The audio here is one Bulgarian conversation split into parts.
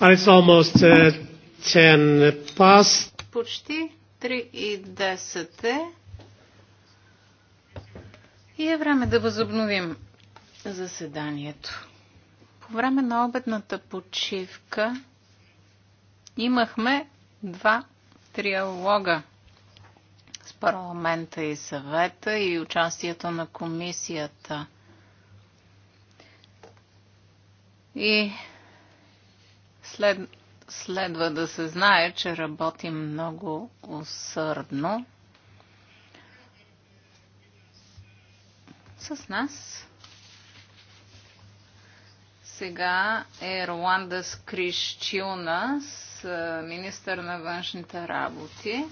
And it's almost uh, 10 past. Почти 3 и 10 е. И е време да възобновим заседанието. По време на обедната почивка имахме два триалога с парламента и съвета и участието на комисията. И след, следва да се знае, че работим много усърдно. С нас сега е Руандас Кришчилна с е, министър на външните работи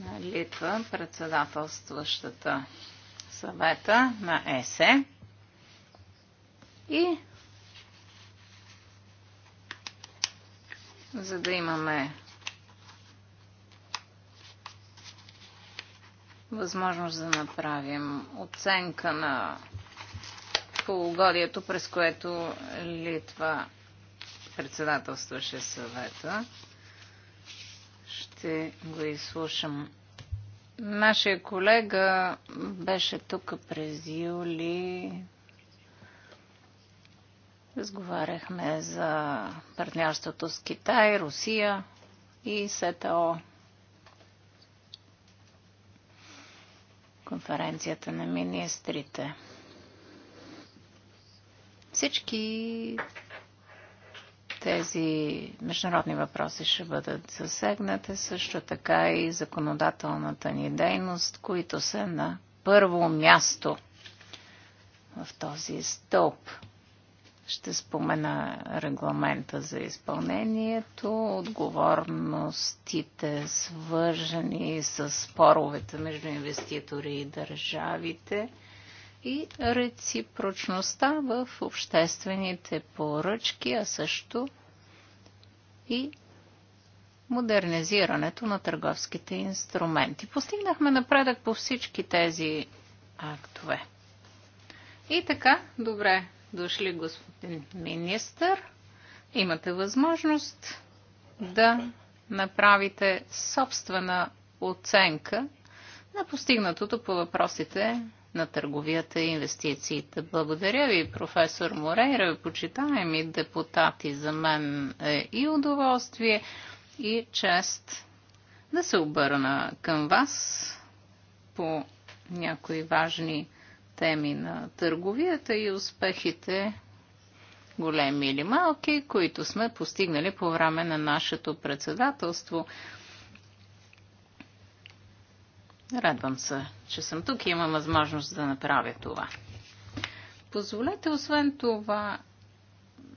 на Литва, председателстващата съвета на ЕСЕ. И за да имаме възможност да направим оценка на полугодието, през което Литва председателстваше съвета. Ще го изслушам. Нашия колега беше тук през юли Разговаряхме за партньорството с Китай, Русия и СТО. Конференцията на министрите. Всички тези международни въпроси ще бъдат засегнати, също така и законодателната ни дейност, които са на първо място в този стълб. Ще спомена регламента за изпълнението, отговорностите свържени с споровете между инвеститори и държавите и реципрочността в обществените поръчки, а също и модернизирането на търговските инструменти. Постигнахме напредък по всички тези актове. И така, добре, дошли, господин министър. Имате възможност да направите собствена оценка на постигнатото по въпросите на търговията и инвестициите. Благодаря ви, професор Морейра, почитаеми депутати. За мен е и удоволствие, и чест да се обърна към вас по някои важни теми на търговията и успехите, големи или малки, които сме постигнали по време на нашето председателство. Радвам се, че съм тук и имам възможност да направя това. Позволете освен това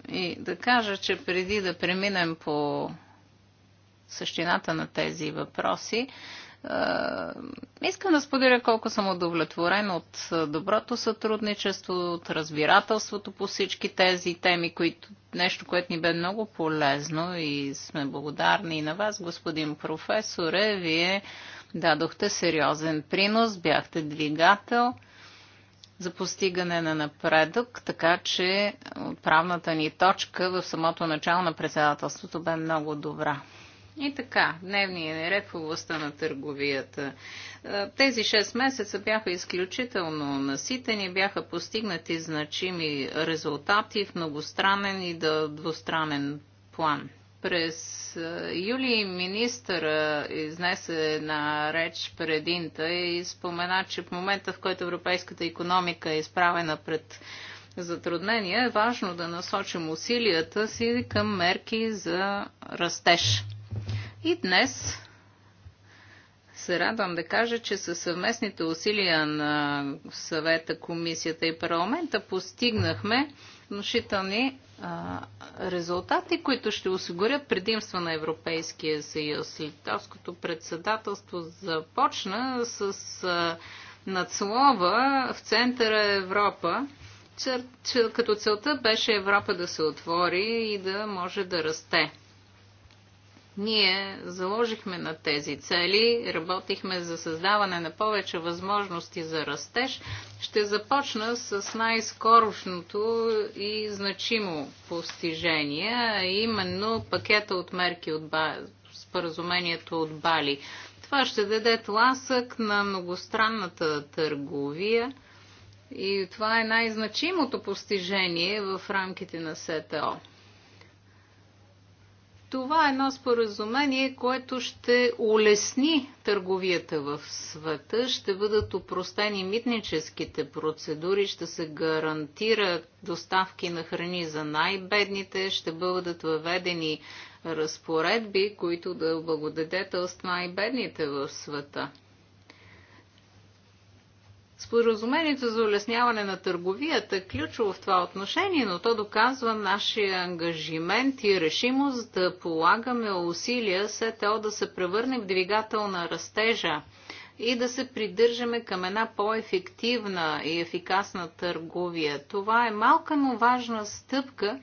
и да кажа, че преди да преминем по същината на тези въпроси, е, искам да споделя колко съм удовлетворен от е, доброто сътрудничество, от разбирателството по всички тези теми, които, нещо, което ни бе много полезно и сме благодарни и на вас, господин професоре. Вие дадохте сериозен принос, бяхте двигател за постигане на напредък, така че правната ни точка в самото начало на председателството бе много добра. И така, дневния ред в областта на търговията. Е, тези 6 месеца бяха изключително наситени, бяха постигнати значими резултати в многостранен и двустранен план. През е, юли министъра изнесе на реч пред Инта и спомена, че в момента, в който европейската економика е изправена пред затруднения, е важно да насочим усилията си към мерки за растеж. И днес се радвам да кажа, че със съвместните усилия на съвета, комисията и парламента постигнахме внушителни а, резултати, които ще осигурят предимства на Европейския съюз. Литовското председателство започна с а, надслова в центъра Европа, че като целта беше Европа да се отвори и да може да расте. Ние заложихме на тези цели, работихме за създаване на повече възможности за растеж. Ще започна с най-скорошното и значимо постижение, именно пакета от мерки от Ба... споразумението от Бали. Това ще даде тласък на многостранната търговия и това е най-значимото постижение в рамките на СТО. Това е едно споразумение, което ще улесни търговията в света, ще бъдат упростени митническите процедури, ще се гарантира доставки на храни за най-бедните, ще бъдат въведени разпоредби, които да благодетелстват най-бедните в света. Споразумението за улесняване на търговията е ключово в това отношение, но то доказва нашия ангажимент и решимост да полагаме усилия СТО да се превърне в двигател на растежа и да се придържаме към една по-ефективна и ефикасна търговия. Това е малка, но важна стъпка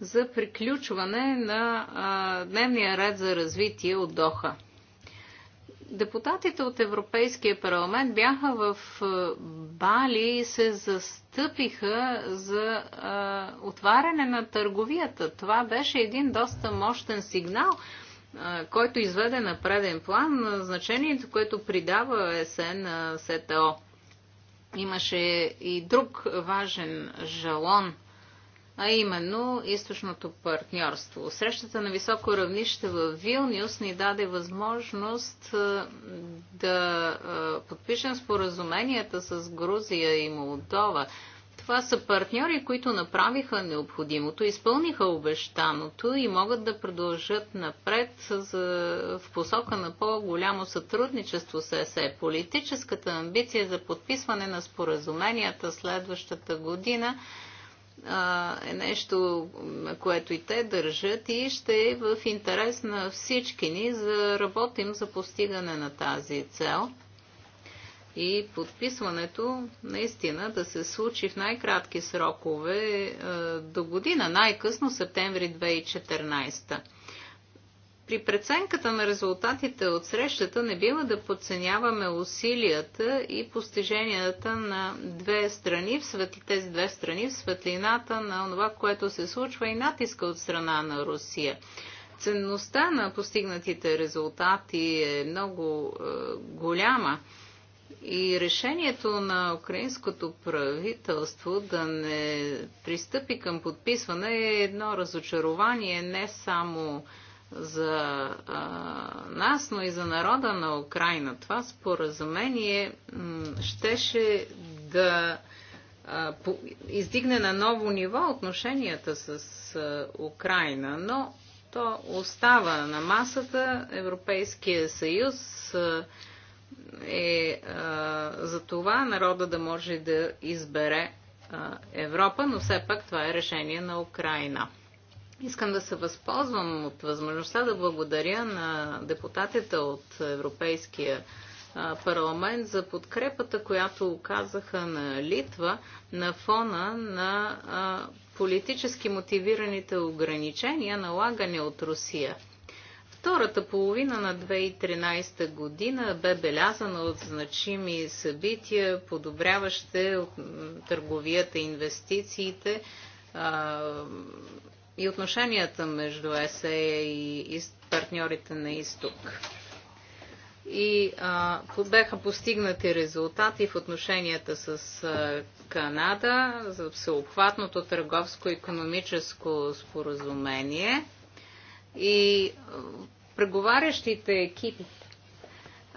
за приключване на а, дневния ред за развитие от Доха. Депутатите от Европейския парламент бяха в е, Бали и се застъпиха за а, е, отваряне на търговията. Това беше един доста мощен сигнал, а, е, който изведе на преден план на значението, което придава СН СТО. Имаше и друг важен жалон – а именно източното партньорство. Срещата на високо равнище в Вилниус ни даде възможност да подпишем споразуменията с Грузия и Молдова. Това са партньори, които направиха необходимото, изпълниха обещаното и могат да продължат напред в посока на по-голямо сътрудничество с ЕСЕ. Политическата амбиция за подписване на споразуменията следващата година – е нещо, което и те държат и ще е в интерес на всички ни за работим за постигане на тази цел и подписването наистина да се случи в най-кратки срокове до година, най-късно септември 2014. При преценката на резултатите от срещата не бива да подценяваме усилията и постиженията на две страни, в светли, тези две страни в светлината на това, което се случва и натиска от страна на Русия. Ценността на постигнатите резултати е много е, голяма. И решението на украинското правителство да не пристъпи към подписване е едно разочарование не само за а, нас, но и за народа на Украина. Това споразумение щеше да а, по, издигне на ново ниво отношенията с а, Украина, но то остава на масата. Европейския съюз а, е а, за това народа да може да избере а, Европа, но все пак това е решение на Украина. Искам да се възползвам от възможността да благодаря на депутатите от Европейския парламент за подкрепата, която оказаха на Литва на фона на политически мотивираните ограничения, налагани от Русия. Втората половина на 2013 година бе белязана от значими събития, подобряващи търговията инвестициите, и отношенията между ЕСЕ и партньорите на изток. И а, бяха постигнати резултати в отношенията с а, Канада за всеобхватното търговско-економическо споразумение. И а, преговарящите екипи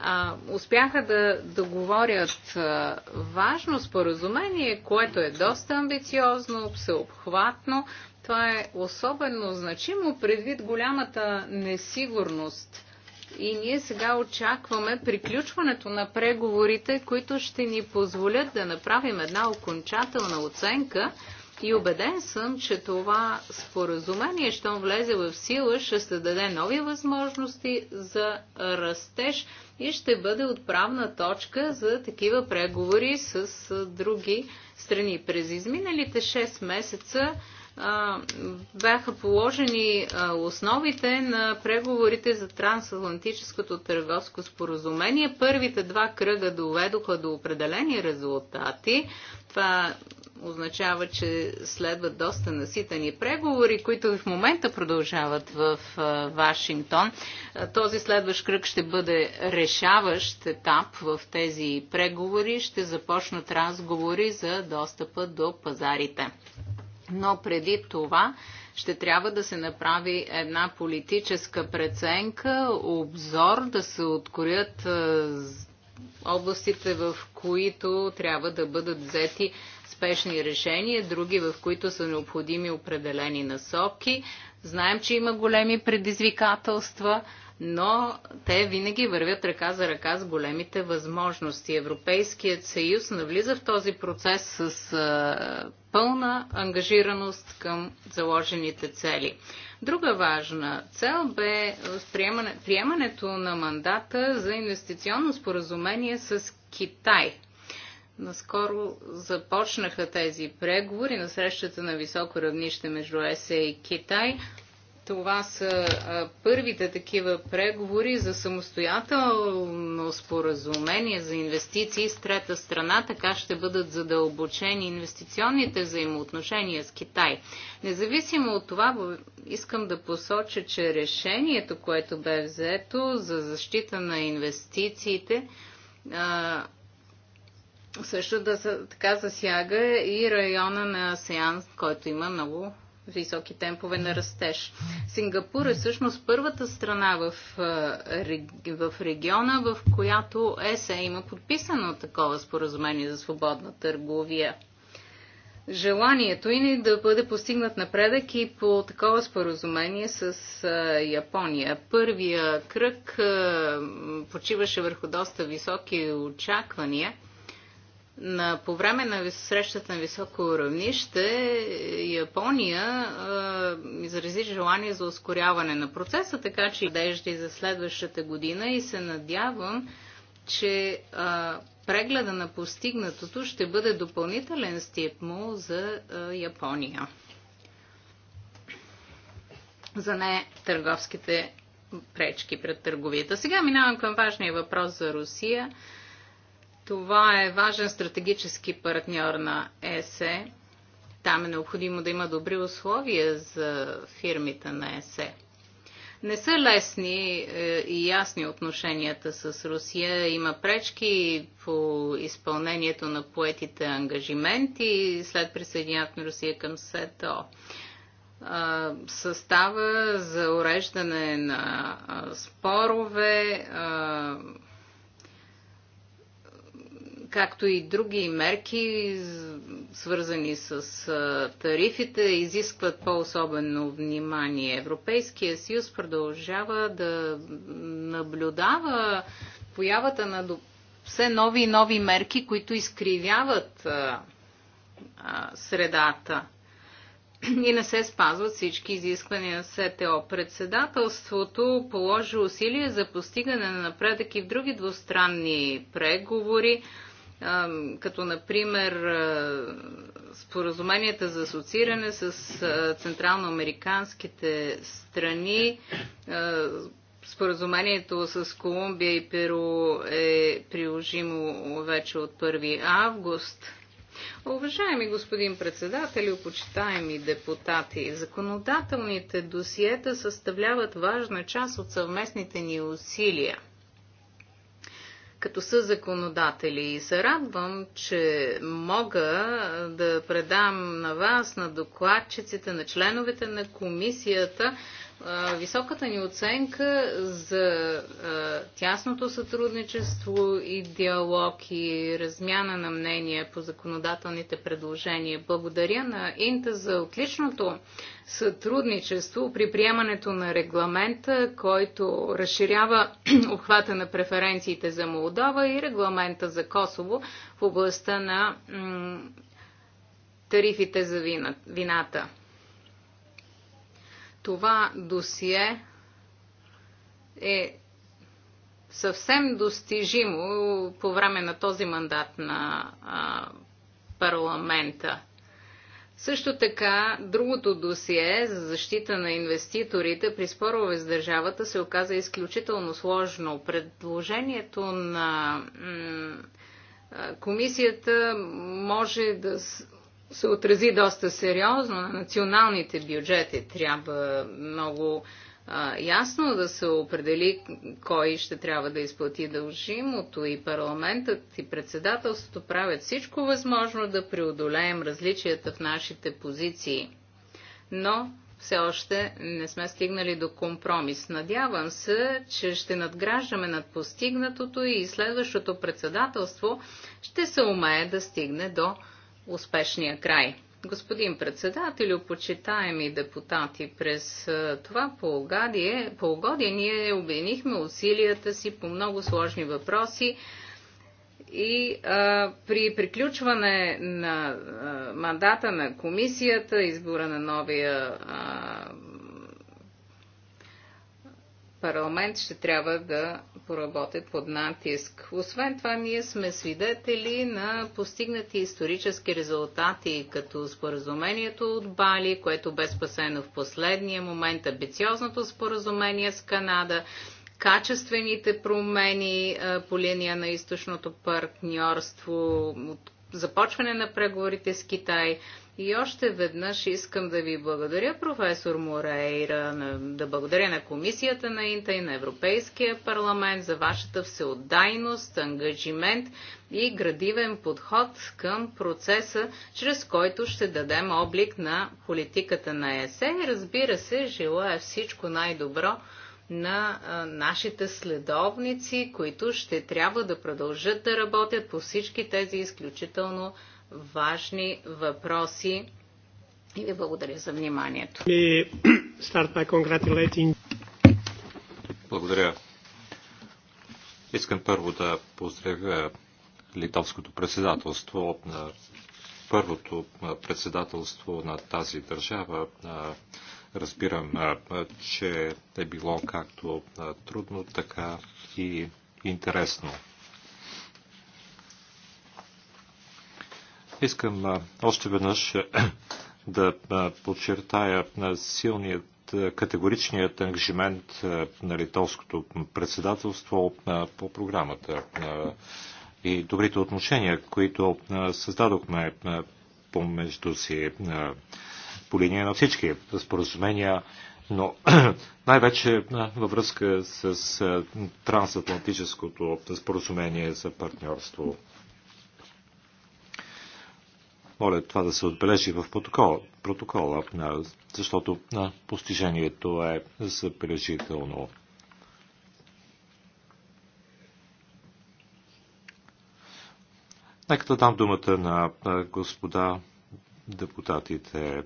а, успяха да договорят а, важно споразумение, което е доста амбициозно, всеобхватно, това е особено значимо предвид голямата несигурност. И ние сега очакваме приключването на преговорите, които ще ни позволят да направим една окончателна оценка и убеден съм, че това споразумение, щом влезе в сила, ще се даде нови възможности за растеж и ще бъде отправна точка за такива преговори с други страни. През изминалите 6 месеца бяха положени основите на преговорите за трансатлантическото търговско споразумение. Първите два кръга доведоха до определени резултати. Това означава, че следват доста наситени преговори, които в момента продължават в Вашингтон. Този следващ кръг ще бъде решаващ етап в тези преговори. Ще започнат разговори за достъпа до пазарите. Но преди това ще трябва да се направи една политическа преценка, обзор, да се откроят областите, в които трябва да бъдат взети спешни решения, други, в които са необходими определени насоки. Знаем, че има големи предизвикателства но те винаги вървят ръка за ръка с големите възможности. Европейският съюз навлиза в този процес с а, пълна ангажираност към заложените цели. Друга важна цел бе приемане, приемането на мандата за инвестиционно споразумение с Китай. Наскоро започнаха тези преговори на срещата на високо равнище между ЕСЕ и Китай. Това са първите такива преговори за самостоятелно споразумение за инвестиции с трета страна. Така ще бъдат задълбочени инвестиционните взаимоотношения с Китай. Независимо от това, искам да посоча, че решението, което бе взето за защита на инвестициите, също да, така засяга и района на Асеан, който има много високи темпове на растеж. Сингапур е всъщност първата страна в, в региона, в която ЕСЕ има подписано такова споразумение за свободна търговия. Желанието и ни е да бъде постигнат напредък и по такова споразумение с Япония. Първия кръг почиваше върху доста високи очаквания – на, по време на срещата на високо равнище Япония а, изрази желание за ускоряване на процеса, така че надежда и за следващата година и се надявам, че а, прегледа на постигнатото ще бъде допълнителен стимул за а, Япония. За не търговските пречки пред търговията. Сега минавам към важния въпрос за Русия. Това е важен стратегически партньор на ЕСЕ. Там е необходимо да има добри условия за фирмите на ЕСЕ. Не са лесни е, и ясни отношенията с Русия. Има пречки по изпълнението на поетите ангажименти след присъединяването на Русия към СЕТО. Е, състава за уреждане на спорове както и други мерки, свързани с тарифите, изискват по-особено внимание. Европейския съюз продължава да наблюдава появата на все нови и нови мерки, които изкривяват средата и не се спазват всички изисквания на СТО. Председателството положи усилия за постигане на напредък и в други двустранни преговори като например споразуменията за асоцииране с централноамериканските страни. Споразумението с Колумбия и Перу е приложимо вече от 1 август. Уважаеми господин председател, почитаеми депутати, законодателните досиета съставляват важна част от съвместните ни усилия – като са законодатели. И се радвам, че мога да предам на вас, на докладчиците, на членовете на комисията високата ни оценка за тясното сътрудничество и диалог и размяна на мнения по законодателните предложения. Благодаря на Инта за отличното сътрудничество при приемането на регламента, който разширява обхвата на преференциите за Молдова и регламента за Косово в областта на тарифите за вината това досие е съвсем достижимо по време на този мандат на а, парламента. Също така, другото досие за защита на инвеститорите при спорове с държавата се оказа изключително сложно. Предложението на комисията може да се отрази доста сериозно на националните бюджети. Трябва много а, ясно да се определи кой ще трябва да изплати дължимото и парламентът и председателството правят всичко възможно да преодолеем различията в нашите позиции. Но все още не сме стигнали до компромис. Надявам се, че ще надграждаме над постигнатото и следващото председателство ще се умее да стигне до успешния край. Господин председател, почитаеми депутати, през това полугодие, полугодие ние обединихме усилията си по много сложни въпроси и а, при приключване на а, мандата на комисията, избора на новия а, парламент ще трябва да поработят под натиск. Освен това, ние сме свидетели на постигнати исторически резултати, като споразумението от Бали, което бе спасено в последния момент, амбициозното споразумение с Канада, качествените промени по линия на източното партньорство, от започване на преговорите с Китай. И още веднъж искам да ви благодаря, професор Морейра, да благодаря на комисията на Инта и на Европейския парламент за вашата всеотдайност, ангажимент и градивен подход към процеса, чрез който ще дадем облик на политиката на ЕСЕ. И разбира се, желая всичко най-добро на нашите следовници, които ще трябва да продължат да работят по всички тези изключително важни въпроси. И ви благодаря за вниманието. Благодаря. Искам първо да поздравя литовското председателство на първото председателство на тази държава Разбирам, че е било както трудно, така и интересно. Искам още веднъж да подчертая силният категоричният ангажимент на литовското председателство по програмата и добрите отношения, които създадохме помежду си по линия на всички споразумения, но най-вече във връзка с трансатлантическото споразумение за партньорство. Моля това да се отбележи в протокола, протокола, защото постижението е забележително. Нека да дам думата на господа депутатите.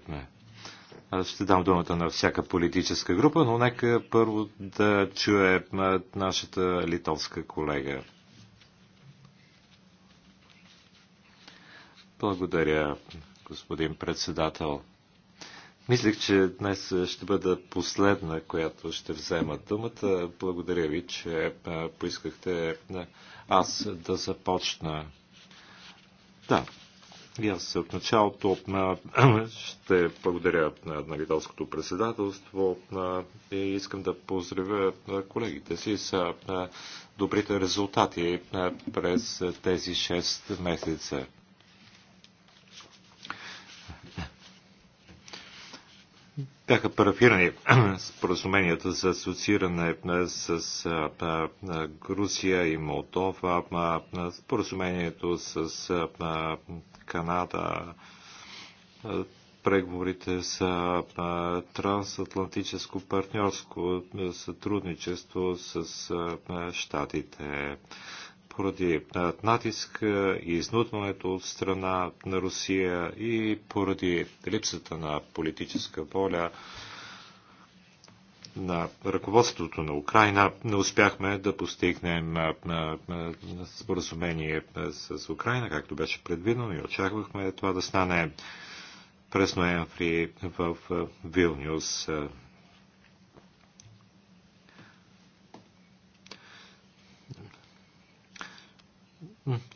Аз ще дам думата на всяка политическа група, но нека първо да чуе нашата литовска колега. Благодаря, господин председател. Мислих, че днес ще бъда последна, която ще взема думата. Благодаря ви, че поискахте аз да започна. Да, и аз от началото на, ще благодаря на, на Литовското председателство на, и искам да поздравя колегите си с добрите резултати през тези 6 месеца. бяха парафирани споразуменията за асоцииране с Грузия и Молдова, споразумението с Канада, преговорите с трансатлантическо партньорско сътрудничество с Штатите поради натиск и изнудването от страна на Русия и поради липсата на политическа воля на ръководството на Украина не успяхме да постигнем споразумение с Украина, както беше предвидено и очаквахме това да стане през ноември в Вилнюс.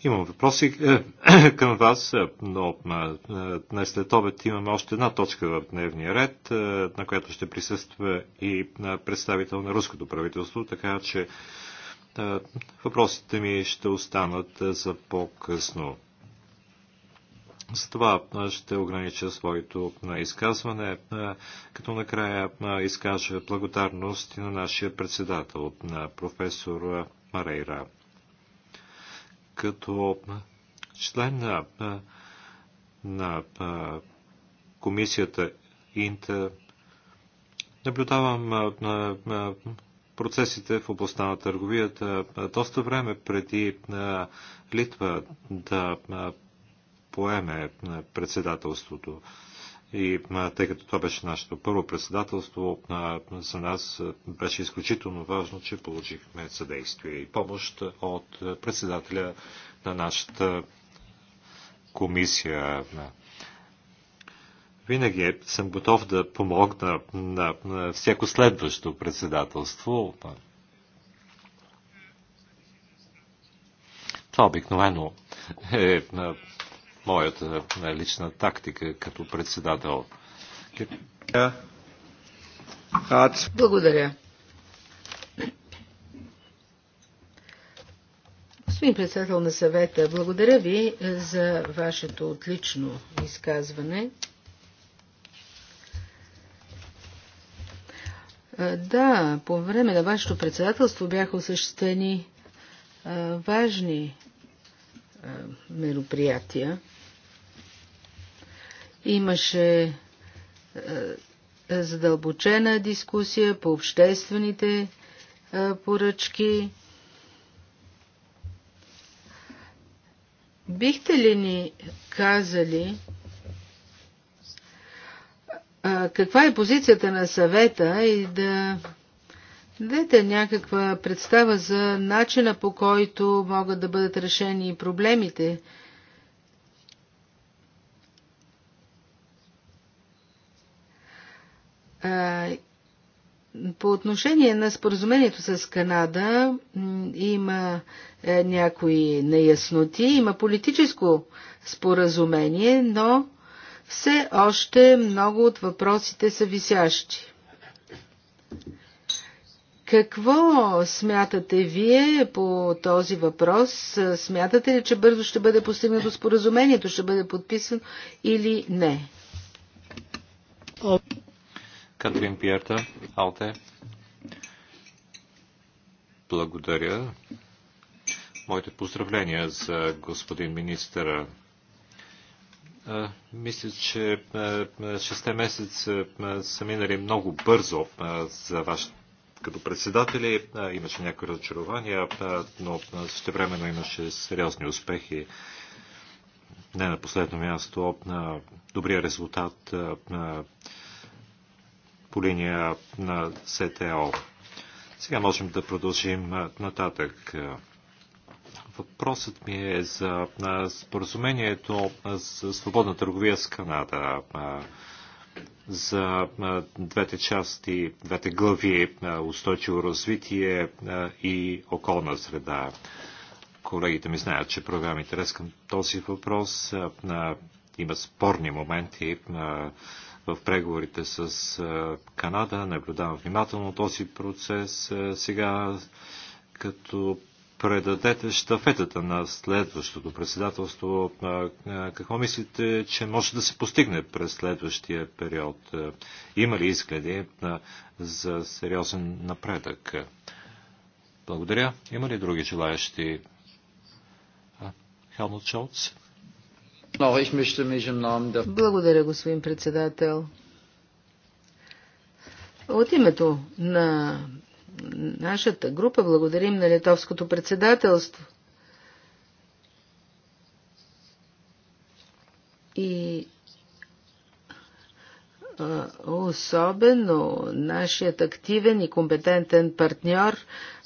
Имам въпроси е, към вас, е, но е, днес след обед имаме още една точка в дневния ред, на която ще присъства и представител на руското правителство, така че въпросите ми ще останат за по-късно. За това ще огранича своето изказване, като накрая изкажа благодарност на нашия председател, на професор Марейра като член на, на, на комисията Инта наблюдавам на, на процесите в областта на търговията доста време преди на Литва да поеме председателството. И тъй като това беше нашето първо председателство, за нас беше изключително важно, че получихме съдействие и помощ от председателя на нашата комисия. Винаги съм готов да помогна на, всяко следващо председателство. Това обикновено е моята е, лична тактика като председател. Благодаря. Господин председател на съвета, благодаря ви е, за вашето отлично изказване. Е, да, по време на вашето председателство бяха осъществени важни мероприятия. Имаше е, е, задълбочена дискусия по обществените е, поръчки. Бихте ли ни казали е, каква е позицията на съвета и да дадете някаква представа за начина по който могат да бъдат решени проблемите, По отношение на споразумението с Канада има е, някои неясноти, има политическо споразумение, но все още много от въпросите са висящи. Какво смятате вие по този въпрос? Смятате ли, че бързо ще бъде постигнато споразумението, ще бъде подписано или не? Катрин Пиерта, Алте. Благодаря. Моите поздравления за господин министъра. Мисля, че 6 месеца са минали много бързо за ваш като председатели. Имаше някои разочарования, но също времено имаше сериозни успехи. Не на последно място, на добрия резултат на по линия на СТО. Сега можем да продължим нататък. Въпросът ми е за споразумението за свободна търговия с Канада, за двете части, двете глави устойчиво развитие и околна среда. Колегите ми знаят, че програмите интерес към този въпрос. Има спорни моменти в преговорите с Канада. Наблюдавам внимателно този процес. Сега, като предадете щафетата на следващото председателство, какво мислите, че може да се постигне през следващия период? Има ли изгледи за сериозен напредък? Благодаря. Има ли други желаящи? Хелмут Шолц? Благодаря, господин председател. От името на нашата група благодарим на литовското председателство. И особено нашият активен и компетентен партньор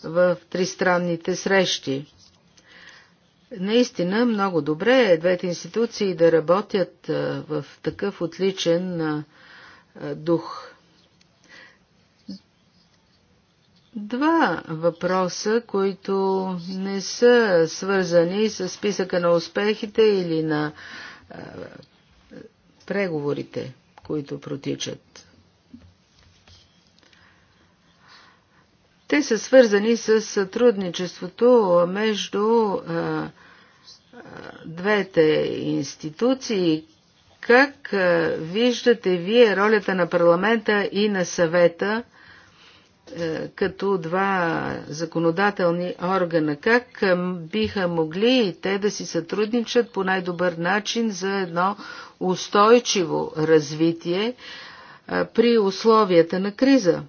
в тристранните срещи. Наистина много добре е двете институции да работят в такъв отличен дух. Два въпроса, които не са свързани с списъка на успехите или на преговорите, които протичат. Те са свързани с сътрудничеството между двете институции. Как виждате вие ролята на парламента и на съвета като два законодателни органа? Как биха могли и те да си сътрудничат по най-добър начин за едно устойчиво развитие при условията на криза?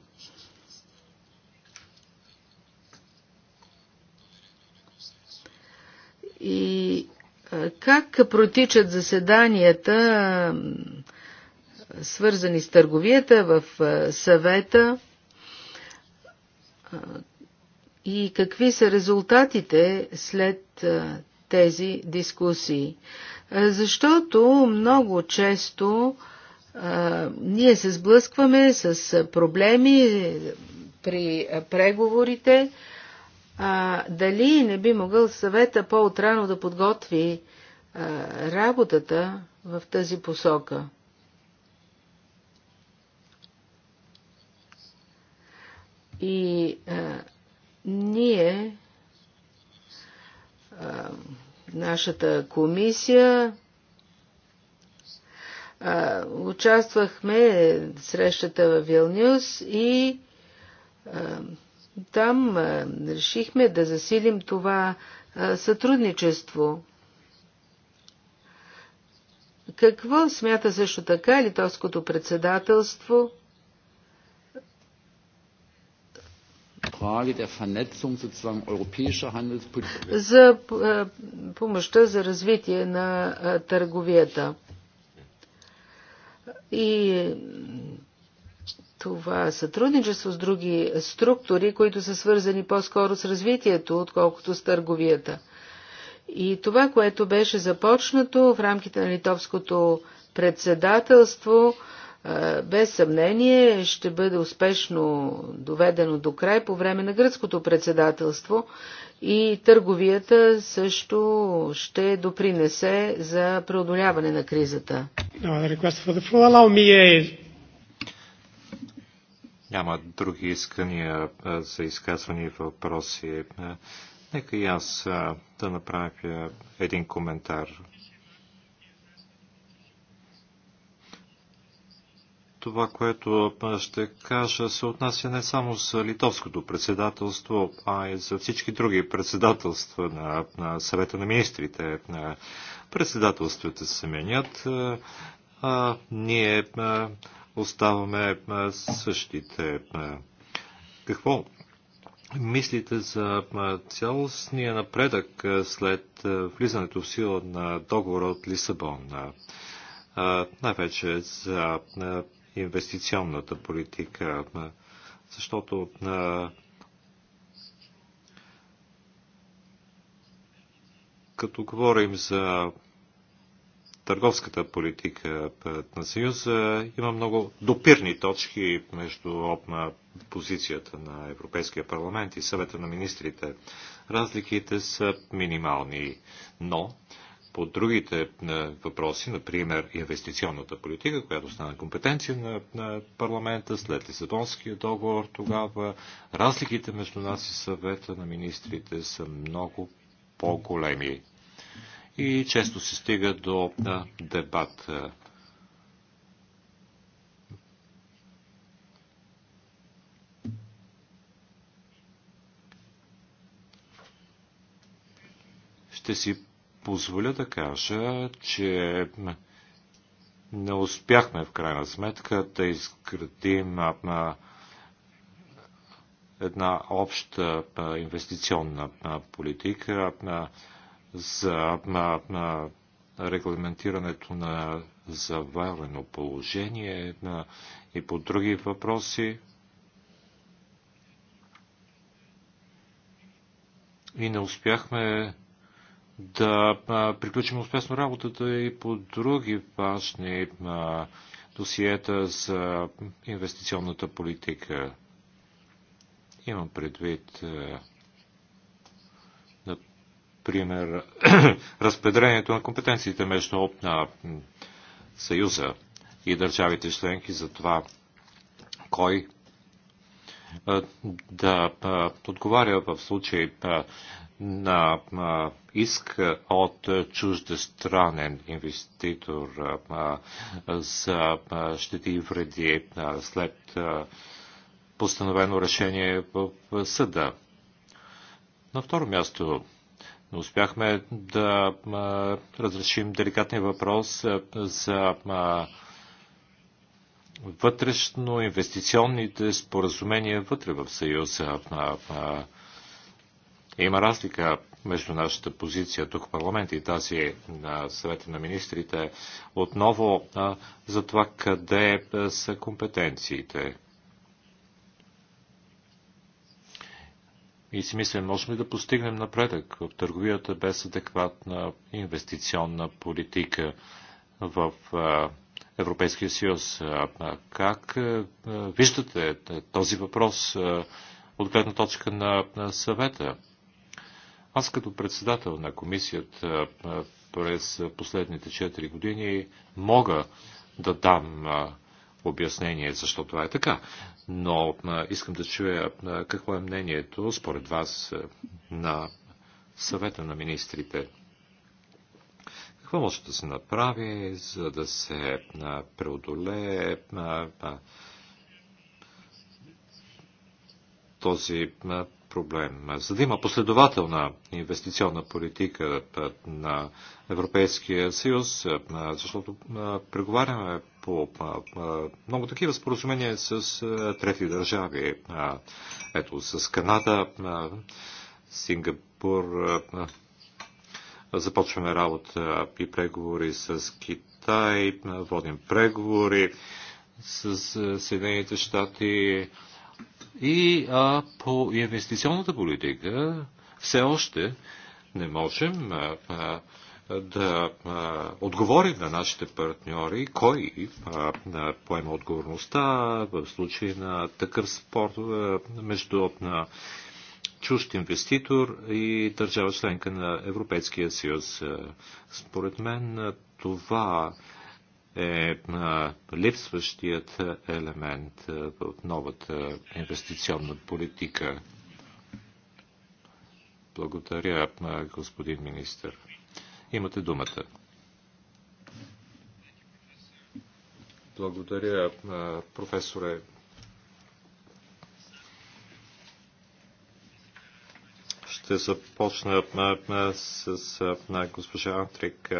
И как протичат заседанията, свързани с търговията в съвета? И какви са резултатите след тези дискусии? Защото много често а, ние се сблъскваме с проблеми при преговорите, а, дали не би могъл съвета по-отрано да подготви а, работата в тази посока? И а, ние, а, нашата комисия, а, участвахме в срещата в Вилнюс и а, там решихме да засилим това сътрудничество. Какво смята също така литовското председателство? За помощта за развитие на търговията. И това сътрудничество с други структури, които са свързани по-скоро с развитието, отколкото с търговията. И това, което беше започнато в рамките на литовското председателство, е, без съмнение ще бъде успешно доведено до край по време на гръцкото председателство и търговията също ще допринесе за преодоляване на кризата. Няма други искания за изказвания и въпроси. Нека и аз да направя един коментар. Това, което ще кажа, се отнася не само за литовското председателство, а и за всички други председателства на, на съвета на министрите. Председателствата се менят. А, ние а, оставаме същите. Какво мислите за цялостния напредък след влизането в сила на договора от Лисабон? Най-вече за инвестиционната политика, защото като говорим за търговската политика на Съюза има много допирни точки между позицията на Европейския парламент и съвета на министрите. Разликите са минимални, но по другите е, въпроси, например инвестиционната политика, която стана компетенция на, на парламента след Лисабонския договор, тогава разликите между нас и съвета на министрите са много по-големи и често се стига до дебат. Ще си позволя да кажа, че не успяхме в крайна сметка да изградим една обща инвестиционна политика за на, на регламентирането на заварено положение на, и по други въпроси. И не успяхме да приключим успешно работата и по други важни досиета за инвестиционната политика. Имам предвид пример, разпределението на компетенциите между на Съюза и държавите членки за това кой да отговаря в случай на иск от чуждестранен инвеститор за щети и вреди след постановено решение в съда. На второ място но успяхме да разрешим деликатния въпрос за вътрешно инвестиционните споразумения вътре в Съюза. Има разлика между нашата позиция тук в парламент и тази на съвета на министрите отново за това къде са компетенциите. и си мисля, можем ли да постигнем напредък в търговията без адекватна инвестиционна политика в Европейския съюз. Как виждате този въпрос от гледна точка на съвета? Аз като председател на комисията през последните 4 години мога да дам обяснение защо това е така. Но искам да чуя какво е мнението според вас на съвета на министрите. Какво може да се направи, за да се преодолее този проблем. За да има последователна инвестиционна политика на Европейския съюз, защото преговаряме по много такива споразумения с трети държави. Ето, с Канада, Сингапур, започваме работа и преговори с Китай, водим преговори с Съединените щати, и а, по инвестиционната политика все още не можем а, а, да а, отговорим на нашите партньори, кой а, а, поема отговорността в случай на такъв спор а, между на чужд инвеститор и държава членка на Европейския съюз. Според мен това е липсващият елемент в новата инвестиционна политика. Благодаря, господин министр. Имате думата. Благодаря, професоре. Ще започна с госпожа Антрик.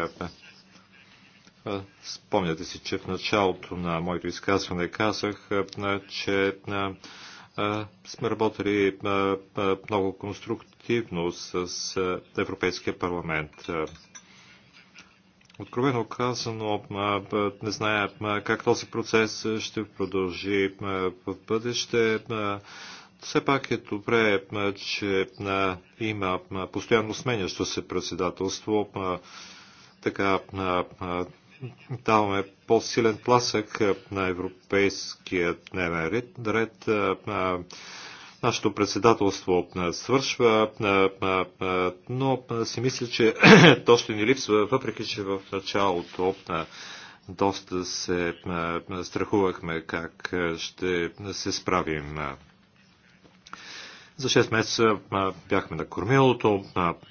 Спомняте си, че в началото на моето изказване казах, че сме работили много конструктивно с Европейския парламент. Откровено казано, не зная как този процес ще продължи в бъдеще. Все пак е добре, че има постоянно сменящо се председателство. Така даваме по-силен тласък е, на европейския дневен ред. ред е, е, Нашето председателство свършва, но си мисля, че то ще ни липсва, въпреки че в началото доста се страхувахме как ще се справим. За 6 месеца бяхме на кормилото.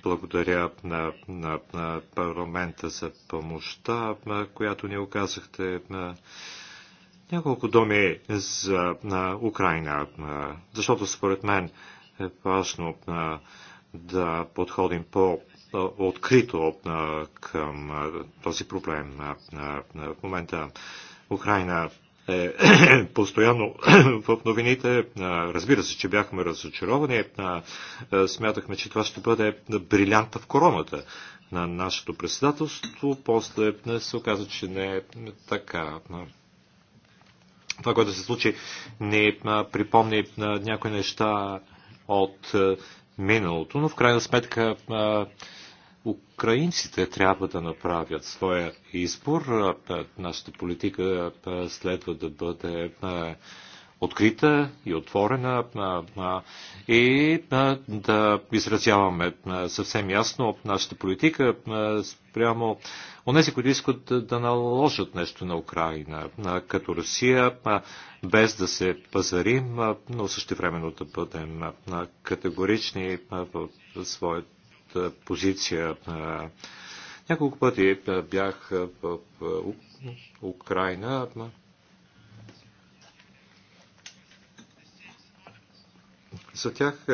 Благодаря на, на, на парламента за помощта, която ни оказахте. Няколко думи за на Украина, защото според мен е важно да подходим по открито към този проблем в момента. Украина е постоянно в новините. Разбира се, че бяхме разочаровани. Смятахме, че това ще бъде брилянта в короната на нашето председателство. После е, се оказа, че не е така. Това, което се случи, не припомни някои неща от миналото, но в крайна сметка Украинците трябва да направят своя избор. Нашата политика следва да бъде открита и отворена и да изразяваме съвсем ясно нашата политика Прямо онези, които искат да наложат нещо на Украина, като Русия, без да се пазарим, но също времено да бъдем категорични в своето позиция. Няколко пъти бях в Украина. За тях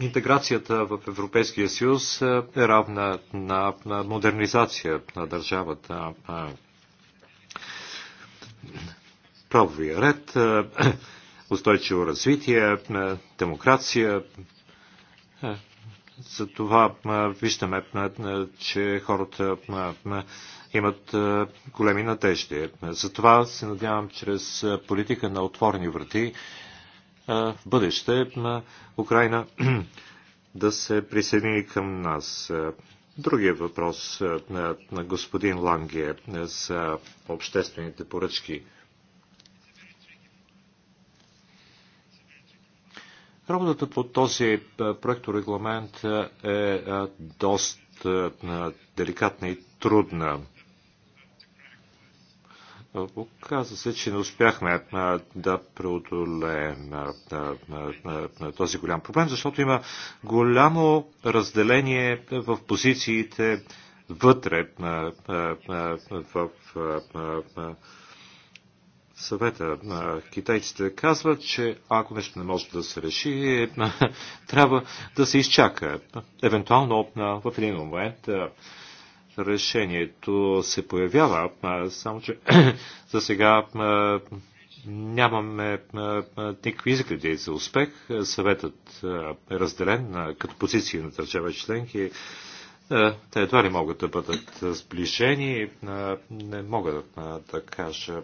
интеграцията в Европейския съюз е равна на модернизация на държавата. Правовия ред, устойчиво развитие, демокрация, за това виждаме, че хората имат големи надежди. Затова се надявам чрез политика на отворни врати в бъдеще на Украина да се присъедини към нас. Другия въпрос на господин Ланге за обществените поръчки – Работата по този е, проекторегламент е, е доста е, деликатна и трудна. Оказва се, че не успяхме да преодолеем този голям проблем, защото има голямо разделение в позициите вътре в съвета на китайците казват, че ако нещо не може да се реши, е, трябва да се изчака. Евентуално в един момент решението се появява, само че за сега нямаме никакви изгледи за успех. Съветът е разделен като позиции на държава членки. Е, те едва ли могат да бъдат сближени. Е, не мога е, да кажа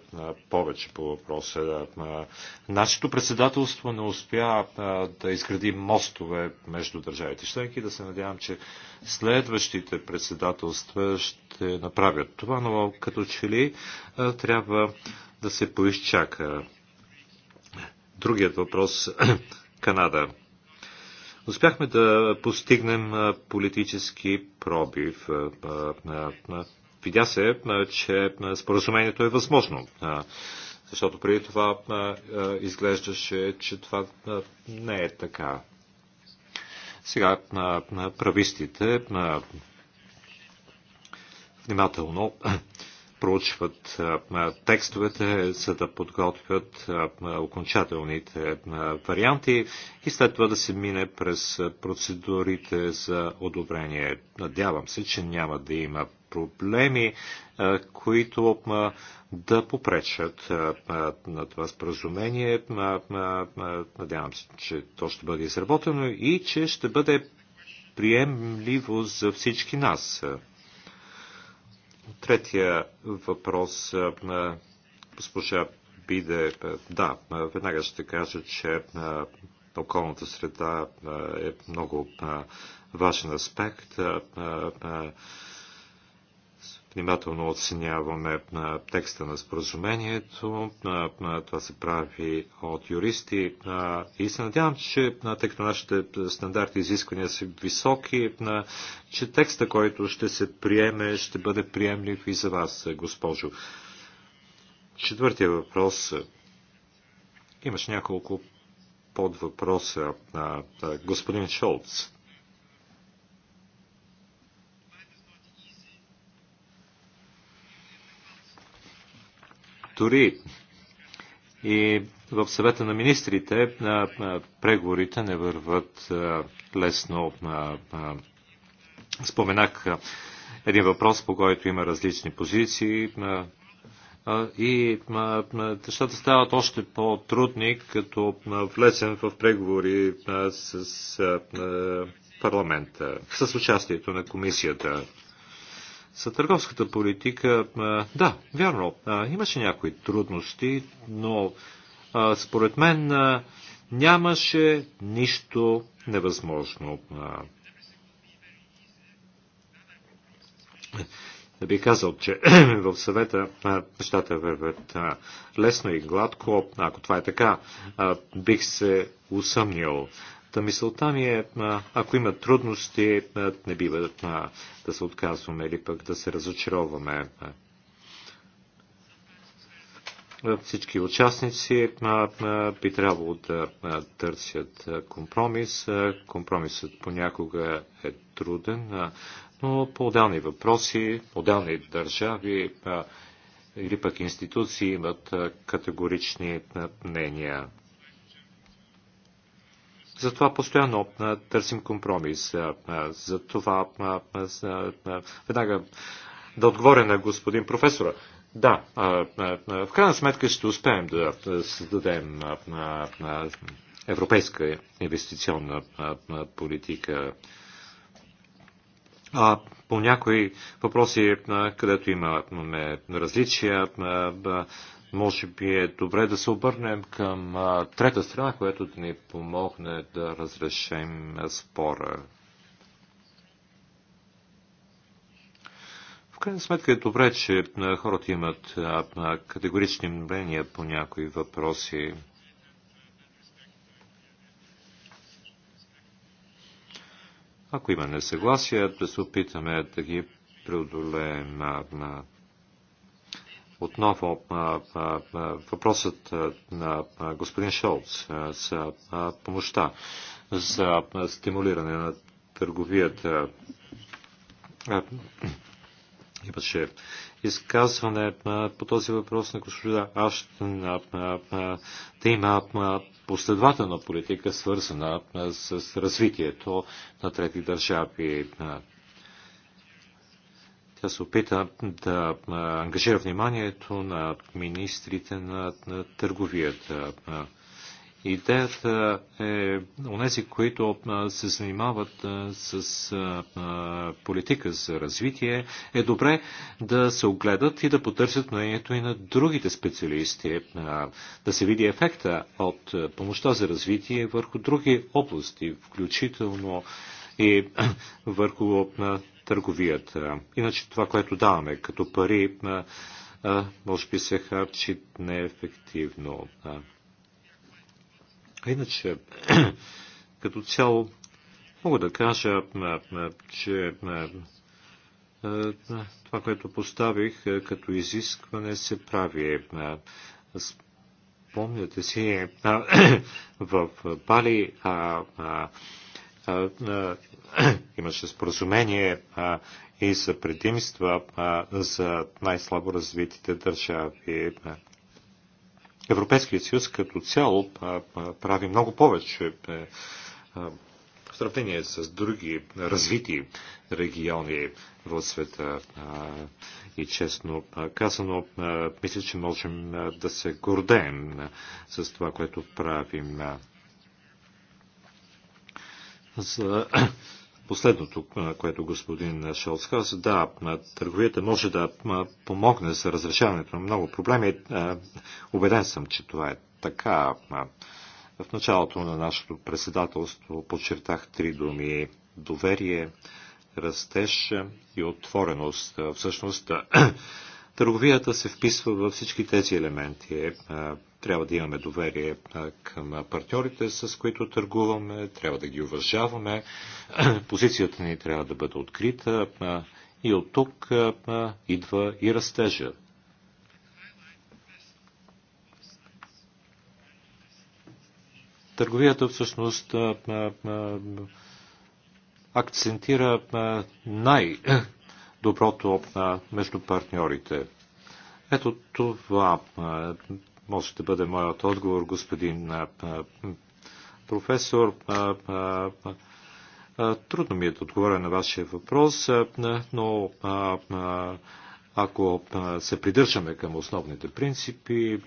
повече по въпроса. Нашето председателство не успя да изгради мостове между държавите членки. Да се надявам, че следващите председателства ще направят това, но като че ли трябва да се поизчака. Другият въпрос Канада. Успяхме да постигнем политически пробив. Видя се, че споразумението е възможно, защото преди това изглеждаше, че това не е така. Сега правистите внимателно проучват текстовете, за да подготвят окончателните варианти и след това да се мине през процедурите за одобрение. Надявам се, че няма да има проблеми, които да попречат на това споразумение. Надявам се, че то ще бъде изработено и че ще бъде приемливо за всички нас. Третия въпрос на госпожа биде, да, веднага ще кажа, че околната среда е много важен аспект. Внимателно оценяваме на текста на споразумението. Това се прави от юристи. И се надявам, че тъй като нашите стандарти и изисквания са високи, че текста, който ще се приеме, ще бъде приемлив и за вас, госпожо. Четвъртия въпрос. Имаш няколко въпроса на господин Шолц. сектори и в съвета на министрите преговорите не върват лесно. Споменах един въпрос, по който има различни позиции и нещата стават още по-трудни, като влезем в преговори с парламента, с участието на комисията. За търговската политика, да, вярно, имаше някои трудности, но според мен нямаше нищо невъзможно. Да би казал, че в съвета нещата вървят лесно и гладко. Ако това е така, бих се усъмнил. Та мисълта ми е, ако има трудности, не бива да се отказваме или пък да се разочароваме. Всички участници би трябвало да търсят компромис. Компромисът понякога е труден, но по отделни въпроси, отделни държави или пък институции имат категорични мнения. Затова постоянно търсим компромис. Затова веднага да отговоря на господин професора. Да, в крайна сметка ще успеем да създадем европейска инвестиционна политика. А по някои въпроси, където имаме различия, може би е добре да се обърнем към трета страна, която да ни помогне да разрешим спора. В крайна сметка е добре, че хората имат категорични мнения по някои въпроси. Ако има несъгласие, да се опитаме да ги преодолеем. Отново въпросът на господин Шолц за помощта за стимулиране на търговията. Имаше изказване по този въпрос на госпожа Аштен да има последователна политика, свързана с развитието на трети държави да се опита да ангажира вниманието на министрите на, на търговията. Идеята е онези, които се занимават с политика за развитие, е добре да се огледат и да потърсят мнението и на другите специалисти, да се види ефекта от помощта за развитие върху други области, включително и върху на търговията. Иначе това, което даваме като пари, може би се харчи неефективно. Иначе, като цяло, мога да кажа, че това, което поставих като изискване, се прави. Спомняте си, в Бали имаше споразумение и за предимства за най-слабо развитите държави. Европейският съюз като цяло прави много повече е, в сравнение с други развити региони в света. И честно казано, мисля, че можем да се гордеем с това, което правим за последното, което господин Шолц каза. Да, търговията може да помогне за разрешаването на много проблеми. Обеден съм, че това е така. В началото на нашето председателство подчертах три думи доверие, растеж и отвореност. Всъщност, Търговията се вписва във всички тези елементи. Е, трябва да имаме доверие към партньорите, с които търгуваме, трябва да ги уважаваме, позицията ни трябва да бъде открита и от тук идва и растежа. Търговията всъщност акцентира най- доброто между партньорите. Ето това може да бъде моят отговор, господин професор. Трудно ми е да отговоря на вашия въпрос, но ако се придържаме към основните принципи,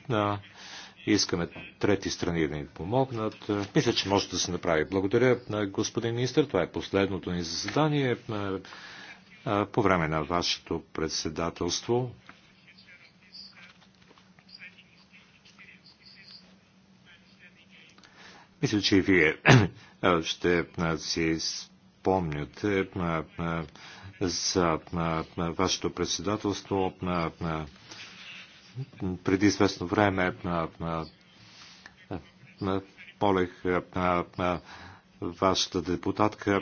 искаме трети страни да ни помогнат. Мисля, че може да се направи. Благодаря, господин министр. Това е последното ни заседание по време на вашето председателство. Мисля, че и вие ще си спомняте за вашето председателство преди известно време полех вашата депутатка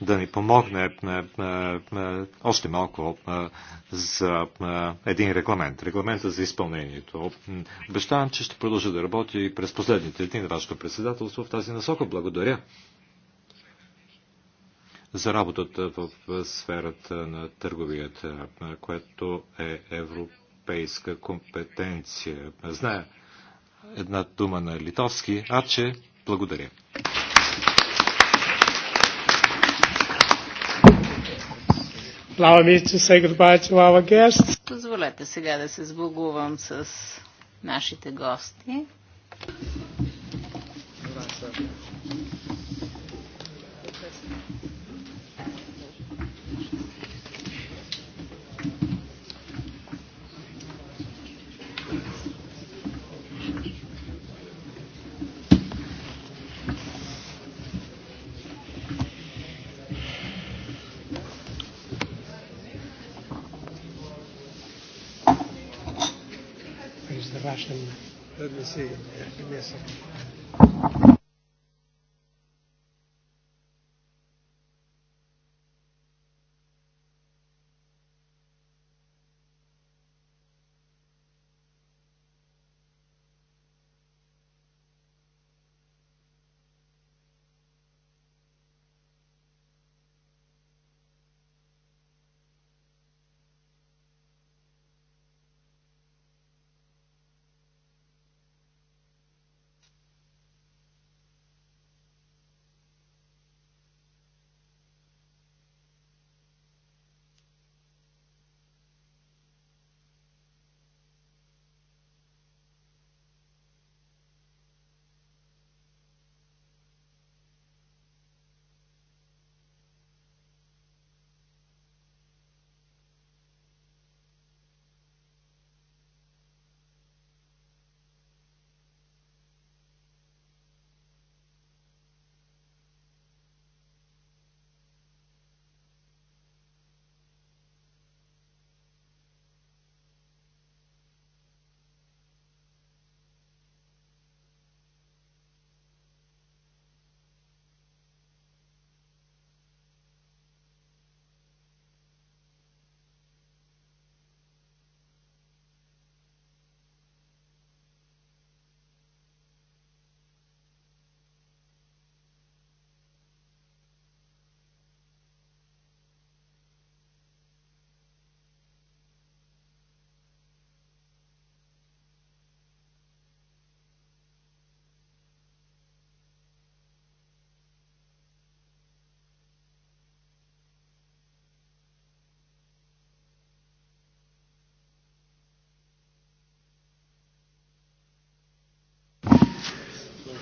да ни помогне е, е, е, още малко за един регламент. Регламента за изпълнението. Обещавам, че ще продължа да работя и през последните дни на вашето председателство в тази насока. Благодаря за работата в сферата на търговията, което е европейска компетенция. Зная една дума на литовски, а че благодаря. Allow me to say goodbye to our guests. Позволете сега да се сбогувам с нашите гости. Gracias. see. Give me a second.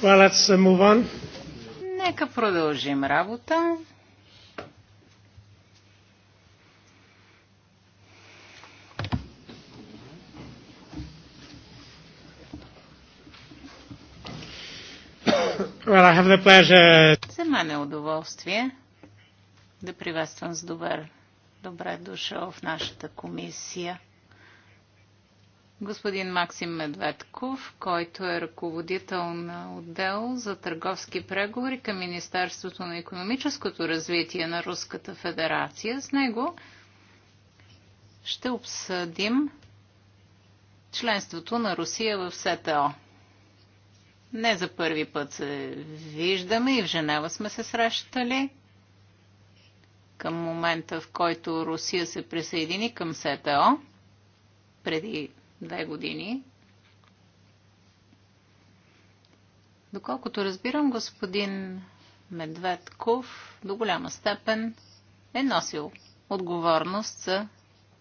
Well, let's move on. Нека продължим работа. Well, I have the pleasure. За мен е удоволствие да приветствам с добър, добре дошъл в нашата комисия господин Максим Медведков, който е ръководител на отдел за търговски преговори към Министерството на економическото развитие на Руската федерация. С него ще обсъдим членството на Русия в СТО. Не за първи път се виждаме и в Женева сме се срещали. Към момента, в който Русия се присъедини към СТО, преди две години. Доколкото разбирам, господин Медведков до голяма степен е носил отговорност за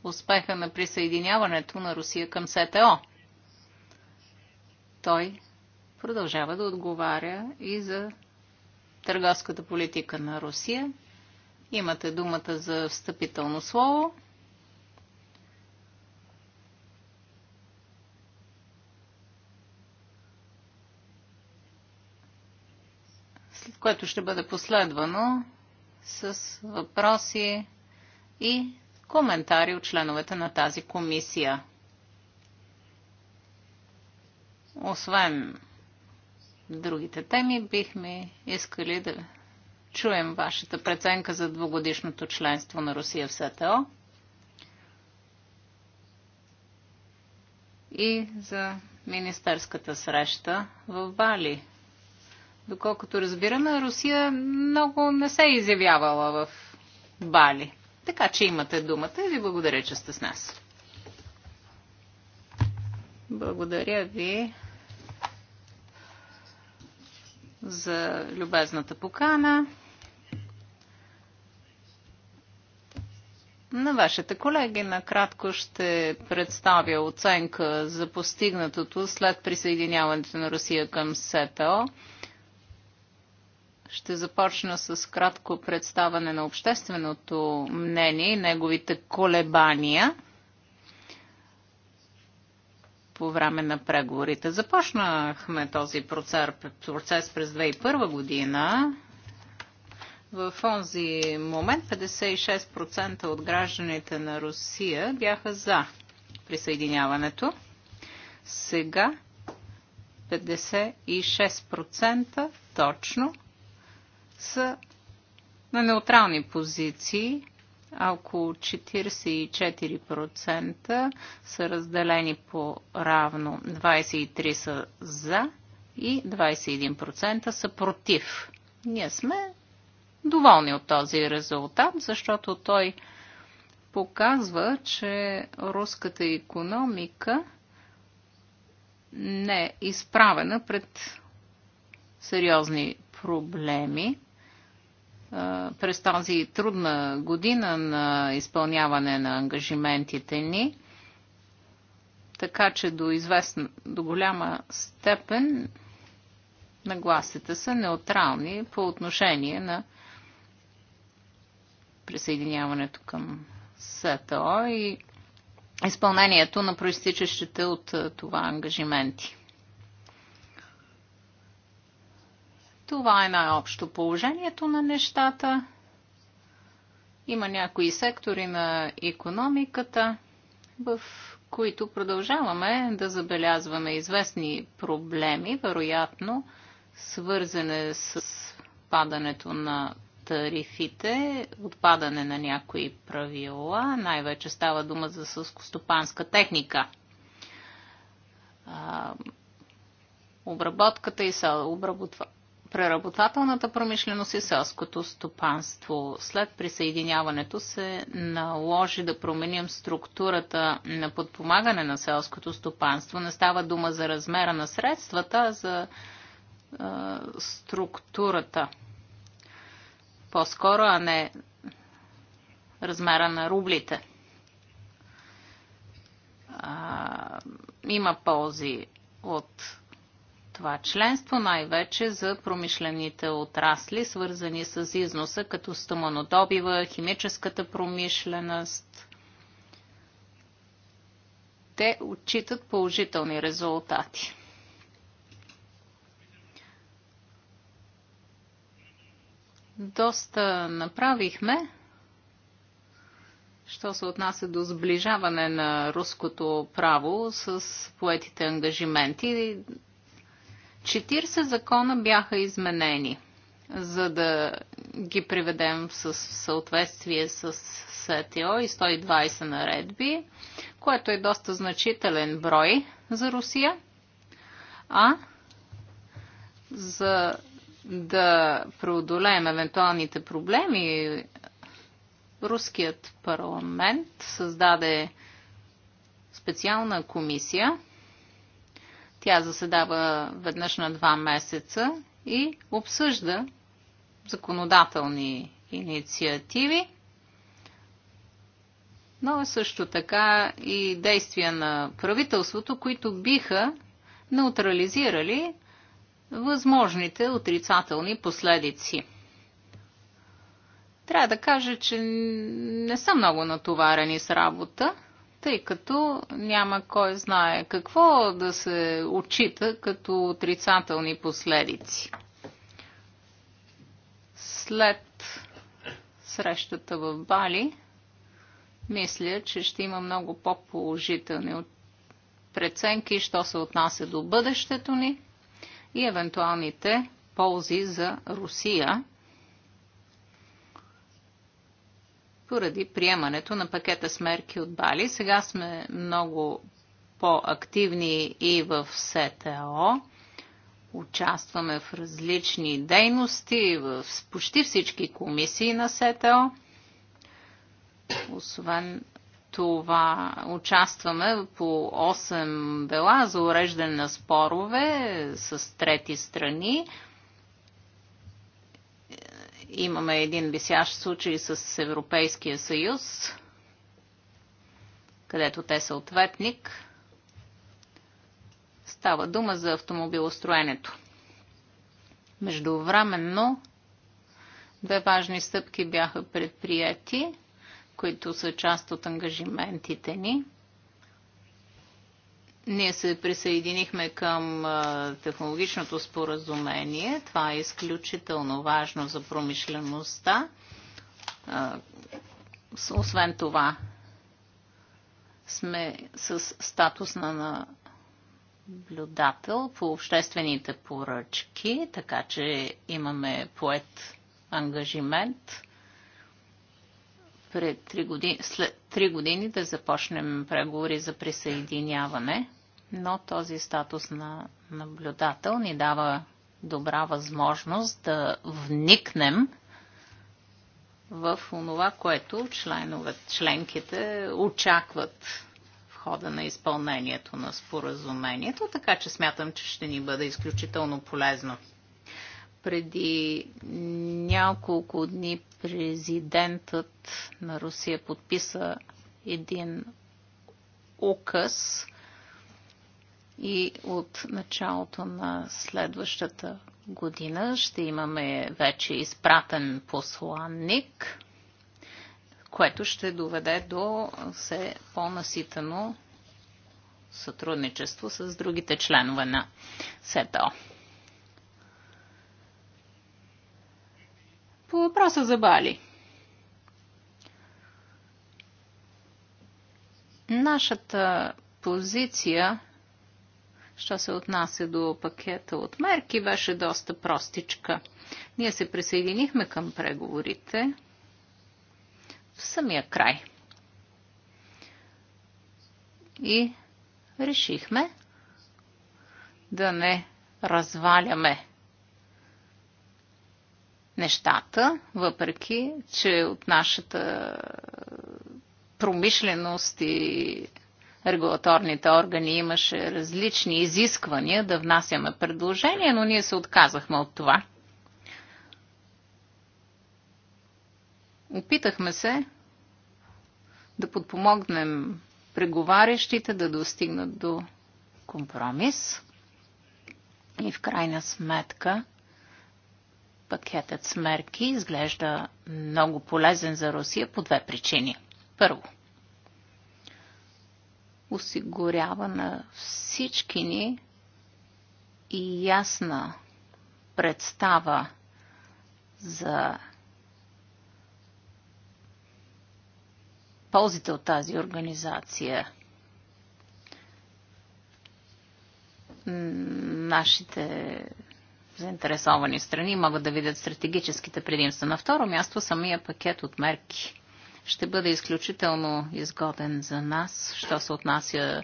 успеха на присъединяването на Русия към СТО. Той продължава да отговаря и за търговската политика на Русия. Имате думата за встъпително слово. което ще бъде последвано с въпроси и коментари от членовете на тази комисия. Освен другите теми, бихме искали да чуем вашата преценка за двугодишното членство на Русия в СТО и за министерската среща в Бали Доколкото разбираме, Русия много не се е изявявала в Бали. Така че имате думата и ви благодаря, че сте с нас. Благодаря ви за любезната покана. На вашите колеги накратко ще представя оценка за постигнатото след присъединяването на Русия към СЕТО. Ще започна с кратко представане на общественото мнение и неговите колебания по време на преговорите. Започнахме този процес през 2001 година. В този момент 56% от гражданите на Русия бяха за присъединяването. Сега 56% точно са на неутрални позиции. Около 44% са разделени по равно. 23% са за и 21% са против. Ние сме доволни от този резултат, защото той показва, че руската економика не е изправена пред сериозни проблеми през тази трудна година на изпълняване на ангажиментите ни. Така че до известна, до голяма степен нагласите са неутрални по отношение на присъединяването към СТО и изпълнението на проистичащите от това ангажименти. Това е най-общо положението на нещата. Има някои сектори на економиката, в които продължаваме да забелязваме известни проблеми, вероятно свързане с падането на тарифите, отпадане на някои правила, най-вече става дума за съскостопанска техника. А, обработката и обработва, преработвателната промишленост и селското стопанство. След присъединяването се наложи да променим структурата на подпомагане на селското стопанство. Не става дума за размера на средствата, а за е, структурата. По-скоро, а не размера на рублите. А, има ползи от това членство, най-вече за промишлените отрасли, свързани с износа, като стъманодобива, химическата промишленост. Те отчитат положителни резултати. Доста направихме що се отнася до сближаване на руското право с поетите ангажименти. 40 закона бяха изменени, за да ги приведем в съответствие с СТО и 120 наредби, което е доста значителен брой за Русия. А за да преодолеем евентуалните проблеми, руският парламент създаде специална комисия – тя заседава веднъж на два месеца и обсъжда законодателни инициативи, но е също така и действия на правителството, които биха неутрализирали възможните отрицателни последици. Трябва да кажа, че не са много натоварени с работа тъй като няма кой знае какво да се отчита като отрицателни последици. След срещата в Бали, мисля, че ще има много по-положителни преценки, що се отнася до бъдещето ни и евентуалните ползи за Русия поради приемането на пакета с мерки от Бали. Сега сме много по-активни и в СТО. Участваме в различни дейности в почти всички комисии на СТО. Освен това, участваме по 8 дела за уреждане на спорове с трети страни Имаме един висящ случай с Европейския съюз, където те са ответник. Става дума за автомобилостроенето. Междувременно две важни стъпки бяха предприяти, които са част от ангажиментите ни – ние се присъединихме към технологичното споразумение. Това е изключително важно за промишлеността. Освен това, сме с статус на наблюдател по обществените поръчки, така че имаме поет ангажимент пред три години, след три години да започнем преговори за присъединяване, но този статус на наблюдател ни дава добра възможност да вникнем в онова, което членовете, членките очакват в хода на изпълнението на споразумението, така че смятам, че ще ни бъде изключително полезно. Преди няколко дни президентът на Русия подписа един указ и от началото на следващата година ще имаме вече изпратен посланник, което ще доведе до все по-наситено сътрудничество с другите членове на СЕТО. По въпроса за Бали. Нашата позиция, що се отнася до пакета от мерки, беше доста простичка. Ние се присъединихме към преговорите в самия край. И решихме да не разваляме нещата, въпреки че от нашата промишленост и регулаторните органи имаше различни изисквания да внасяме предложения, но ние се отказахме от това. Опитахме се да подпомогнем преговарящите да достигнат до компромис и в крайна сметка Пакетът с мерки изглежда много полезен за Русия по две причини. Първо, осигурява на всички ни и ясна представа за ползите от тази организация. Нашите заинтересовани страни могат да видят стратегическите предимства. На второ място самия пакет от мерки ще бъде изключително изгоден за нас, що се отнася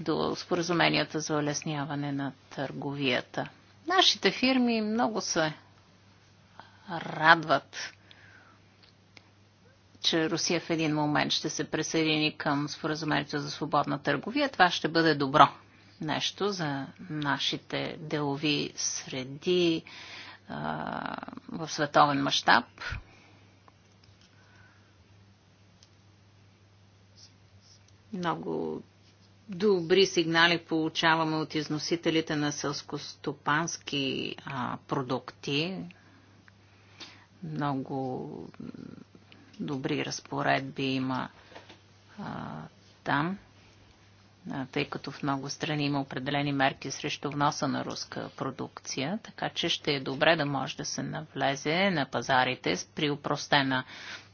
до споразуменията за улесняване на търговията. Нашите фирми много се радват, че Русия в един момент ще се присъедини към споразумението за свободна търговия. Това ще бъде добро нещо за нашите делови среди а, в световен мащаб. Много добри сигнали получаваме от износителите на селскостопански продукти. Много добри разпоредби има а, там тъй като в много страни има определени мерки срещу вноса на руска продукция, така че ще е добре да може да се навлезе на пазарите при упростена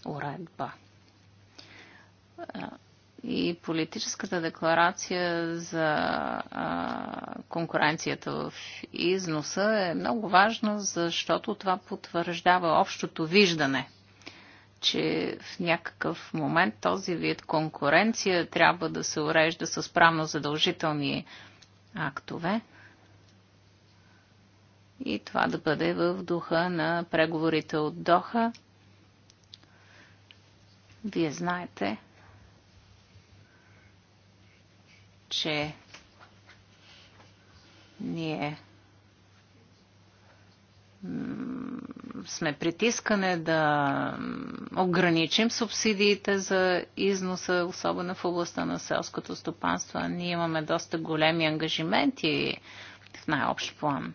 уредба. И политическата декларация за конкуренцията в износа е много важна, защото това потвърждава общото виждане – че в някакъв момент този вид конкуренция трябва да се урежда с правно задължителни актове и това да бъде в духа на преговорите от Доха. Вие знаете, че ние сме притискане да ограничим субсидиите за износа, особено в областта на селското стопанство. Ние имаме доста големи ангажименти в най-общ план.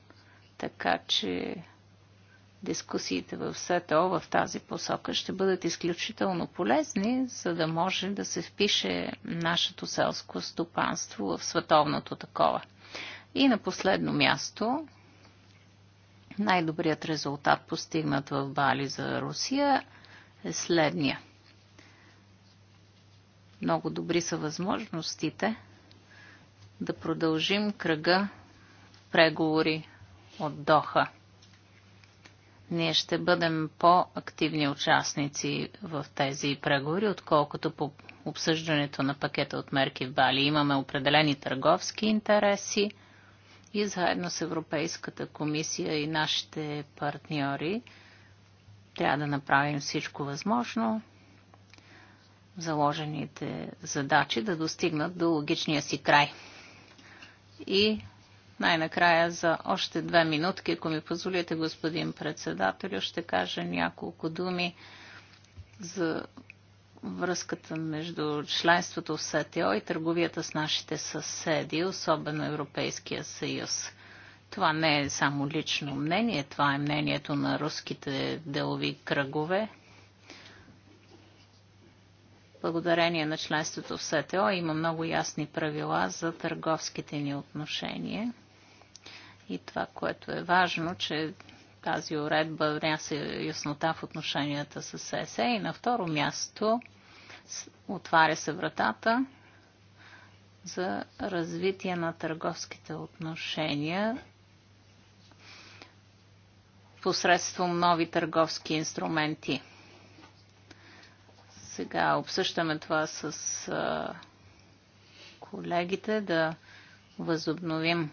Така че дискусиите в СТО в тази посока ще бъдат изключително полезни, за да може да се впише нашето селско стопанство в световното такова. И на последно място най-добрият резултат постигнат в Бали за Русия е следния. Много добри са възможностите да продължим кръга преговори от Доха. Ние ще бъдем по-активни участници в тези преговори, отколкото по обсъждането на пакета от мерки в Бали. Имаме определени търговски интереси – и заедно с Европейската комисия и нашите партньори трябва да направим всичко възможно заложените задачи да достигнат до логичния си край. И най-накрая за още две минутки, ако ми позволите, господин председател, ще кажа няколко думи за връзката между членството в СТО и търговията с нашите съседи, особено Европейския съюз. Това не е само лично мнение, това е мнението на руските делови кръгове. Благодарение на членството в СТО има много ясни правила за търговските ни отношения. И това, което е важно, че тази уредба вняса яснота в отношенията с ЕСЕ. И на второ място Отваря се вратата за развитие на търговските отношения посредством нови търговски инструменти. Сега обсъщаме това с колегите да възобновим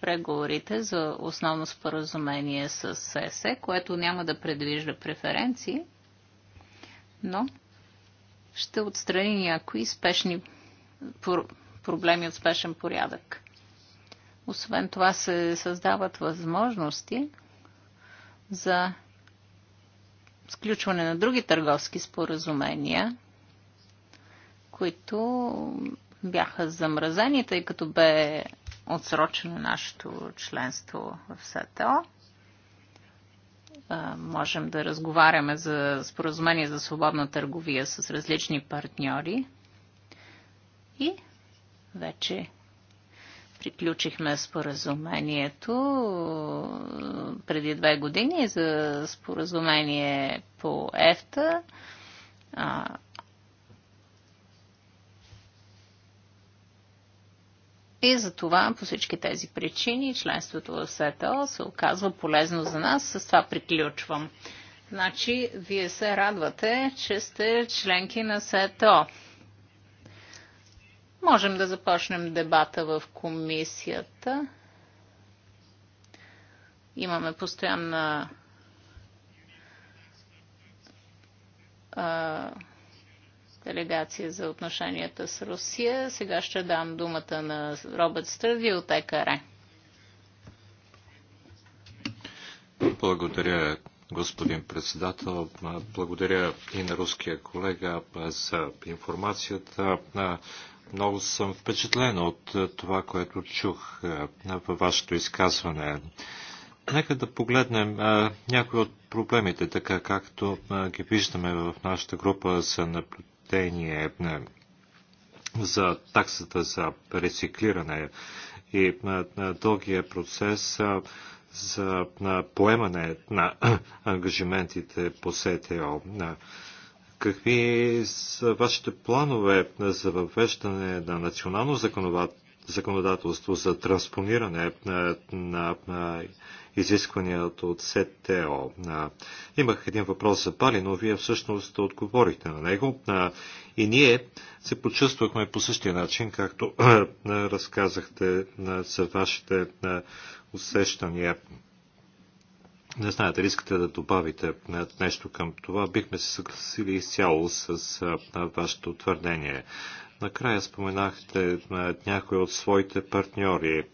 преговорите за основно споразумение с ЕСЕ, което няма да предвижда преференции, но ще отстрани някои спешни проблеми от спешен порядък. Освен това се създават възможности за сключване на други търговски споразумения, които бяха замразени, тъй като бе отсрочено нашето членство в СТО можем да разговаряме за споразумение за свободна търговия с различни партньори. И вече приключихме споразумението преди две години за споразумение по ЕФТА. И за това по всички тези причини членството в СТО се оказва полезно за нас. С това приключвам. Значи, вие се радвате, че сте членки на СТО. Можем да започнем дебата в комисията. Имаме постоянна а, делегация за отношенията с Русия. Сега ще дам думата на Робърт Стърди от ЕКР. Благодаря, господин председател. Благодаря и на руския колега за информацията. Много съм впечатлен от това, което чух във вашето изказване. Нека да погледнем някои от проблемите, така както ги виждаме в нашата група за наблюдение съобщение е, за таксата за рециклиране и е, е, дългия процес за поемане на ангажиментите по СТО. Какви са вашите планове за въвеждане на национално законодателство за транспониране на изискванията от СТО. Имах един въпрос за Бали, но вие всъщност отговорихте на него и ние се почувствахме по същия начин, както разказахте за вашите усещания. Не знаете, искате да добавите нещо към това. Бихме се съгласили изцяло с вашето твърдение. Накрая споменахте някои от своите партньори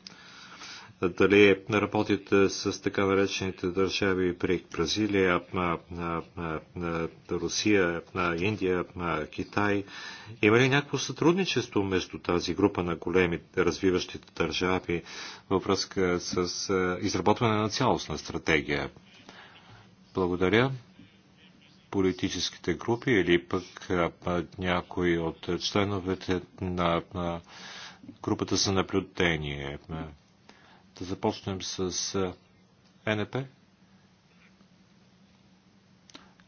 дали работят с така наречените държави при Бразилия, Русия, Индия, Китай. Има ли някакво сътрудничество между тази група на големи развиващите държави във връзка с изработване на цялостна стратегия? Благодаря политическите групи или пък някои от членовете на групата за наблюдение. Да започнем с НП.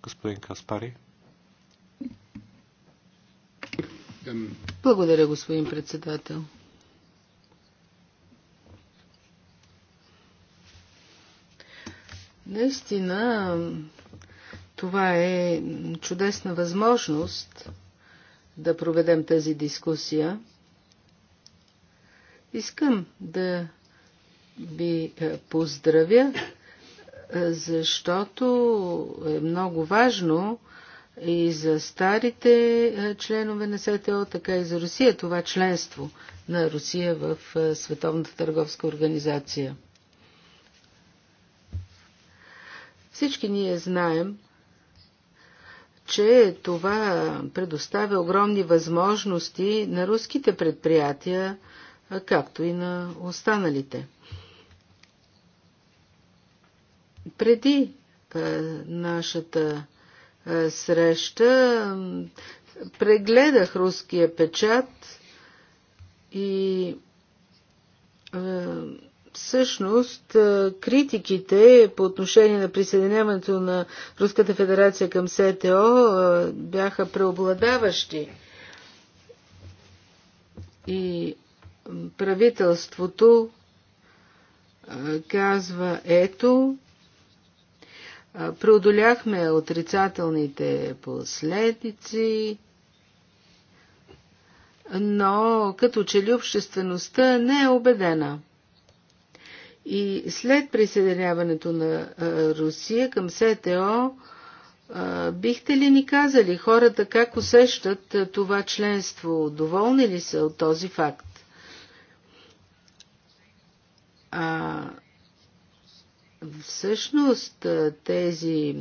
Господин Каспари. Благодаря, господин председател. Наистина, това е чудесна възможност да проведем тази дискусия. Искам да ви е, поздравя, е, защото е много важно и за старите е, членове на СТО, така и за Русия, това членство на Русия в Световната търговска организация. Всички ние знаем, че това предоставя огромни възможности на руските предприятия, както и на останалите. Преди нашата среща прегледах руския печат и всъщност критиките по отношение на присъединяването на Руската федерация към СТО бяха преобладаващи. И правителството казва, ето, Преодоляхме отрицателните последици, но като че ли обществеността не е убедена. И след присъединяването на Русия към СТО, бихте ли ни казали хората как усещат това членство? Доволни ли са от този факт? А, Всъщност тези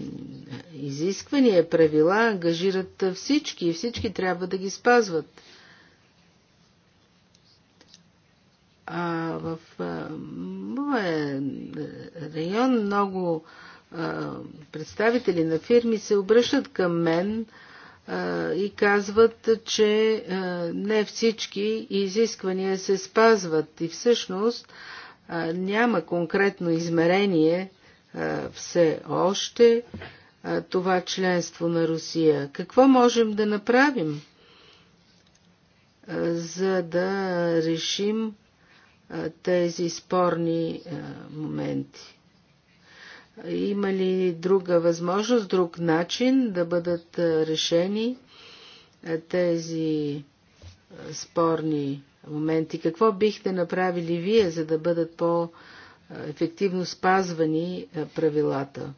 изисквания, правила ангажират всички и всички трябва да ги спазват. А в моя район много представители на фирми се обръщат към мен и казват, че не всички изисквания се спазват и всъщност няма конкретно измерение все още това членство на Русия. Какво можем да направим, за да решим тези спорни моменти? Има ли друга възможност, друг начин да бъдат решени тези спорни моменти. Какво бихте направили вие, за да бъдат по-ефективно спазвани е, правилата?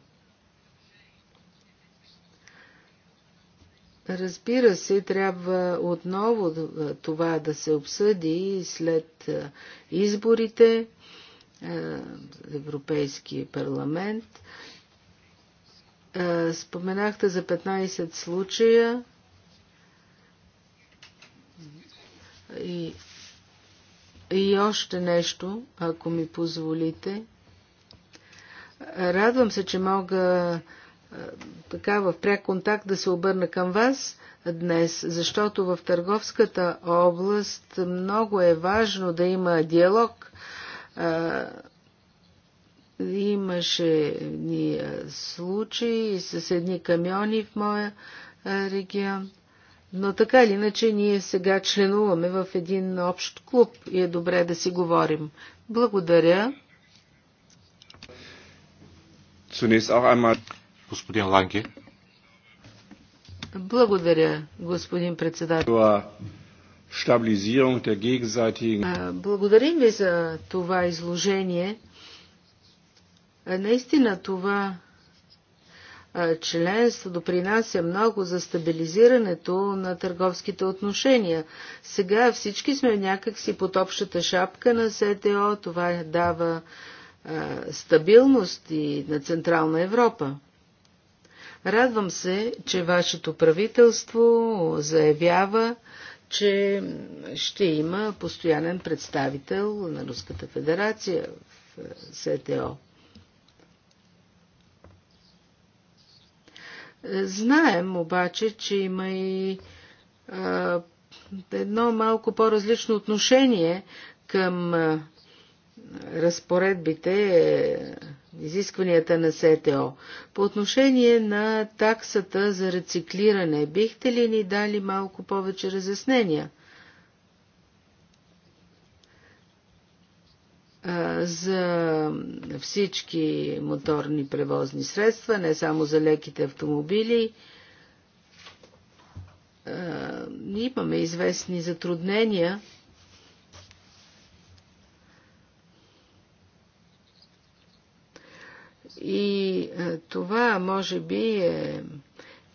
Разбира се, трябва отново е, това да се обсъди след е, изборите Европейски парламент. Споменахте за 15 случая и и още нещо, ако ми позволите. Радвам се, че мога така в пряк контакт да се обърна към вас днес, защото в търговската област много е важно да има диалог. Имаше ни случаи с едни камиони в моя регион. Но така или иначе ние сега членуваме в един общ клуб и е добре да си говорим. Благодаря. Господин Ланге. Благодаря, господин председател. Благодарим ви за това изложение. Наистина това членство допринася много за стабилизирането на търговските отношения. Сега всички сме някакси под общата шапка на СТО. Това дава стабилност и на Централна Европа. Радвам се, че вашето правителство заявява, че ще има постоянен представител на Руската федерация в СТО. Знаем обаче, че има и а, едно малко по-различно отношение към а, разпоредбите, е, изискванията на СТО. По отношение на таксата за рециклиране, бихте ли ни дали малко повече разяснения? за всички моторни превозни средства, не само за леките автомобили. Имаме известни затруднения. И това може би е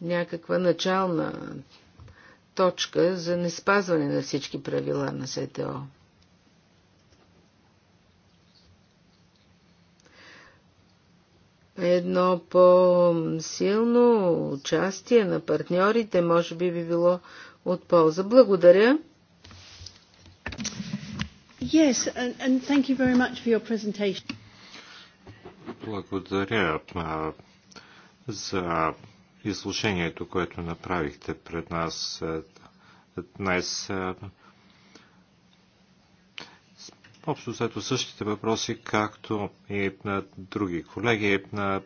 някаква начална точка за неспазване на всички правила на СТО. едно по-силно участие на партньорите може би би било от полза. Благодаря. Yes, and, thank you very much for your presentation. Благодаря а, за изложението, което направихте пред нас днес. А, Общо взето същите въпроси, както и на други колеги. На,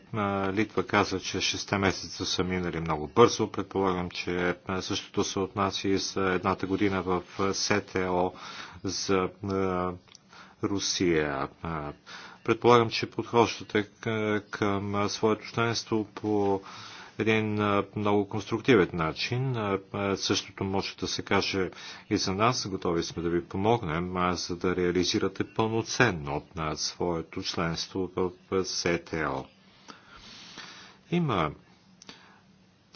Литва каза, че 6 месеца са минали много бързо. Предполагам, че същото се отнася и за едната година в СТО за Русия. Предполагам, че подхождате към своето членство по един много конструктивен начин. Същото може да се каже и за нас. Готови сме да ви помогнем, за да реализирате пълноценно от нас своето членство в СТО. Има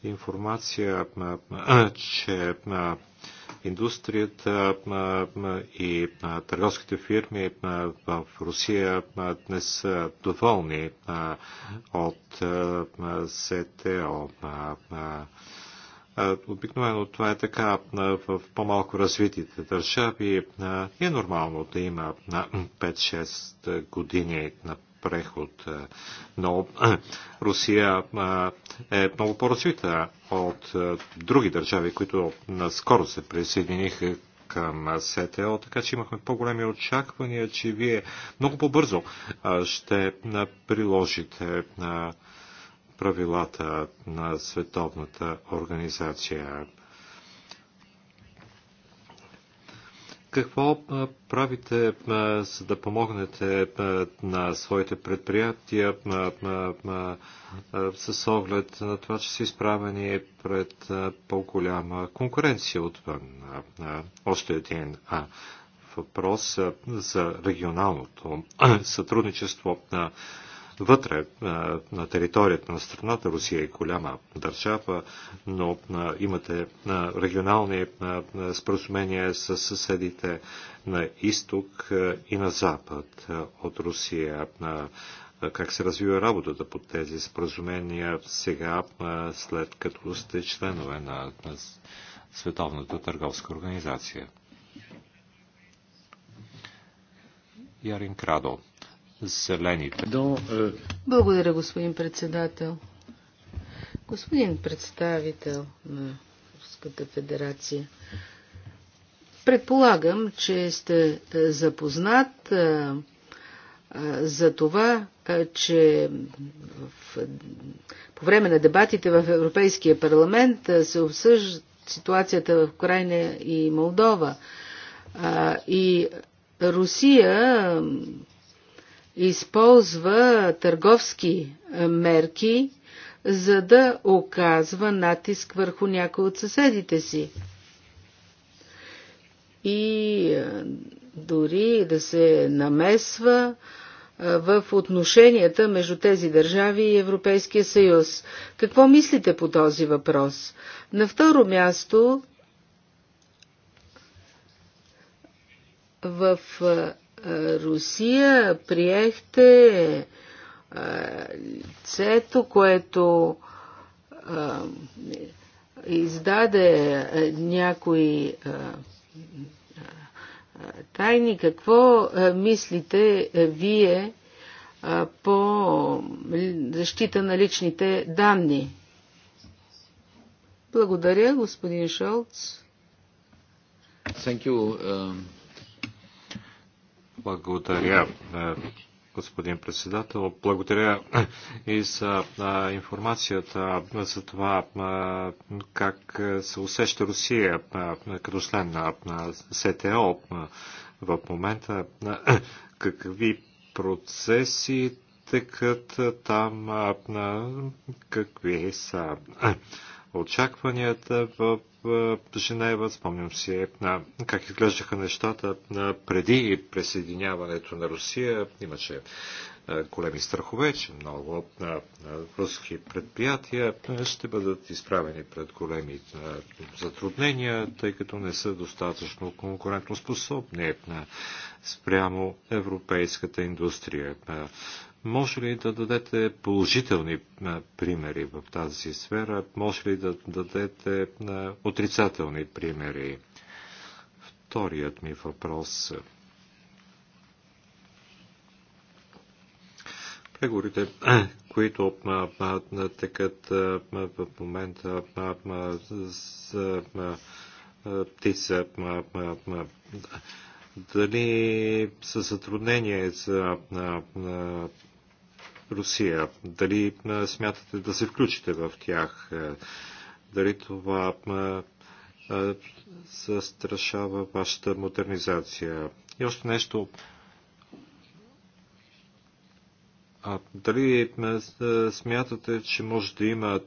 информация, че индустрията и търговските фирми в Русия не са доволни от СТО. Обикновено това е така в по-малко развитите държави. Е нормално да има 5-6 години на преход. Но Русия е много по-развита от други държави, които наскоро се присъединиха към СТО, така че имахме по-големи очаквания, че вие много по-бързо ще приложите на правилата на Световната организация. Какво правите за да помогнете на своите предприятия с оглед на това, че са изправени пред по-голяма конкуренция отвън? Още един въпрос за регионалното сътрудничество. на. Вътре на територията на страната Русия е голяма държава, но имате регионални споразумения с съседите на изток и на запад от Русия как се развива работата по тези споразумения сега, след като сте членове на, на Световната търговска организация. Ярин Крадо зелените. Е, Благодаря, господин председател. Господин представител на Руската федерация, предполагам, че сте е, запознат е, за това, че в, по време на дебатите в Европейския парламент се обсъжда ситуацията в Украина и Молдова. И Русия използва търговски е, мерки, за да оказва натиск върху някои от съседите си. И е, дори да се намесва е, в отношенията между тези държави и Европейския съюз. Какво мислите по този въпрос? На второ място, в Русия приехте лицето, което издаде някои тайни. Какво мислите вие по защита на личните данни? Благодаря, господин Шолц. Thank you, um... Благодаря, е, господин председател. Благодаря и за е, информацията за това е, как се усеща Русия като член на СТО в момента. Какви процеси текат там, какви са очакванията в е, Женева. Спомням си на, е, как изглеждаха нещата преди присъединяването на Русия. Имаше големи страхове, че много на, руски предприятия ще бъдат изправени пред големи затруднения, тъй като не са достатъчно конкурентоспособни спрямо европейската индустрия. Може ли да дадете положителни примери в тази сфера? Може ли да дадете отрицателни примери? Вторият ми въпрос. Преговорите, които текат в момента ти птица, дали със затруднения за Русия. Дали смятате да се включите в тях? Е, дали това застрашава вашата модернизация? И още нещо. А дали смятате, че може да има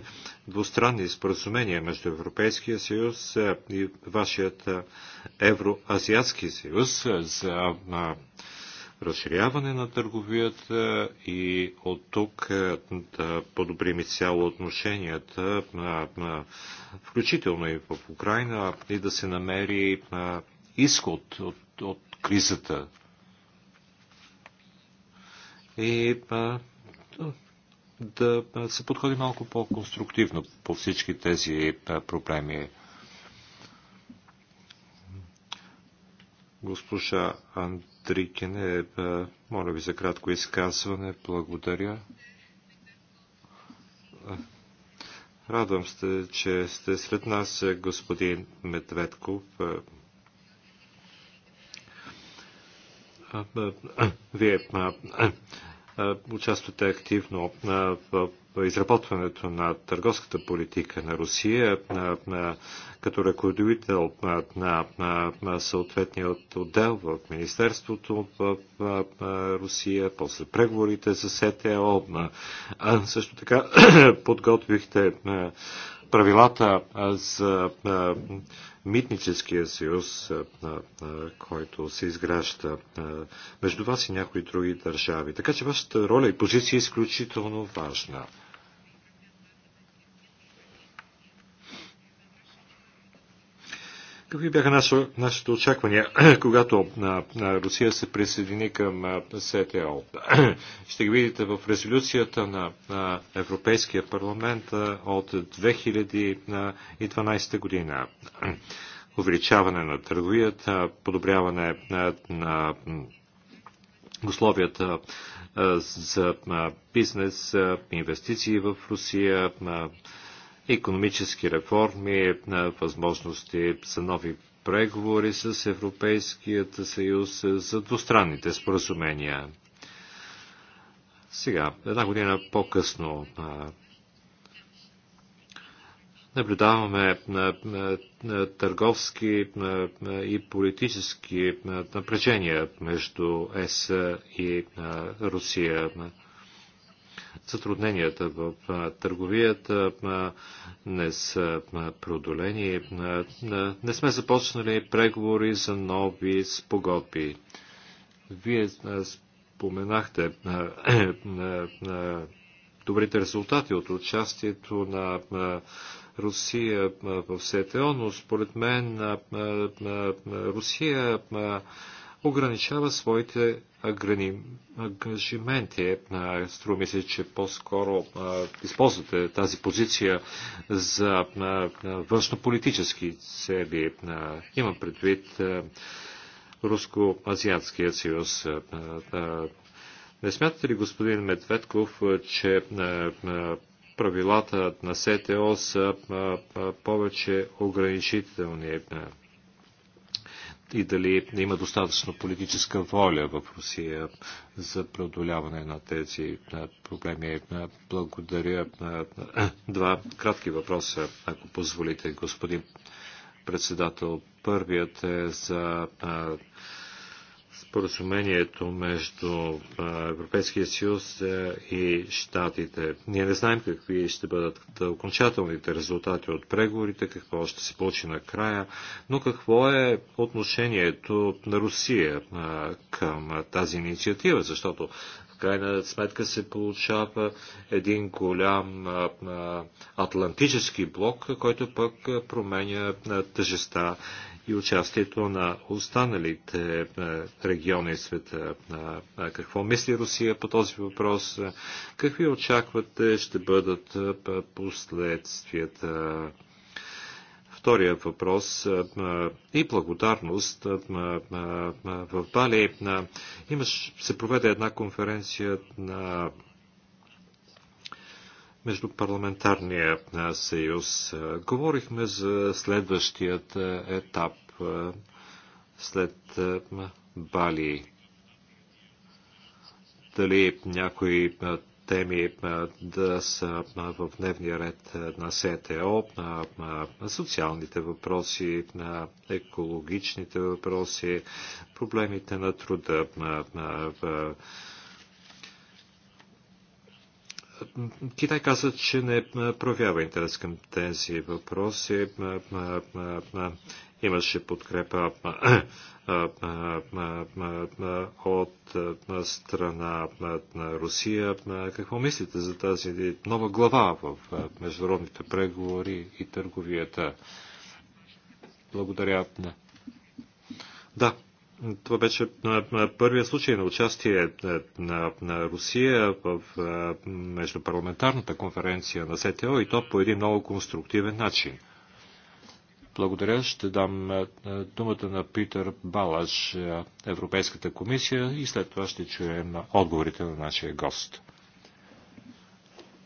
двустранни споразумения между Европейския съюз и вашият Евроазиатски съюз за разширяване на търговията и от тук е, да подобрим и цяло отношенията, е, е, включително и в Украина, и да се намери изход от, от кризата. И да се подходи малко по-конструктивно по всички тези проблеми. Госпожа Антон Трикене, е, Моля ви за кратко изказване. Благодаря. Радвам се, че сте сред нас, господин Медведков. Е, е, вие участвате активно в изработването на търговската политика на Русия като ръководител на съответния отдел в Министерството в Русия, после преговорите за СТО. Също така подготвихте правилата за митническия съюз, който се изгражда между вас и някои други държави. Така че вашата роля и позиция е изключително важна. Какви бяха нашите очаквания, когато на, на Русия се присъедини към СТО? Ще ги видите в резолюцията на, на Европейския парламент от 2012 година. Увеличаване на търговията, подобряване на, на условията за бизнес, инвестиции в Русия, економически реформи, на възможности за нови преговори с Европейският съюз за двустранните споразумения. Сега, една година по-късно, наблюдаваме търговски и политически напрежения между ЕС и Русия. Затрудненията в търговията не са преодолени. Не сме започнали преговори за нови спогодби. Вие споменахте добрите резултати от участието на Русия в СТО, но според мен Русия ограничава своите ангажименти. Е, струва ми се, че по-скоро използвате тази позиция за външнополитически цели. Имам предвид Руско-Азиатския съюз. Не смятате ли, господин Медведков, че правилата на СТО са повече ограничителни? и дали има достатъчно политическа воля в Русия за преодоляване на тези проблеми. Благодаря. Два кратки въпроса, ако позволите, господин председател. Първият е за споразумението между Европейския съюз и Штатите. Ние не знаем какви ще бъдат окончателните резултати от преговорите, какво ще се получи накрая, но какво е отношението на Русия към тази инициатива, защото в крайна сметка се получава един голям атлантически блок, който пък променя тъжеста и участието на останалите е, региони в света. Какво мисли Русия по този въпрос? Какви очаквате ще бъдат последствията? Втория въпрос и благодарност. В Бали имаш, се проведе една конференция на Междупарламентарния съюз. Говорихме за следващият етап след Бали. Дали някои теми да са в дневния ред на СТО, на социалните въпроси, на екологичните въпроси, проблемите на труда, на Китай каза, че не проявява интерес към тези въпроси. Имаше подкрепа от страна на Русия. Какво мислите за тази нова глава в международните преговори и търговията? Благодаря. Да, това беше първия случай на участие е, на, на Русия в Междупарламентарната конференция на СТО и то по един много конструктивен начин. Благодаря. Ще дам думата на Питър Балаш, Европейската комисия и след това ще чуем отговорите на нашия гост.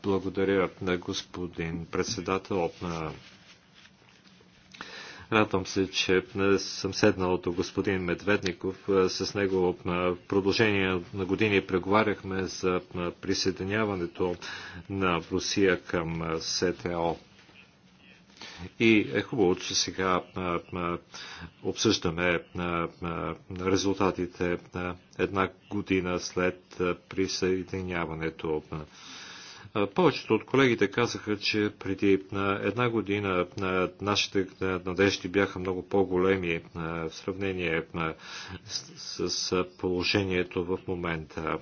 Благодаря на господин председател на Радвам се, че съм седнал до господин Медведников. Е, с него на е, продължение на години преговаряхме за е, присъединяването на Русия към СТО. И е хубаво, че сега обсъждаме резултатите една година след присъединяването. Повечето от колегите казаха, че преди една година нашите надежди бяха много по-големи в сравнение с положението в момента.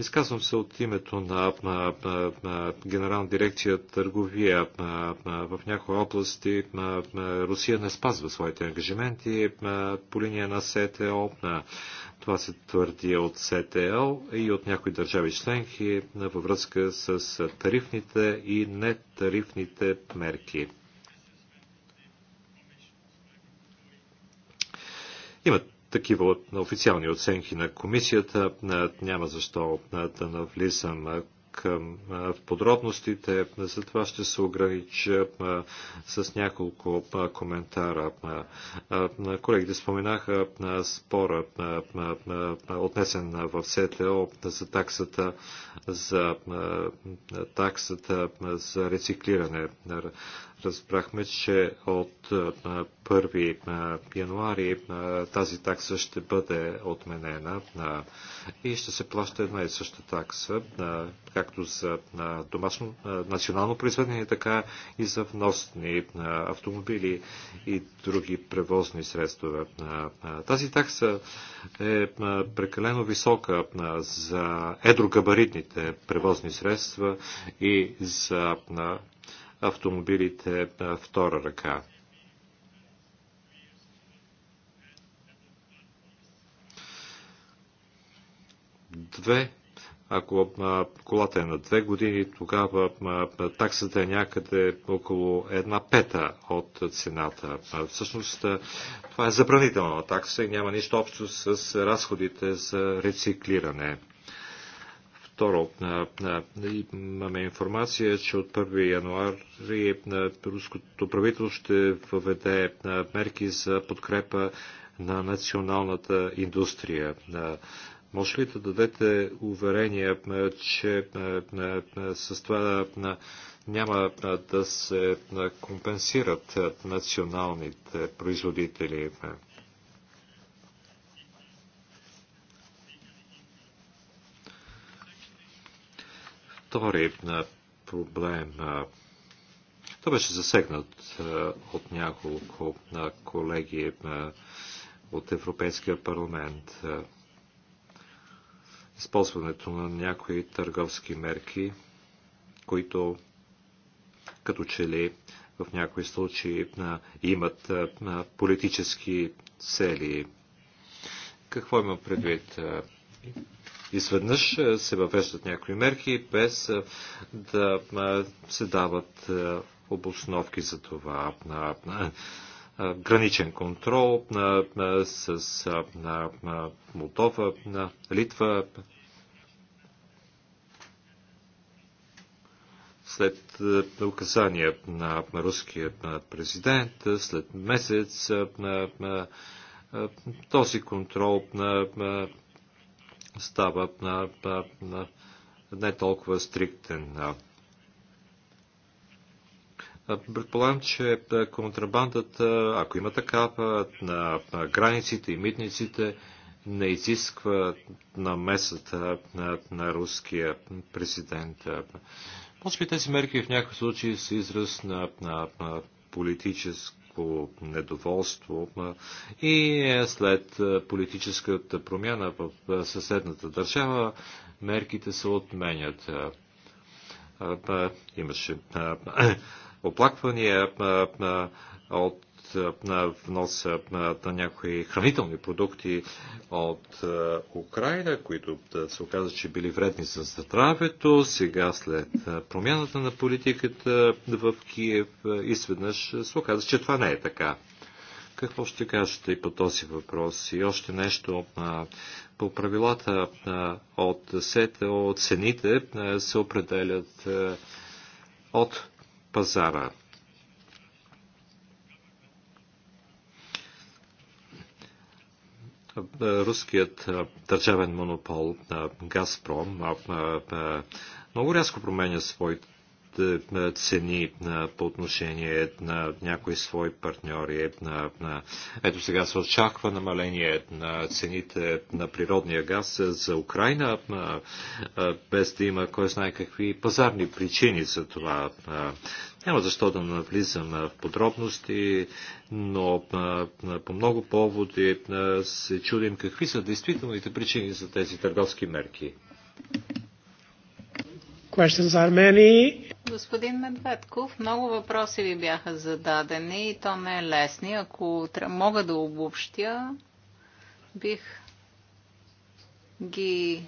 Изказвам се от името на, на, на, на Генерална дирекция търговия на, на, в някои области. На, на Русия не спазва своите ангажименти на, по линия на СТО. На, това се твърди от СТО и от някои държави членки във връзка с тарифните и нетарифните мерки. Имат такива официални оценки на комисията. Няма защо да навлизам към в подробностите, затова ще се огранича с няколко коментара. Колегите споменаха спора, отнесен в СТО за таксата за таксата за рециклиране разбрахме, че от 1 януари тази такса ще бъде отменена и ще се плаща една и съща такса, както за домашно, национално произведение, така и за вносни автомобили и други превозни средства. Тази такса е прекалено висока за едрогабаритните превозни средства и за автомобилите втора ръка. Две ако колата е на две години, тогава таксата е някъде около една пета от цената. Всъщност това е забранителна такса и няма нищо общо с разходите за рециклиране. Второ, имаме информация, че от 1 януари руското правителство ще въведе мерки за подкрепа на националната индустрия. Може ли да дадете уверение, че с това няма да се компенсират националните производители? втори проблем. той беше засегнат от няколко колеги от Европейския парламент. Използването на някои търговски мерки, които като че ли в някои случаи имат политически цели. Какво има предвид? изведнъж е, се въвеждат някои мерки, без е, да е, се дават обосновки за това. Граничен контрол с Молдова, Литва, след указания на руския президент, след месец на този контрол става а, а, а, не толкова стриктен. Предполагам, че контрабандата, ако има такава, на границите и митниците не изисква намесата на, на руския президент. Може би тези мерки в някакъв случай са израз на, на, на политическа политическо недоволство и е след политическата промяна в съседната държава мерките се отменят. Имаше оплаквания от внос на някои хранителни продукти от Украина, които се оказа, че били вредни за здравето. Сега след промяната на политиката в Киев изведнъж се оказа, че това не е така. Какво ще кажете и по този въпрос? И още нещо по правилата от СЕТО, цените се определят от пазара. руският държавен монопол на Газпром много рязко променя своите цени по отношение на някои свои партньори. Ето сега се очаква намаление на цените на природния газ за Украина, без да има кой знае какви пазарни причини за това. Няма защо да навлизам в подробности, но по много поводи се чудим какви са действителните причини за тези търговски мерки. Господин Медведков, много въпроси ви бяха зададени и то не е лесни. Ако мога да обобщя, бих ги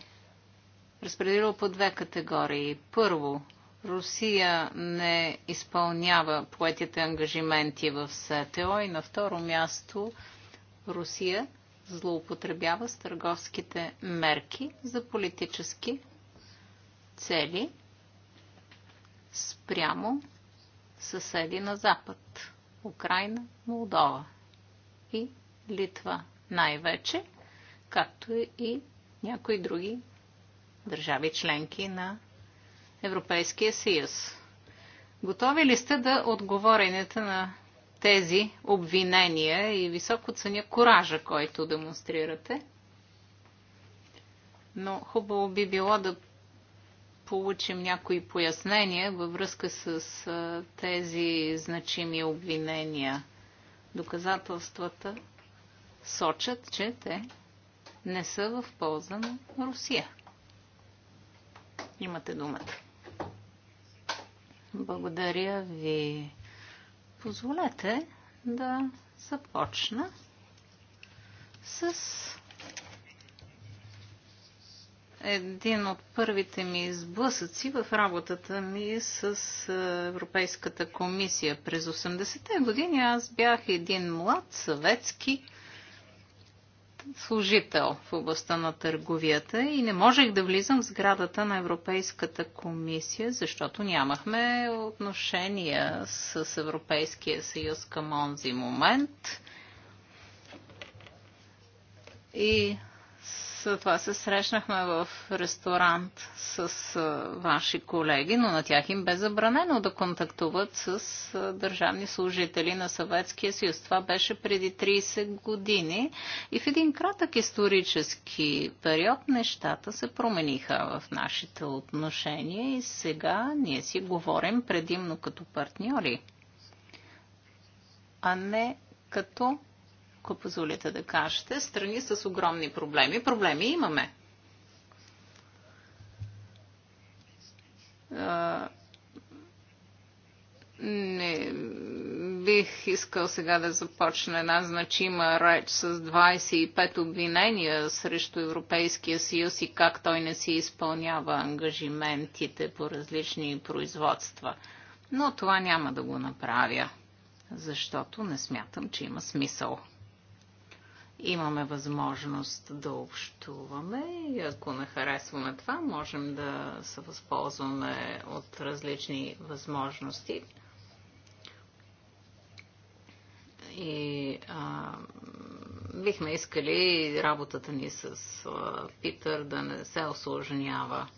разпределил по две категории. Първо, Русия не изпълнява поетите ангажименти в СТО и на второ място Русия злоупотребява с търговските мерки за политически цели спрямо съседи на Запад Украина, Молдова и Литва най-вече, както и някои други държави членки на Европейския съюз. Готови ли сте да отговорените на тези обвинения и високо ценя коража, който демонстрирате? Но хубаво би било да получим някои пояснения във връзка с тези значими обвинения. Доказателствата сочат, че те не са в полза на Русия. Имате думата. Благодаря ви. Позволете да започна с един от първите ми сблъсъци в работата ми с е, Европейската комисия. През 80-те години аз бях един млад съветски служител в областта на търговията и не можех да влизам в сградата на Европейската комисия, защото нямахме отношения с Европейския съюз към онзи момент. И след това се срещнахме в ресторант с ваши колеги, но на тях им бе забранено да контактуват с държавни служители на Съветския съюз. Това беше преди 30 години и в един кратък исторически период нещата се промениха в нашите отношения и сега ние си говорим предимно като партньори, а не като ако позволите да кажете, страни с огромни проблеми. Проблеми имаме. Не бих искал сега да започна една значима реч с 25 обвинения срещу Европейския съюз и как той не си изпълнява ангажиментите по различни производства. Но това няма да го направя, защото не смятам, че има смисъл имаме възможност да общуваме и ако не харесваме това, можем да се възползваме от различни възможности. И а, бихме искали работата ни с а, Питър да не се осложнява.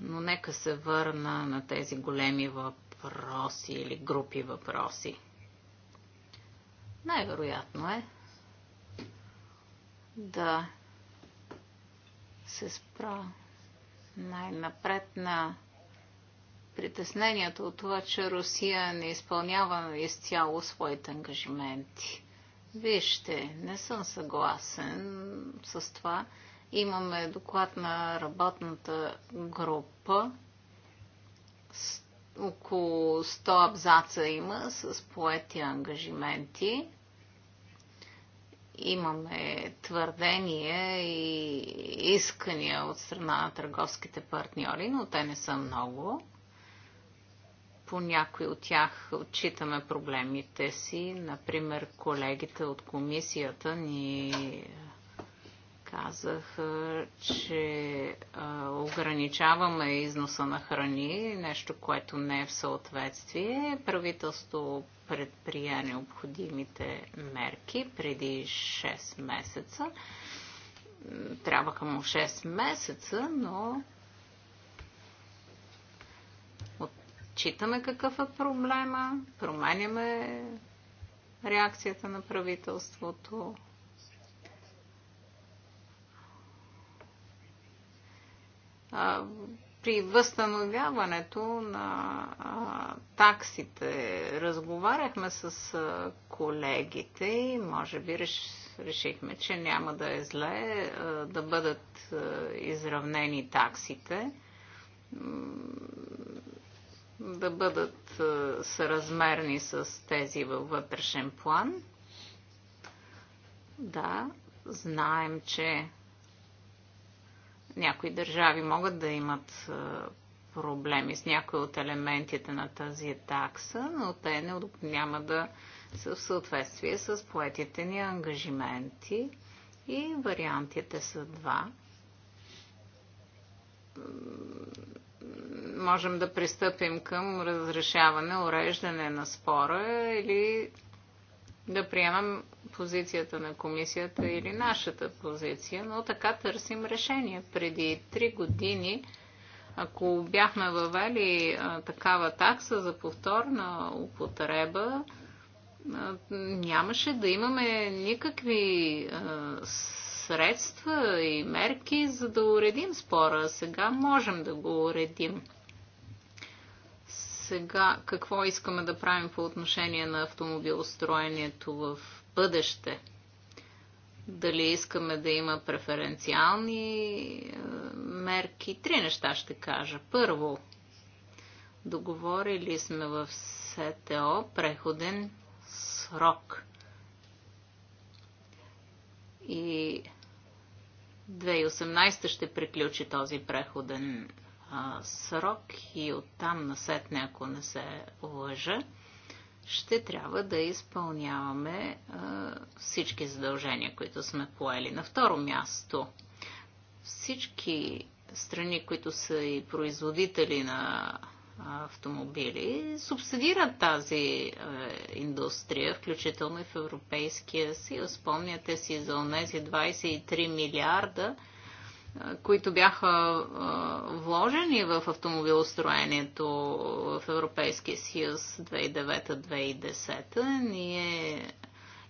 Но нека се върна на тези големи въпроси или групи въпроси. Най-вероятно е, да се спра най-напред на притеснението от това, че Русия не изпълнява изцяло своите ангажименти. Вижте, не съм съгласен с това. Имаме доклад на работната група. около 100 абзаца има с поети ангажименти имаме твърдения и искания от страна на търговските партньори, но те не са много. По някои от тях отчитаме проблемите си. Например, колегите от комисията ни казах, че ограничаваме износа на храни, нещо, което не е в съответствие. Правителство предприя необходимите мерки преди 6 месеца. Трябваха му 6 месеца, но отчитаме какъв е проблема, променяме реакцията на правителството при възстановяването на таксите разговаряхме с колегите и може би решихме, че няма да е зле да бъдат изравнени таксите, да бъдат съразмерни с тези във вътрешен план. Да, знаем, че някои държави могат да имат проблеми с някои от елементите на тази такса, но те не, няма да са в съответствие с поетите ни ангажименти и вариантите са два. Можем да пристъпим към разрешаване, уреждане на спора или да приемам позицията на комисията или нашата позиция, но така търсим решение. Преди три години, ако бяхме въвели такава такса за повторна употреба, нямаше да имаме никакви средства и мерки, за да уредим спора. Сега можем да го уредим сега какво искаме да правим по отношение на автомобилостроението в бъдеще. Дали искаме да има преференциални е, мерки. Три неща ще кажа. Първо, договорили сме в СТО преходен срок. И 2018 ще приключи този преходен а, срок и оттам насетне, ако не се лъжа, ще трябва да изпълняваме а, всички задължения, които сме поели. На второ място, всички страни, които са и производители на автомобили, субсидират тази е, индустрия, включително и в Европейския съюз. Спомняте си за тези 23 милиарда, които бяха вложени в автомобилостроението в Европейския съюз 2009-2010, ние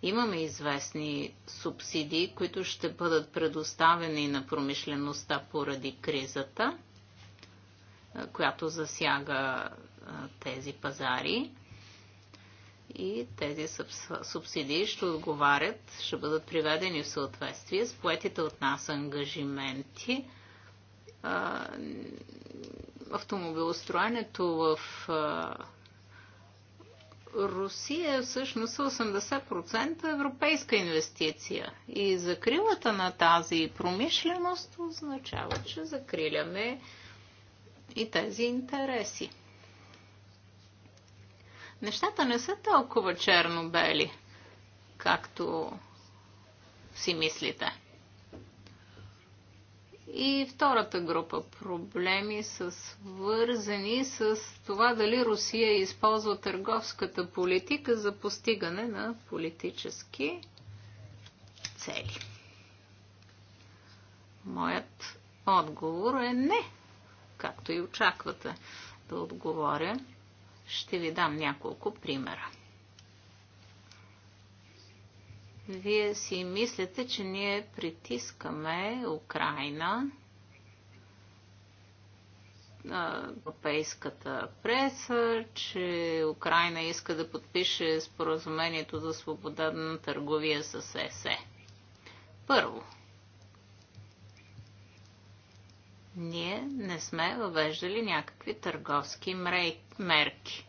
имаме известни субсидии, които ще бъдат предоставени на промишлеността поради кризата, която засяга тези пазари и тези субсидии ще отговарят, ще бъдат приведени в съответствие с поетите от нас ангажименти. Автомобилостроенето в Русия е всъщност 80% европейска инвестиция. И закрилата на тази промишленост означава, че закриляме и тези интереси нещата не са толкова черно-бели, както си мислите. И втората група проблеми са свързани с това дали Русия използва търговската политика за постигане на политически цели. Моят отговор е не, както и очаквате да отговоря. Ще ви дам няколко примера. Вие си мислите, че ние притискаме Украина, европейската преса, че Украина иска да подпише споразумението за свобода на търговия с ЕСЕ. Първо, Ние не сме въвеждали някакви търговски мерки.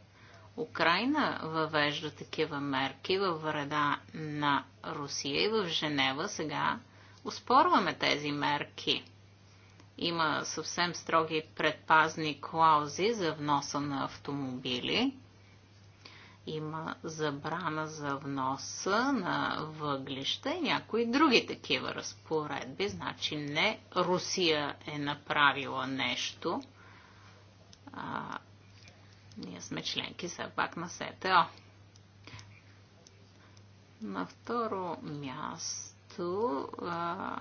Украина въвежда такива мерки във вреда на Русия и в Женева сега успорваме тези мерки. Има съвсем строги предпазни клаузи за вноса на автомобили има забрана за вноса на въглища и някои други такива разпоредби. Значи не Русия е направила нещо. А, ние сме членки все пак на СТО. На второ място, а,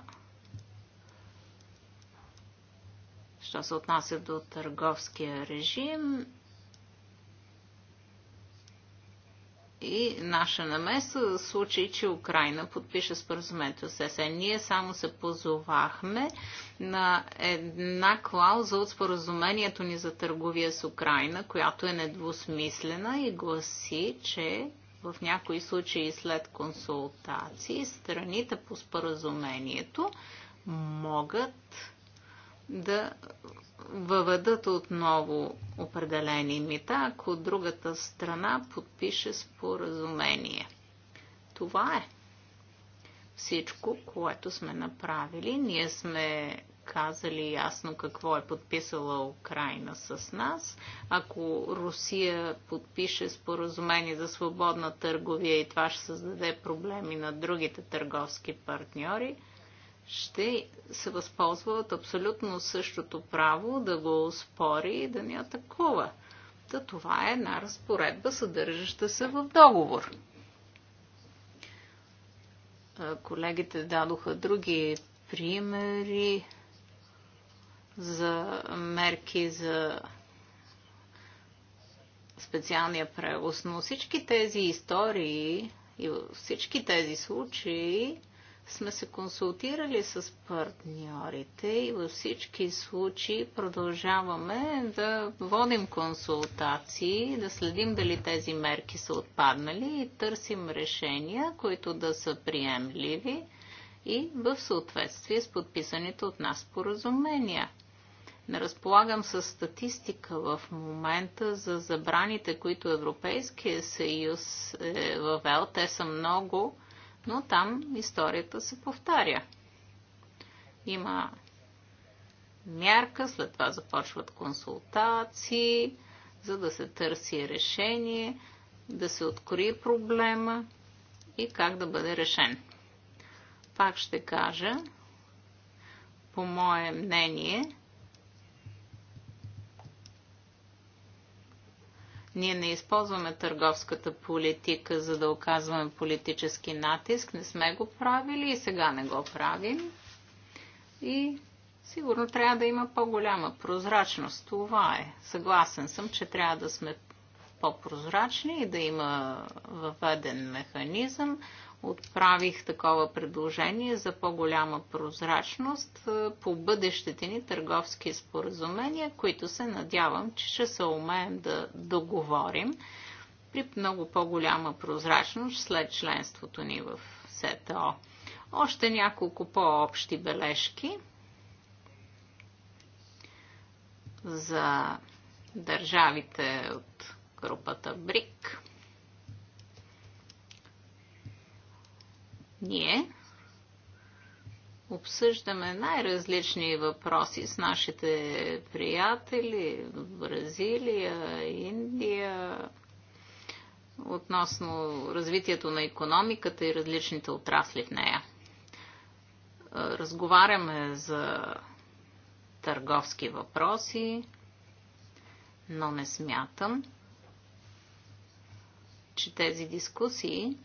що се отнася до търговския режим, и наша намеса в случай, че Украина подпише споразумението с ЕСЕ. Ние само се позовахме на една клауза от споразумението ни за търговия с Украина, която е недвусмислена и гласи, че в някои случаи след консултации страните по споразумението могат да въведат отново определени мита, ако другата страна подпише споразумение. Това е всичко, което сме направили. Ние сме казали ясно какво е подписала Украина с нас. Ако Русия подпише споразумение за свободна търговия и това ще създаде проблеми на другите търговски партньори, ще се възползва от абсолютно същото право да го спори и да ни атакува. Та това е една разпоредба, съдържаща се в договор. Колегите дадоха други примери за мерки за специалния превоз, но всички тези истории и всички тези случаи сме се консултирали с партньорите и във всички случаи продължаваме да водим консултации, да следим дали тези мерки са отпаднали и търсим решения, които да са приемливи и в съответствие с подписаните от нас поразумения. Не разполагам с статистика в момента за забраните, които Европейския съюз е въвел. Те са много но там историята се повтаря. Има мярка, след това започват консултации, за да се търси решение, да се откри проблема и как да бъде решен. Пак ще кажа, по мое мнение, Ние не използваме търговската политика, за да оказваме политически натиск. Не сме го правили и сега не го правим. И сигурно трябва да има по-голяма прозрачност. Това е. Съгласен съм, че трябва да сме по-прозрачни и да има въведен механизъм, отправих такова предложение за по-голяма прозрачност е, по бъдещите ни търговски споразумения, които се надявам, че ще се умеем да договорим при много по-голяма прозрачност след членството ни в СТО. Още няколко по-общи бележки за държавите от групата БРИК. Ние обсъждаме най-различни въпроси с нашите приятели в Бразилия, Индия, относно развитието на економиката и различните отрасли в нея. Разговаряме за търговски въпроси, но не смятам, че тези дискусии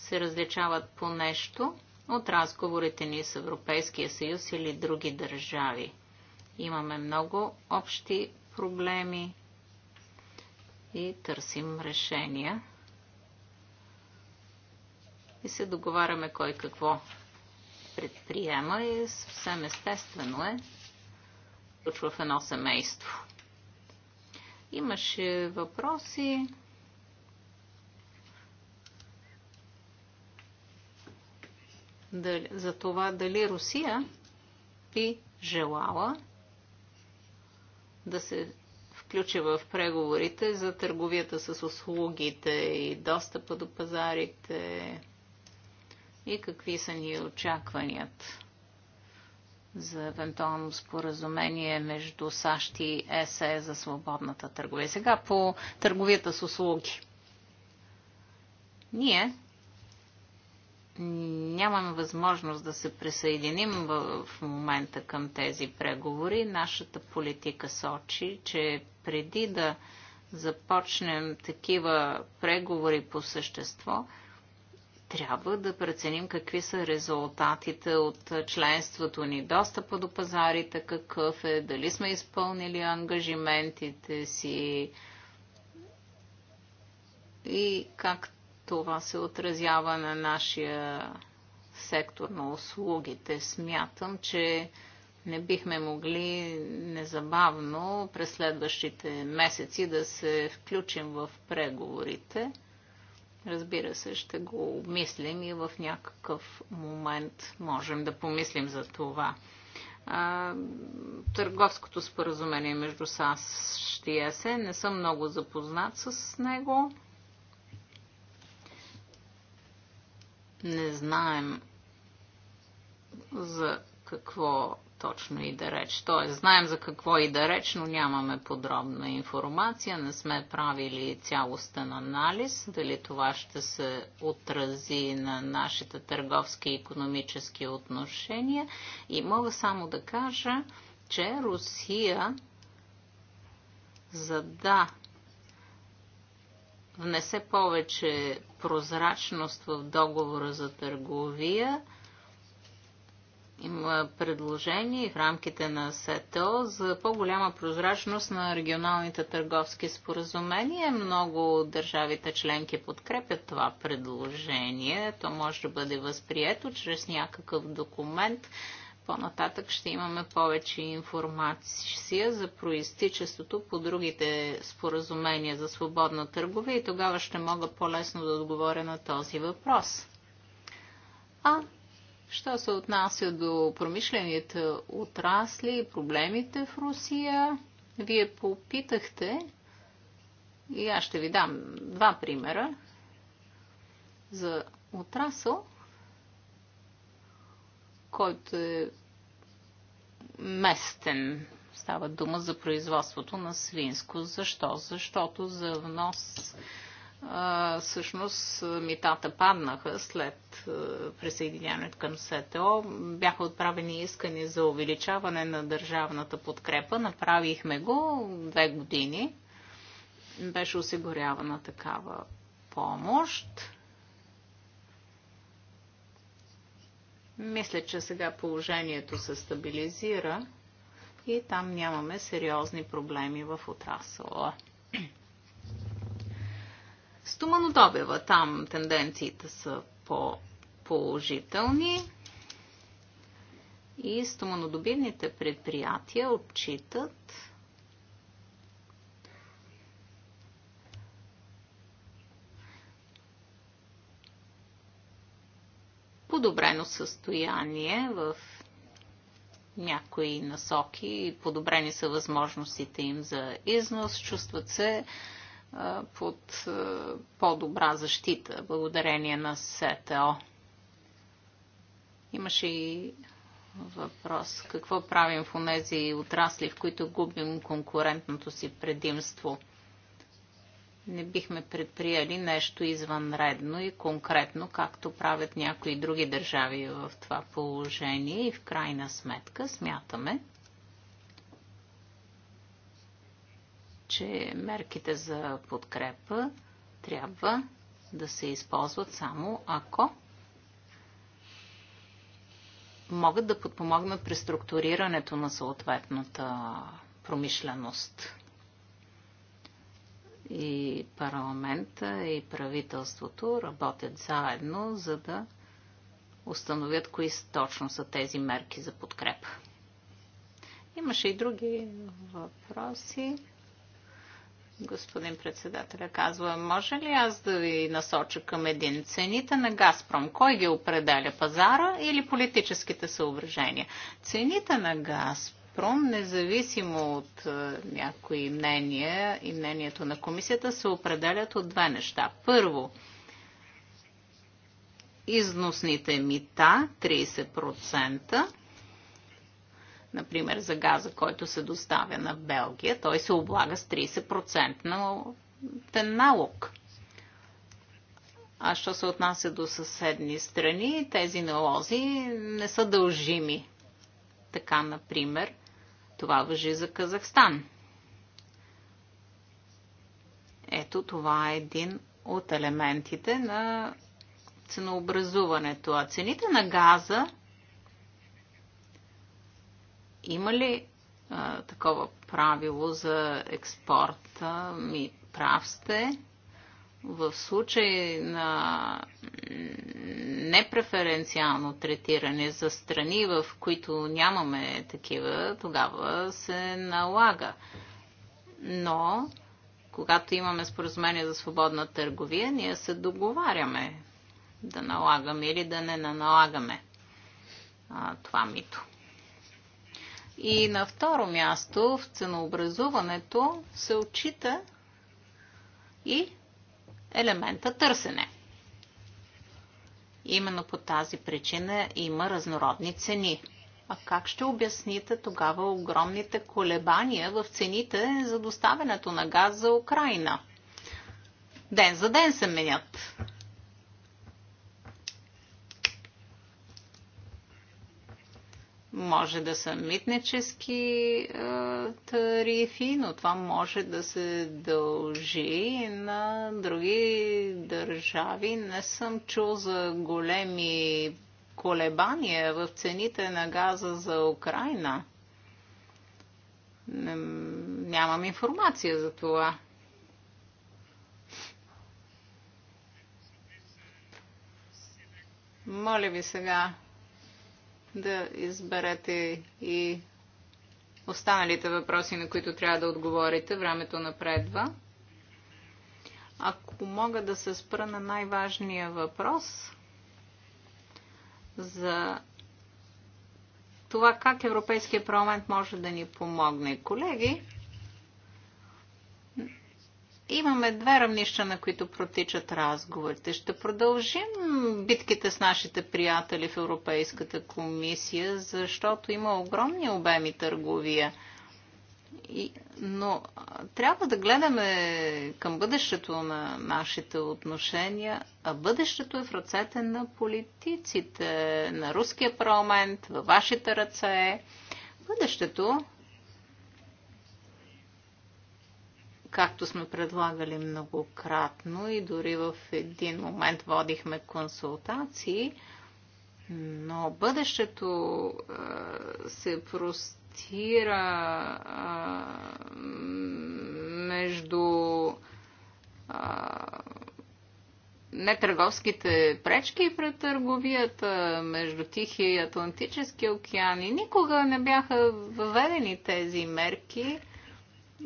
се различават по нещо от разговорите ни с Европейския съюз или други държави. Имаме много общи проблеми и търсим решения. И се договаряме кой какво предприема и съвсем естествено е в едно семейство. Имаше въпроси за това дали Русия би желала да се включи в преговорите за търговията с услугите и достъпа до пазарите и какви са ни очакванията за евентуално споразумение между САЩ и ЕСЕ за свободната търговия. Сега по търговията с услуги. Ние нямаме възможност да се присъединим в момента към тези преговори. Нашата политика сочи, че преди да започнем такива преговори по същество, трябва да преценим какви са резултатите от членството ни, достъпа до пазарите, какъв е, дали сме изпълнили ангажиментите си и как това се отразява на нашия сектор на услугите. Смятам, че не бихме могли незабавно през следващите месеци да се включим в преговорите. Разбира се, ще го обмислим и в някакъв момент можем да помислим за това. търговското споразумение между САС и ЕСЕ не съм много запознат с него. не знаем за какво точно и да реч. Тоест, знаем за какво и да реч, но нямаме подробна информация, не сме правили цялостен анализ, дали това ще се отрази на нашите търговски и економически отношения. И мога само да кажа, че Русия зада внесе повече прозрачност в договора за търговия. Има предложение в рамките на СЕТО за по-голяма прозрачност на регионалните търговски споразумения. Много държавите членки подкрепят това предложение. То може да бъде възприето чрез някакъв документ по-нататък ще имаме повече информация за проистичеството по другите споразумения за свободна търговия и тогава ще мога по-лесно да отговоря на този въпрос. А що се отнася до промишлените отрасли и проблемите в Русия, вие попитахте и аз ще ви дам два примера за отрасъл – който е местен. Става дума за производството на свинско. Защо? Защото за внос всъщност митата паднаха след присъединяването към СТО. Бяха отправени искани за увеличаване на държавната подкрепа. Направихме го две години. Беше осигурявана такава помощ Мисля, че сега положението се стабилизира и там нямаме сериозни проблеми в отрасъла. Стоманодобива там тенденциите са по-положителни и стоманодобивните предприятия отчитат подобрено състояние в някои насоки. Подобрени са възможностите им за износ. Чувстват се под по-добра защита благодарение на СТО. Имаше и въпрос какво правим в тези отрасли, в които губим конкурентното си предимство – не бихме предприели нещо извънредно и конкретно, както правят някои други държави в това положение и в крайна сметка смятаме, че мерките за подкрепа трябва да се използват само ако могат да подпомогнат преструктурирането на съответната промишленост и парламента и правителството работят заедно, за да установят кои точно са тези мерки за подкрепа. Имаше и други въпроси. Господин председателя казва, може ли аз да ви насоча към един? Цените на Газпром, кой ги определя? Пазара или политическите съображения? Цените на Газпром Пром, независимо от е, някои мнения и мнението на комисията, се определят от две неща. Първо, износните мита 30%, например за газа, който се доставя на Белгия, той се облага с 30% на налог. А що се отнася до съседни страни, тези налози не са дължими. Така, например, това въжи за Казахстан. Ето това е един от елементите на ценообразуването. А цените на газа има ли а, такова правило за експорт? Ми прав сте в случай на непреференциално третиране за страни, в които нямаме такива, тогава се налага. Но, когато имаме споразумение за свободна търговия, ние се договаряме да налагаме или да не налагаме а, това мито. И на второ място в ценообразуването се отчита и елемента търсене. Именно по тази причина има разнородни цени. А как ще обясните тогава огромните колебания в цените за доставянето на газ за Украина? Ден за ден се менят. Може да са митнически е, тарифи, но това може да се дължи на други държави. Не съм чул за големи колебания в цените на газа за Украина. Не, нямам информация за това. Моля ви сега да изберете и останалите въпроси, на които трябва да отговорите. Времето напредва. Ако мога да се спра на най-важния въпрос за това как Европейския парламент може да ни помогне. Колеги, Имаме две равнища, на които протичат разговорите. Ще продължим битките с нашите приятели в Европейската комисия, защото има огромни обеми търговия. И, но трябва да гледаме към бъдещето на нашите отношения, а бъдещето е в ръцете на политиците, на руския парламент, във вашите ръце. Бъдещето както сме предлагали многократно и дори в един момент водихме консултации, но бъдещето се простира между нетърговските пречки пред търговията между Тихия и Атлантическия океан и никога не бяха въведени тези мерки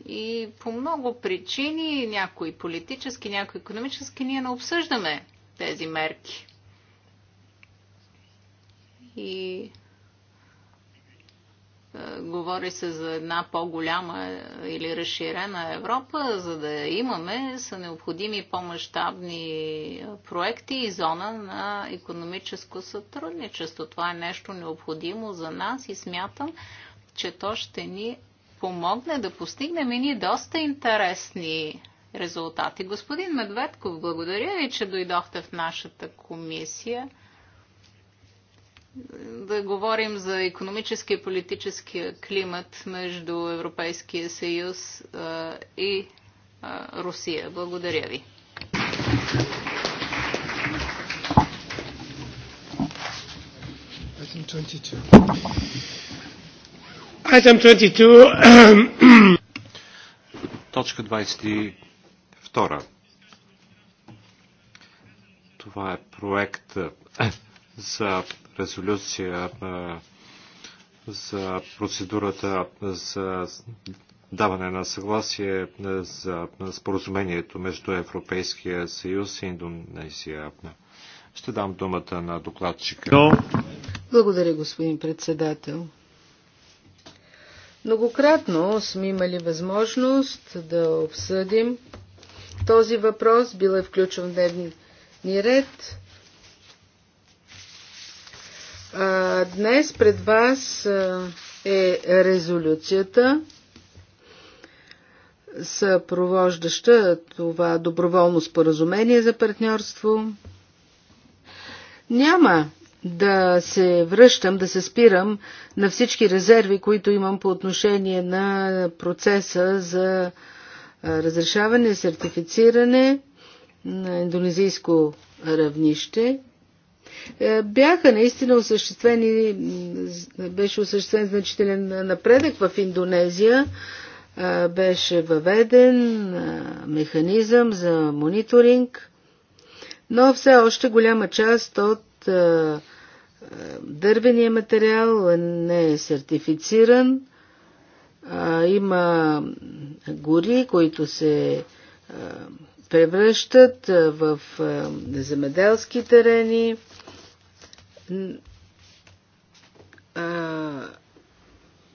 и по много причини, някои политически, някои економически, ние не обсъждаме тези мерки. И е, говори се за една по-голяма или разширена Европа, за да имаме, са необходими по-масштабни е, проекти и зона на економическо сътрудничество. Това е нещо необходимо за нас и смятам, че то ще ни помогне да постигнем и ни доста интересни резултати. Господин Медведков, благодаря ви, че дойдохте в нашата комисия да говорим за економическия и политическия климат между Европейския съюз и Русия. Благодаря ви. I 22. Item 22. Точка 22. Това е проект за резолюция за процедурата за даване на съгласие за споразумението между Европейския съюз и Индонезия. Ще дам думата на докладчика. Благодаря, господин председател. Многократно сме имали възможност да обсъдим този въпрос, бил е включен в дневния ред. Днес пред вас е резолюцията, съпровождаща това доброволно споразумение за партньорство. Няма да се връщам, да се спирам на всички резерви, които имам по отношение на процеса за разрешаване, сертифициране на индонезийско равнище. Е, бяха наистина осъществени, беше осъществен значителен напредък в Индонезия. Е, беше въведен механизъм за мониторинг, но все още голяма част от дървения материал не е сертифициран. Има гори, които се превръщат в земеделски терени.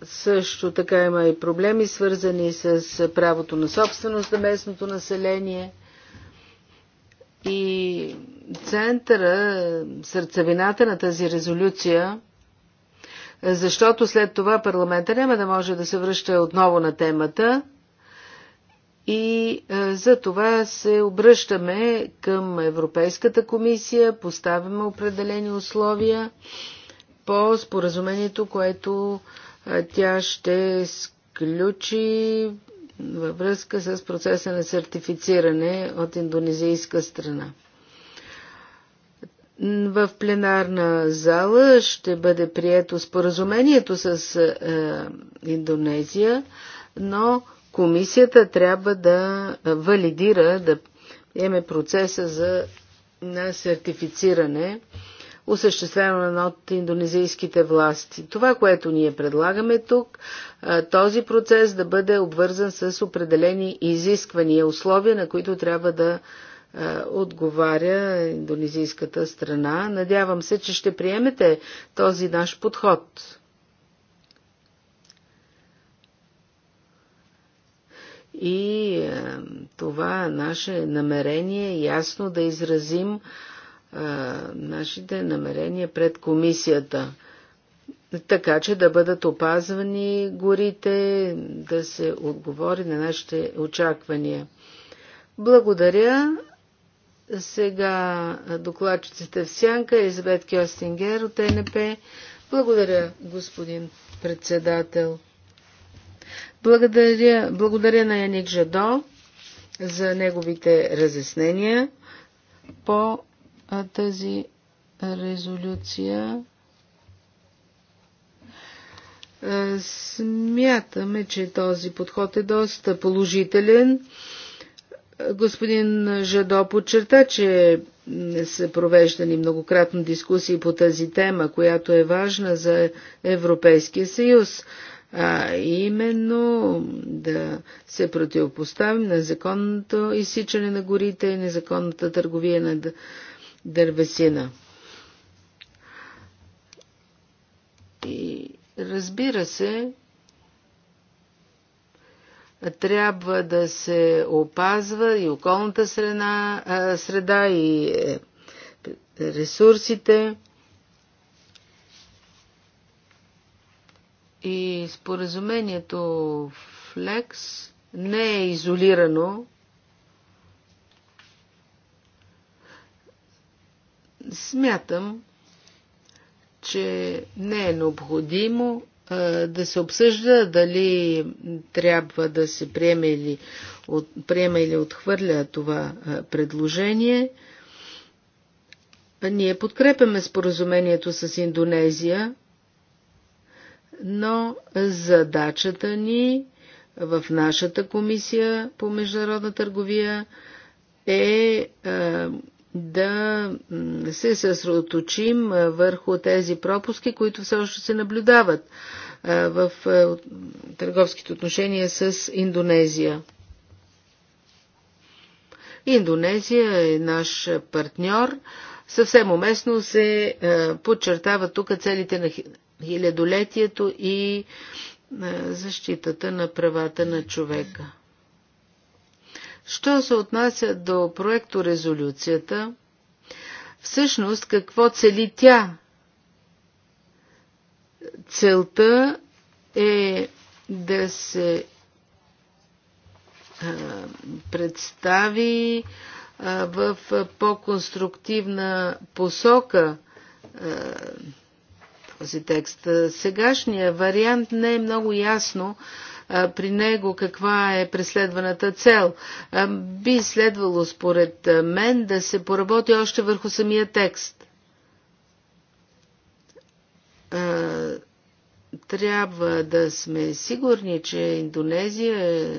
Също така има и проблеми, свързани с правото на собственост на местното население. И центъра, сърцевината на тази резолюция, защото след това парламента няма да може да се връща отново на темата и е, за това се обръщаме към Европейската комисия, поставяме определени условия по споразумението, което е, тя ще сключи във връзка с процеса на сертифициране от индонезийска страна. В пленарна зала ще бъде прието споразумението с е, Индонезия, но комисията трябва да валидира, да приеме процеса за, на сертифициране, осъществяване от индонезийските власти. Това, което ние предлагаме тук, е, този процес да бъде обвързан с определени изисквания, условия, на които трябва да е, отговаря индонезийската страна. Надявам се, че ще приемете този наш подход. И е, това е наше намерение ясно да изразим нашите намерения пред комисията, така че да бъдат опазвани горите, да се отговори на нашите очаквания. Благодаря. Сега докладчицата в Сянка, Елизабет Кьостингер от НП. Благодаря, господин председател. Благодаря, благодаря на Яник Жадо за неговите разяснения по тази резолюция. Смятаме, че този подход е доста положителен Господин Жадо подчерта, че са провеждани многократно дискусии по тази тема, която е важна за Европейския съюз, а именно да се противопоставим на законното изсичане на горите и незаконната търговия на дървесина. И разбира се, трябва да се опазва и околната среда, среда и е, ресурсите. И споразумението Флекс не е изолирано. Смятам, че не е необходимо да се обсъжда дали трябва да се приеме или, от, приеме или отхвърля това предложение. Ние подкрепяме споразумението с Индонезия, но задачата ни в нашата комисия по международна търговия е да се съсредоточим върху тези пропуски, които все още се наблюдават в търговските отношения с Индонезия. Индонезия е наш партньор. Съвсем уместно се подчертава тук целите на хилядолетието и защитата на правата на човека. Що се отнася до проекто резолюцията, всъщност какво цели тя? Целта е да се а, представи а, в по-конструктивна посока а, този текст. Сегашния вариант не е много ясно при него каква е преследваната цел. Би следвало според мен да се поработи още върху самия текст. Трябва да сме сигурни, че Индонезия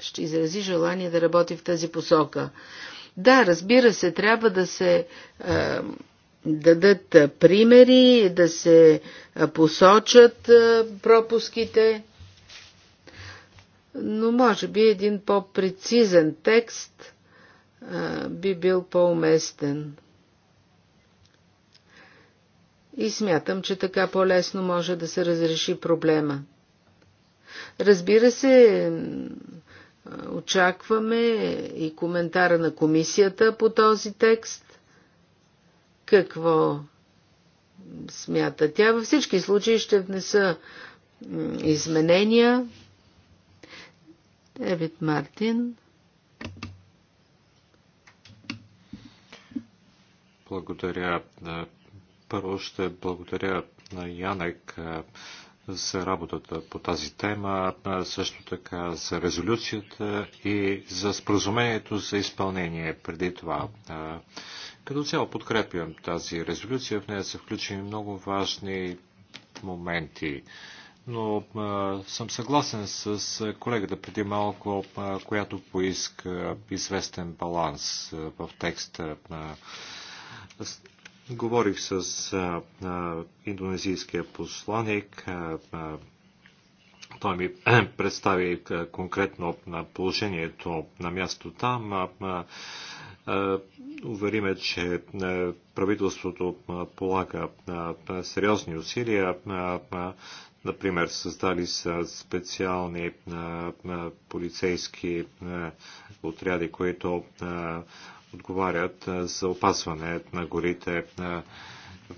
ще изрази желание да работи в тази посока. Да, разбира се, трябва да се дадат примери, да се посочат пропуските но може би един по-прецизен текст а, би бил по-уместен. И смятам, че така по-лесно може да се разреши проблема. Разбира се, очакваме и коментара на комисията по този текст. Какво смята тя? Във всички случаи ще внеса изменения Девид Мартин. Благодаря. Първо ще благодаря на Янек за работата по тази тема, също така за резолюцията и за споразумението за изпълнение преди това. Като цяло подкрепям тази резолюция. В нея са включени много важни моменти но а, съм съгласен с колегата преди малко, а, която поиска известен баланс а, в текста. А, с, говорих с а, а, индонезийския посланник. А, а, той ми представи конкретно на положението на място там. А, а, Увериме, че правителството полага сериозни усилия Например, създали са специални а, а, полицейски а, отряди, които а, отговарят а, за опасване на горите. А,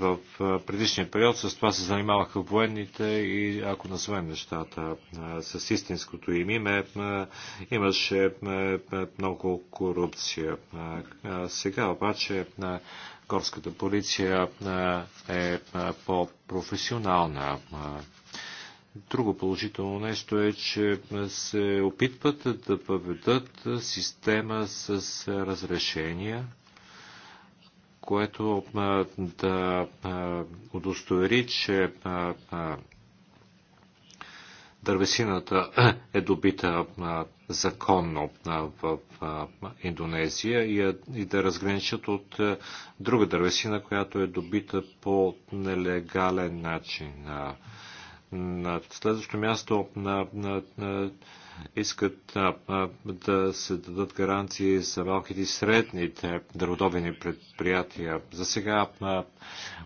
в предишния период с това се занимаваха военните и ако назовем нещата с истинското им име, имаше много корупция. Сега обаче горската полиция е по-професионална Друго положително нещо е, че се опитват да въведат система с разрешения, което да удостовери, че дървесината е добита законно в Индонезия и да разграничат от друга дървесина, която е добита по нелегален начин. На следващо място на, на, на, искат на, на, да се дадат гаранции за малките и средните дърводобени предприятия. За сега а,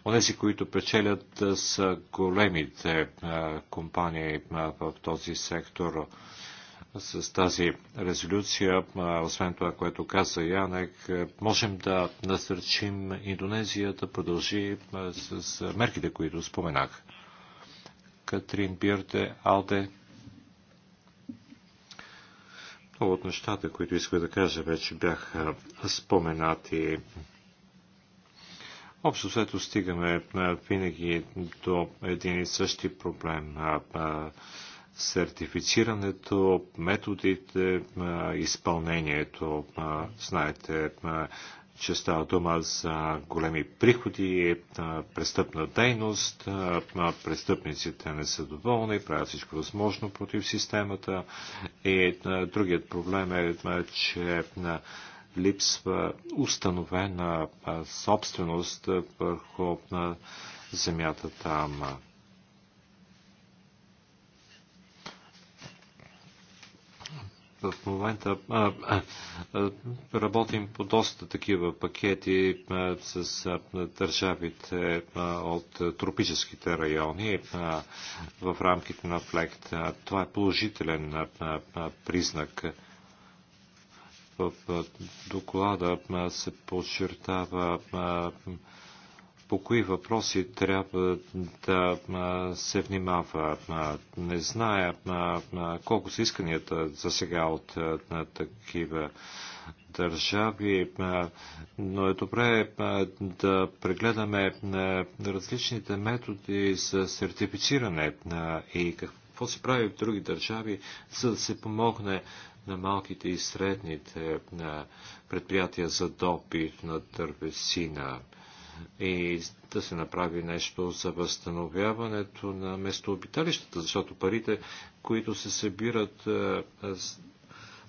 онези, които печелят, са големите а, компании а, в този сектор. С тази резолюция, а, освен това, което каза Янек, можем да насърчим Индонезия да продължи а, с мерките, които споменах. Катрин Бирте Алде. Много от нещата, които исках да кажа, вече бяха споменати. Общо след стигаме винаги до един и същи проблем. Сертифицирането, методите, изпълнението. Знаете, че става дума за големи приходи, престъпна дейност, престъпниците не са доволни, правят всичко възможно против системата. И другият проблем е, че липсва установена собственост върху земята там. В момента а, а, работим по доста такива пакети а, с а, държавите а, от тропическите райони а, в рамките на флект. А, това е положителен а, а, признак. В а, доклада а, се подчертава а, по кои въпроси трябва да се внимава. Не зная колко са исканията за сега от такива държави, но е добре да прегледаме различните методи за сертифициране и какво се прави в други държави, за да се помогне на малките и средните предприятия за допит на дървесина и да се направи нещо за възстановяването на местообиталищата, защото парите, които се събират е,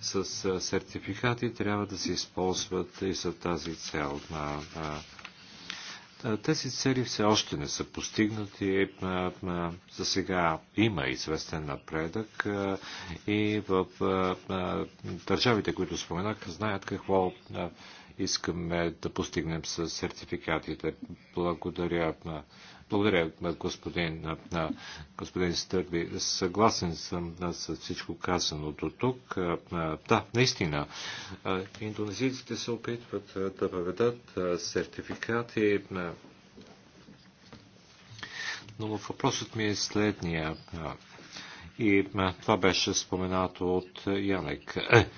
с е, сертификати, трябва да се използват и за тази цел. Тези цели все още не са постигнати. Е, за сега има известен напредък и в държавите, които споменах, знаят какво искаме да постигнем с сертификатите. Благодаря благодаря, господин, господин Стърби. Съгласен съм с всичко казано до тук. Да, наистина. Индонезийците се опитват да въведат сертификати. Но въпросът ми е следния. И това беше споменато от Янек. Е,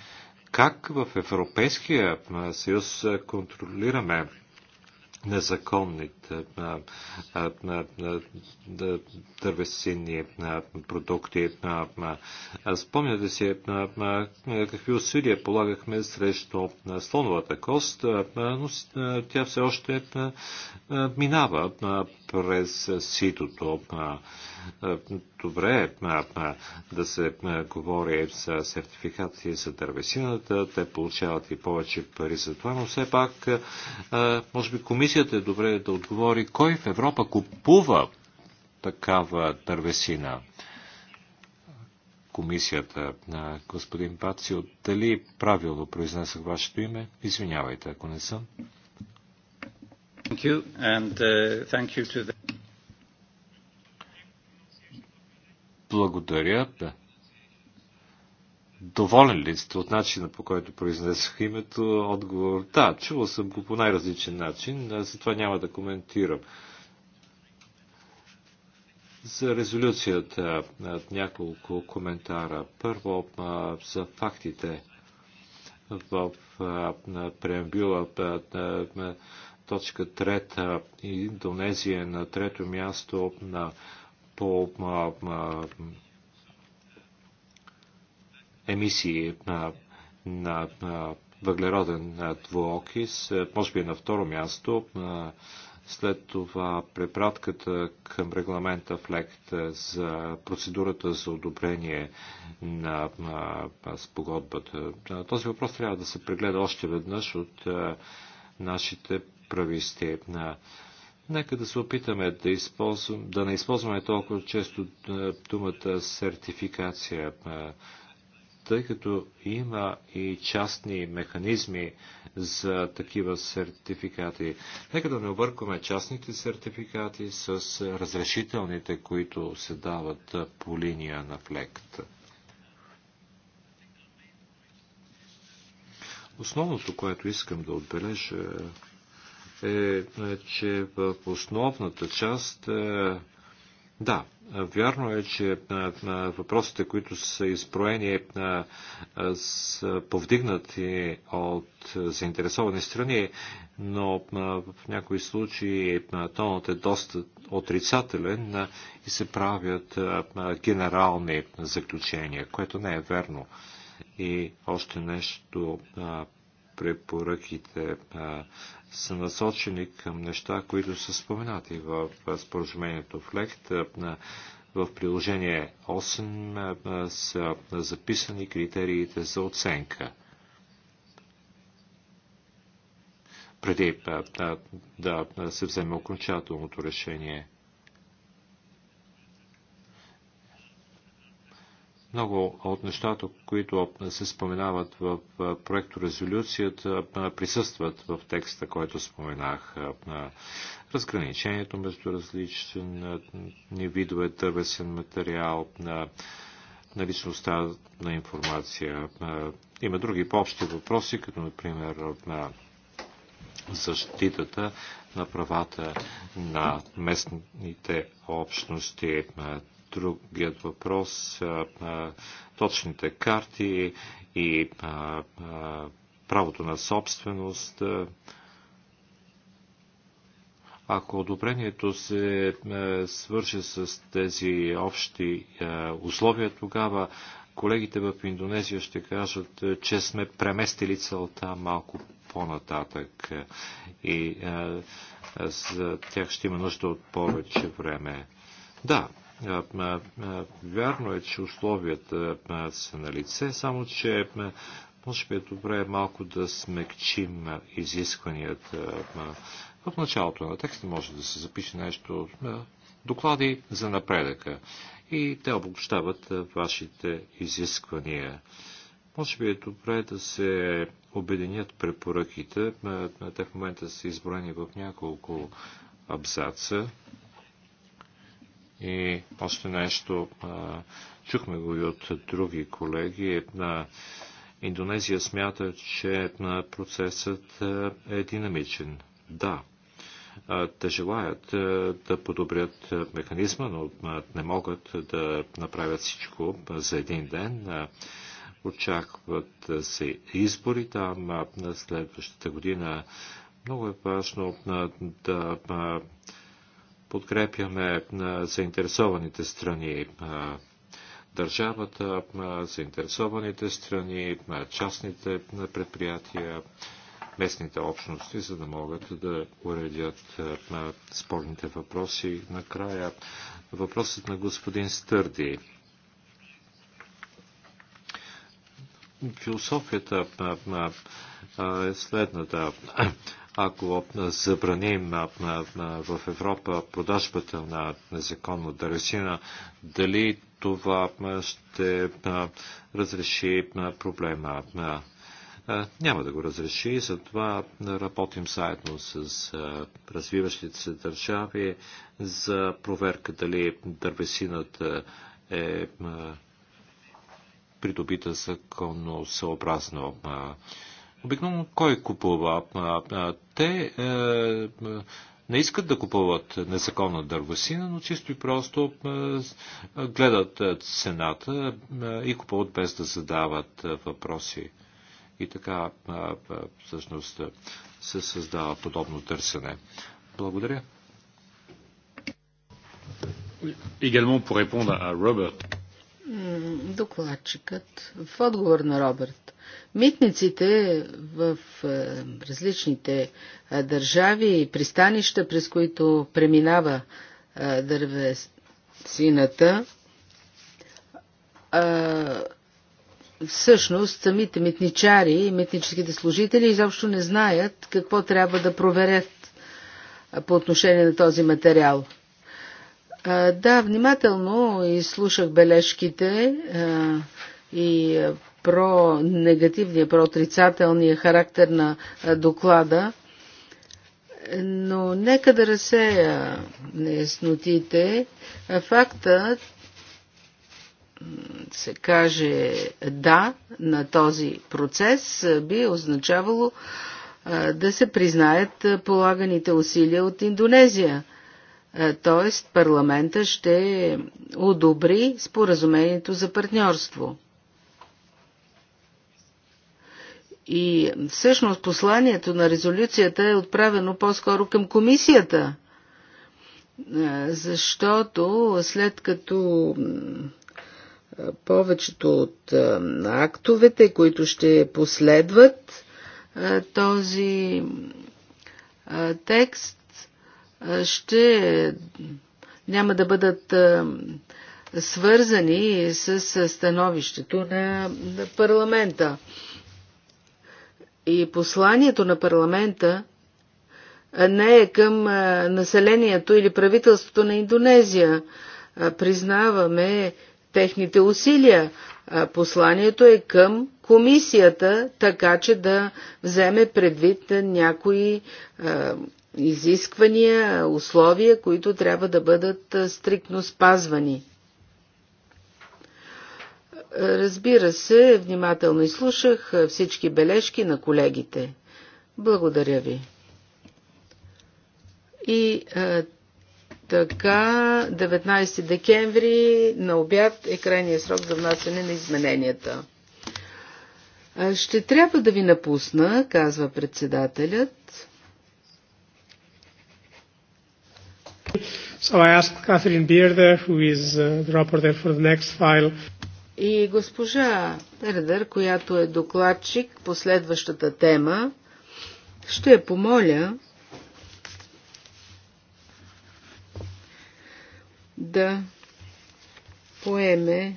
как в Европейския съюз контролираме незаконните дървесинни продукти. Спомняте си какви усилия полагахме срещу слоновата кост, но тя все още минава през ситото. Добре да се говори за сертификати за дървесината, те получават и повече пари за това, но все пак може би комисията е добре да отговори кой в Европа купува такава дървесина комисията на господин Пацио. Дали правилно произнесах вашето име? Извинявайте, ако не съм. Thank you and, uh, thank you to the... Благодаря. Доволен ли сте от начина по който произнесох името? Отговор. Да, чувал съм го по най-различен начин, затова няма да коментирам. За резолюцията няколко коментара. Първо за фактите в преамбюла точка трета Индонезия на трето място на по емисии на, на, на въглероден двуокис, е, може би на второ място. След това препратката към регламента ФЛЕКТ за процедурата за одобрение на, на спогодбата. Този въпрос трябва да се прегледа още веднъж от нашите прависти. Нека да се опитаме да, използвам, да не използваме толкова често е, думата сертификация, е, тъй като има и частни механизми за такива сертификати. Нека да не объркваме частните сертификати с разрешителните, които се дават е, по линия на флект. Основното, което искам да отбележа е, че в основната част, е, да, вярно е, че е, е, въпросите, които са изброени, са повдигнати от заинтересовани страни, но в някои случаи тонът е доста отрицателен и се правят генерални заключения, което не е верно. И още нещо препоръките са насочени към неща, които са споменати в споразумението в ЛЕКТ. В приложение 8 са записани критериите за оценка. Преди да се вземе окончателното решение – Много от нещата, които се споменават в проекто резолюцията, присъстват в текста, който споменах. Разграничението между различни видове дървесен материал, на наличността на информация. Има други по-общи въпроси, като например на защитата на правата на местните общности другият въпрос, а, а, точните карти и а, а, правото на собственост. ако одобрението се свърши с тези общи условия, тогава колегите в Индонезия ще кажат, че сме преместили целта малко по-нататък и за тях ще има нужда от повече време. Да, Вярно е, че условията са на лице, само че може би е добре малко да смекчим изискванията. В началото на текста може да се запише нещо, доклади за напредъка и те обобщават вашите изисквания. Може би е добре да се обединят препоръките. Те в момента са изброени в няколко абзаца. И още нещо, чухме го и от други колеги, на Индонезия смята, че процесът е динамичен. Да, те желаят да подобрят механизма, но не могат да направят всичко за един ден. Очакват се избори там на следващата година. Много е важно да подкрепяме заинтересованите страни, държавата, заинтересованите страни, частните предприятия, местните общности, за да могат да уредят спорните въпроси. Накрая въпросът на господин Стърди. Философията е следната ако забраним в Европа продажбата на незаконно дървесина, дали това ще разреши проблема? Няма да го разреши, затова работим заедно с развиващите се държави за проверка дали дървесината е придобита законно съобразно Обикновено кой купува? Те е, не искат да купуват незаконна дървосина, но чисто и просто е, е, гледат цената и купуват без да задават въпроси. И така всъщност се създава подобно търсене. Благодаря. Également по répondre Робърт. Докладчикът. В отговор на Роберт. Митниците в е, различните е, държави и пристанища, през които преминава е, дървесината, всъщност самите митничари и митническите служители изобщо не знаят какво трябва да проверят по отношение на този материал. Да, внимателно изслушах бележките и про-негативния, про-отрицателния характер на доклада, но нека да разсея неяснотите. Факта се каже да на този процес би означавало да се признаят полаганите усилия от Индонезия. Тоест парламента ще одобри споразумението за партньорство. И всъщност посланието на резолюцията е отправено по-скоро към комисията, е, защото след като е, повечето от е, актовете, които ще последват този текст, ще няма да бъдат свързани с становището на парламента. И посланието на парламента не е към населението или правителството на Индонезия. Признаваме техните усилия. Посланието е към комисията, така че да вземе предвид някои изисквания, условия, които трябва да бъдат стриктно спазвани. Разбира се, внимателно изслушах всички бележки на колегите. Благодаря ви. И а, така, 19 декември на обяд е крайният срок за внасяне на измененията. Ще трябва да ви напусна, казва председателят. So I asked Catherine Beard, who is uh, the reporter for the next file, и госпожа Пердър, която е докладчик по следващата тема, ще я помоля да поеме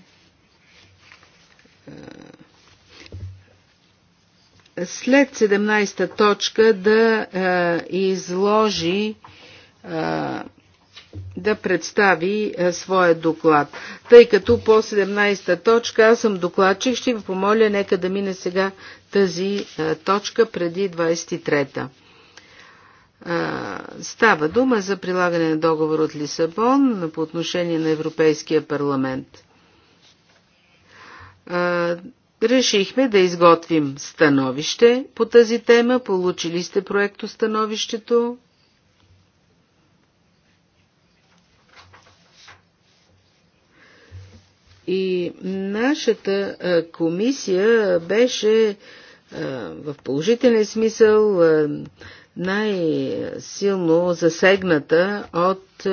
след 17-та точка да изложи да представи е, своя доклад. Тъй като по 17-та точка аз съм докладчик, ще ви помоля нека да мине сега тази е, точка преди 23-та. Е, става дума за прилагане на договор от Лисабон по отношение на Европейския парламент. Решихме да изготвим становище по тази тема. Получили сте проекто становището. И нашата комисия беше в положителен смисъл най-силно засегната от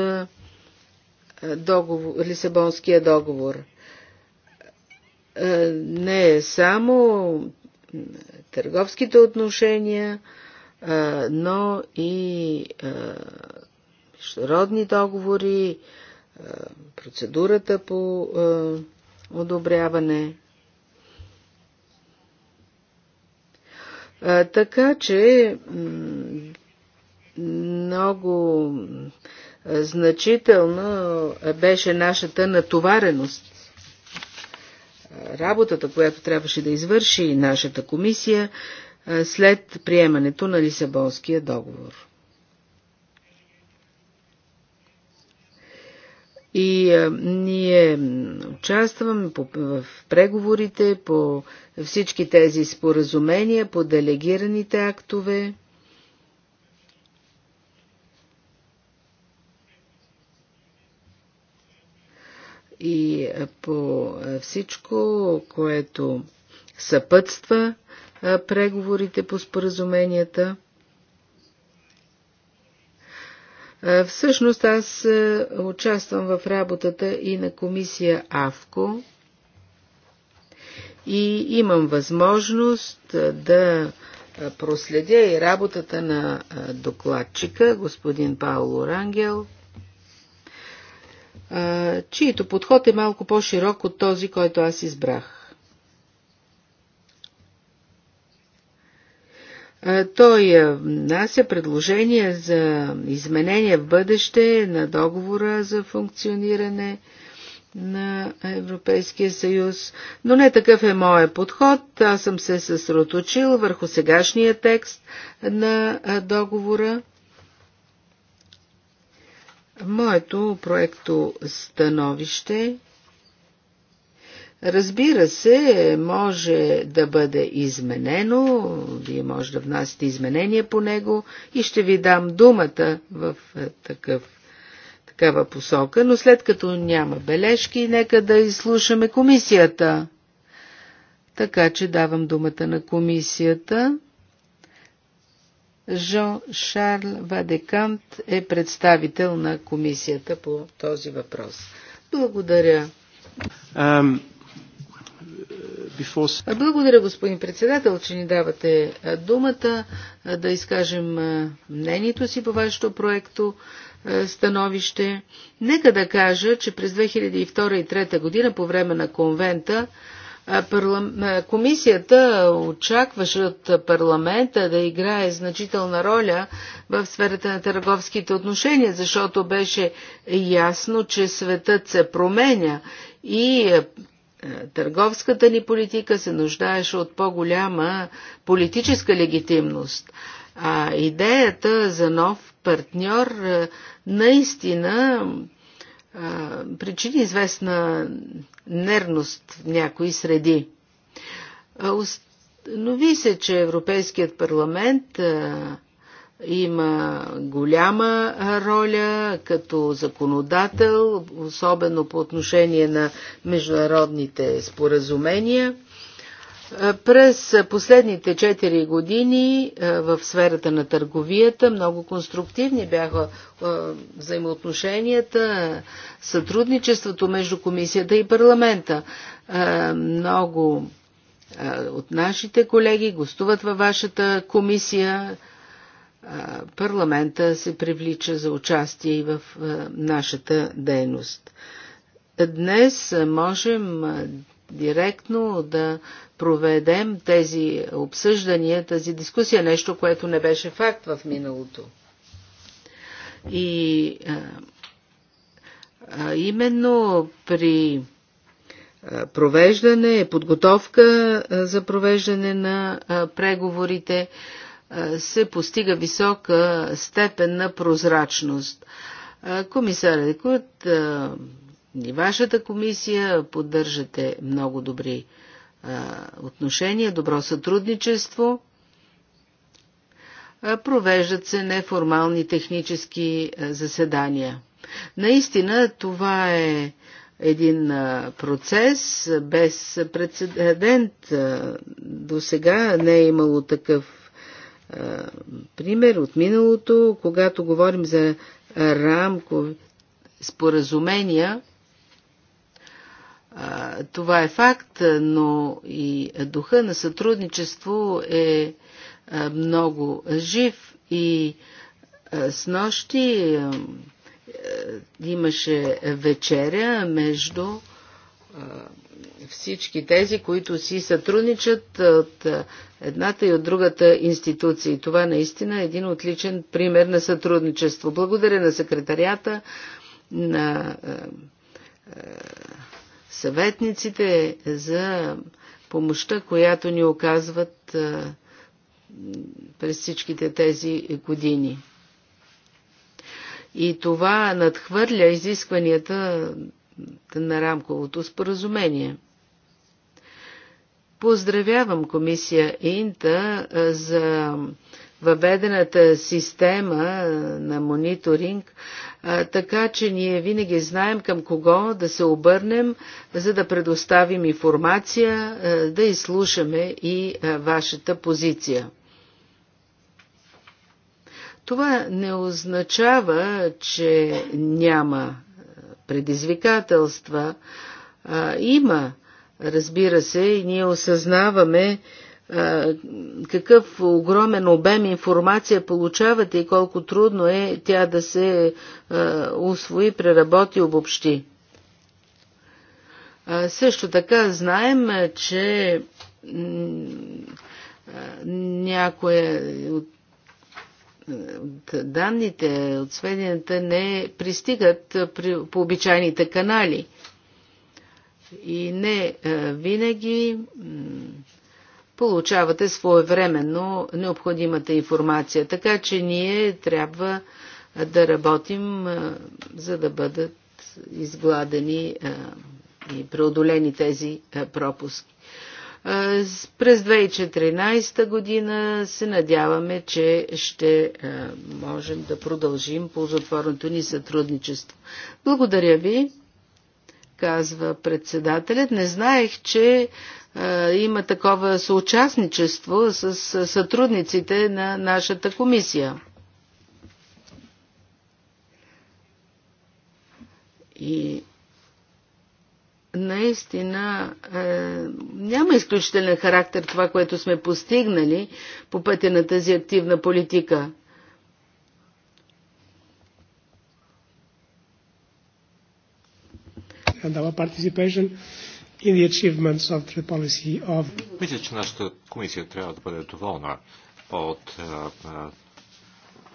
договор, Лисабонския договор. Не само търговските отношения, но и международни договори, процедурата по е, одобряване. Е, така че много значително беше нашата натовареност. Работата, която трябваше да извърши нашата комисия е, след приемането на Лисабонския договор. И а, ние участваме по, в преговорите по всички тези споразумения, по делегираните актове. И по всичко, което съпътства преговорите по споразуменията. Всъщност аз участвам в работата и на комисия АВКО и имам възможност да проследя и работата на докладчика, господин Пауло Рангел, чието подход е малко по-широк от този, който аз избрах. Той е, внася предложения за изменение в бъдеще на договора за функциониране на Европейския съюз, но не такъв е моят подход. Аз съм се съсроточил върху сегашния текст на договора. Моето проекто становище Разбира се, може да бъде изменено, вие може да внасяте изменения по него и ще ви дам думата в е, такъв, такава посока, но след като няма бележки, нека да изслушаме комисията. Така че давам думата на комисията. Жо Шарл Вадекант е представител на комисията по този въпрос. Благодаря. Um... Благодаря, господин председател, че ни давате думата да изкажем мнението си по вашето проекто становище. Нека да кажа, че през 2002 и 2003 година по време на конвента Комисията очакваше от парламента да играе значителна роля в сферата на търговските отношения, защото беше ясно, че светът се променя и е, търговската ни политика се нуждаеше от по-голяма политическа легитимност. А идеята за нов партньор е, наистина е, причини известна нервност в някои среди. Установи се, че Европейският парламент има голяма роля като законодател, особено по отношение на международните споразумения. През последните 4 години в сферата на търговията много конструктивни бяха взаимоотношенията, сътрудничеството между комисията и парламента. Много от нашите колеги гостуват във вашата комисия парламента се привлича за участие и в нашата дейност. Днес можем директно да проведем тези обсъждания, тази дискусия, нещо, което не беше факт в миналото. И а, а, именно при провеждане, подготовка за провеждане на преговорите, се постига висока степен на прозрачност. Комисаря Декут и вашата комисия поддържате много добри отношения, добро сътрудничество. Провеждат се неформални технически заседания. Наистина това е един процес без прецедент. До сега не е имало такъв пример от миналото, когато говорим за рамкови споразумения, това е факт, но и духа на сътрудничество е много жив и с нощи имаше вечеря между всички тези, които си сътрудничат от едната и от другата институция. И това наистина е един отличен пример на сътрудничество. Благодаря на секретарията, на съветниците за помощта, която ни оказват през всичките тези години. И това надхвърля изискванията на рамковото споразумение. Поздравявам комисия Инта за въведената система на мониторинг, така че ние винаги знаем към кого да се обърнем, за да предоставим информация, да изслушаме и вашата позиция. Това не означава, че няма предизвикателства. Има Разбира се, и ние осъзнаваме а, какъв огромен обем информация получавате и колко трудно е тя да се а, усвои, преработи, обобщи. А, също така знаем, че някоя от данните, от сведенията не пристигат при, по обичайните канали и не е, винаги получавате своевременно необходимата информация. Така че ние трябва да работим, е, за да бъдат изгладени е, и преодолени тези пропуски. През 2014 година се надяваме, че ще можем да продължим ползотворното ни сътрудничество. Благодаря ви казва председателят. Не знаех, че а, има такова съучастничество с сътрудниците на нашата комисия. И наистина е, няма изключителен характер това, което сме постигнали по пътя на тази активна политика. and our participation in the achievements of the policy of... Мисля, че нашата комисия трябва да бъде доволна от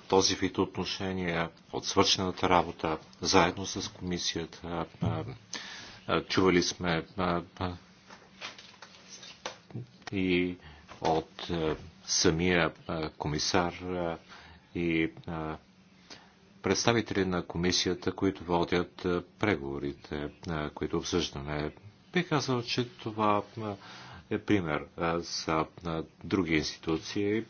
този вид отношения, от свършената работа, заедно с комисията. чували сме и от самия комисар и а, представители на комисията, които водят преговорите, които обсъждаме. Бих казал, че това е пример за други институции.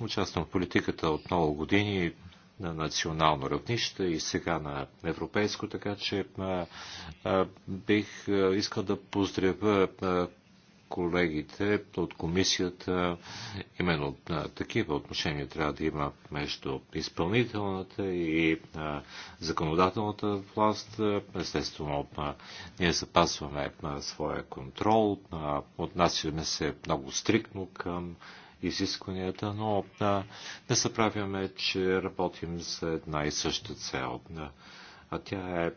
Участвам в политиката от много години на национално равнище и сега на европейско, така че бих искал да поздравя колегите от комисията. Именно такива отношения трябва да има между изпълнителната и законодателната власт. Естествено, ние запасваме своя контрол, отнасяме се много стриктно към изискванията, но не съправяме, че работим за една и съща цел. А тя е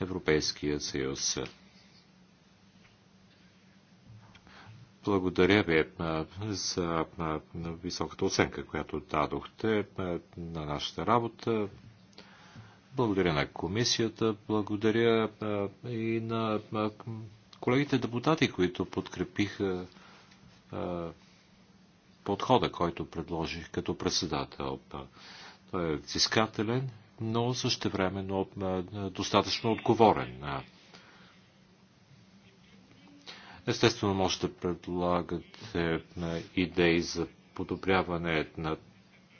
Европейския съюз. Благодаря ви за високата оценка, която дадохте на нашата работа. Благодаря на комисията, благодаря и на колегите депутати, които подкрепиха подхода, който предложих като председател. Той е взискателен, но времено достатъчно отговорен. Естествено, може да предлагате идеи за подобряване на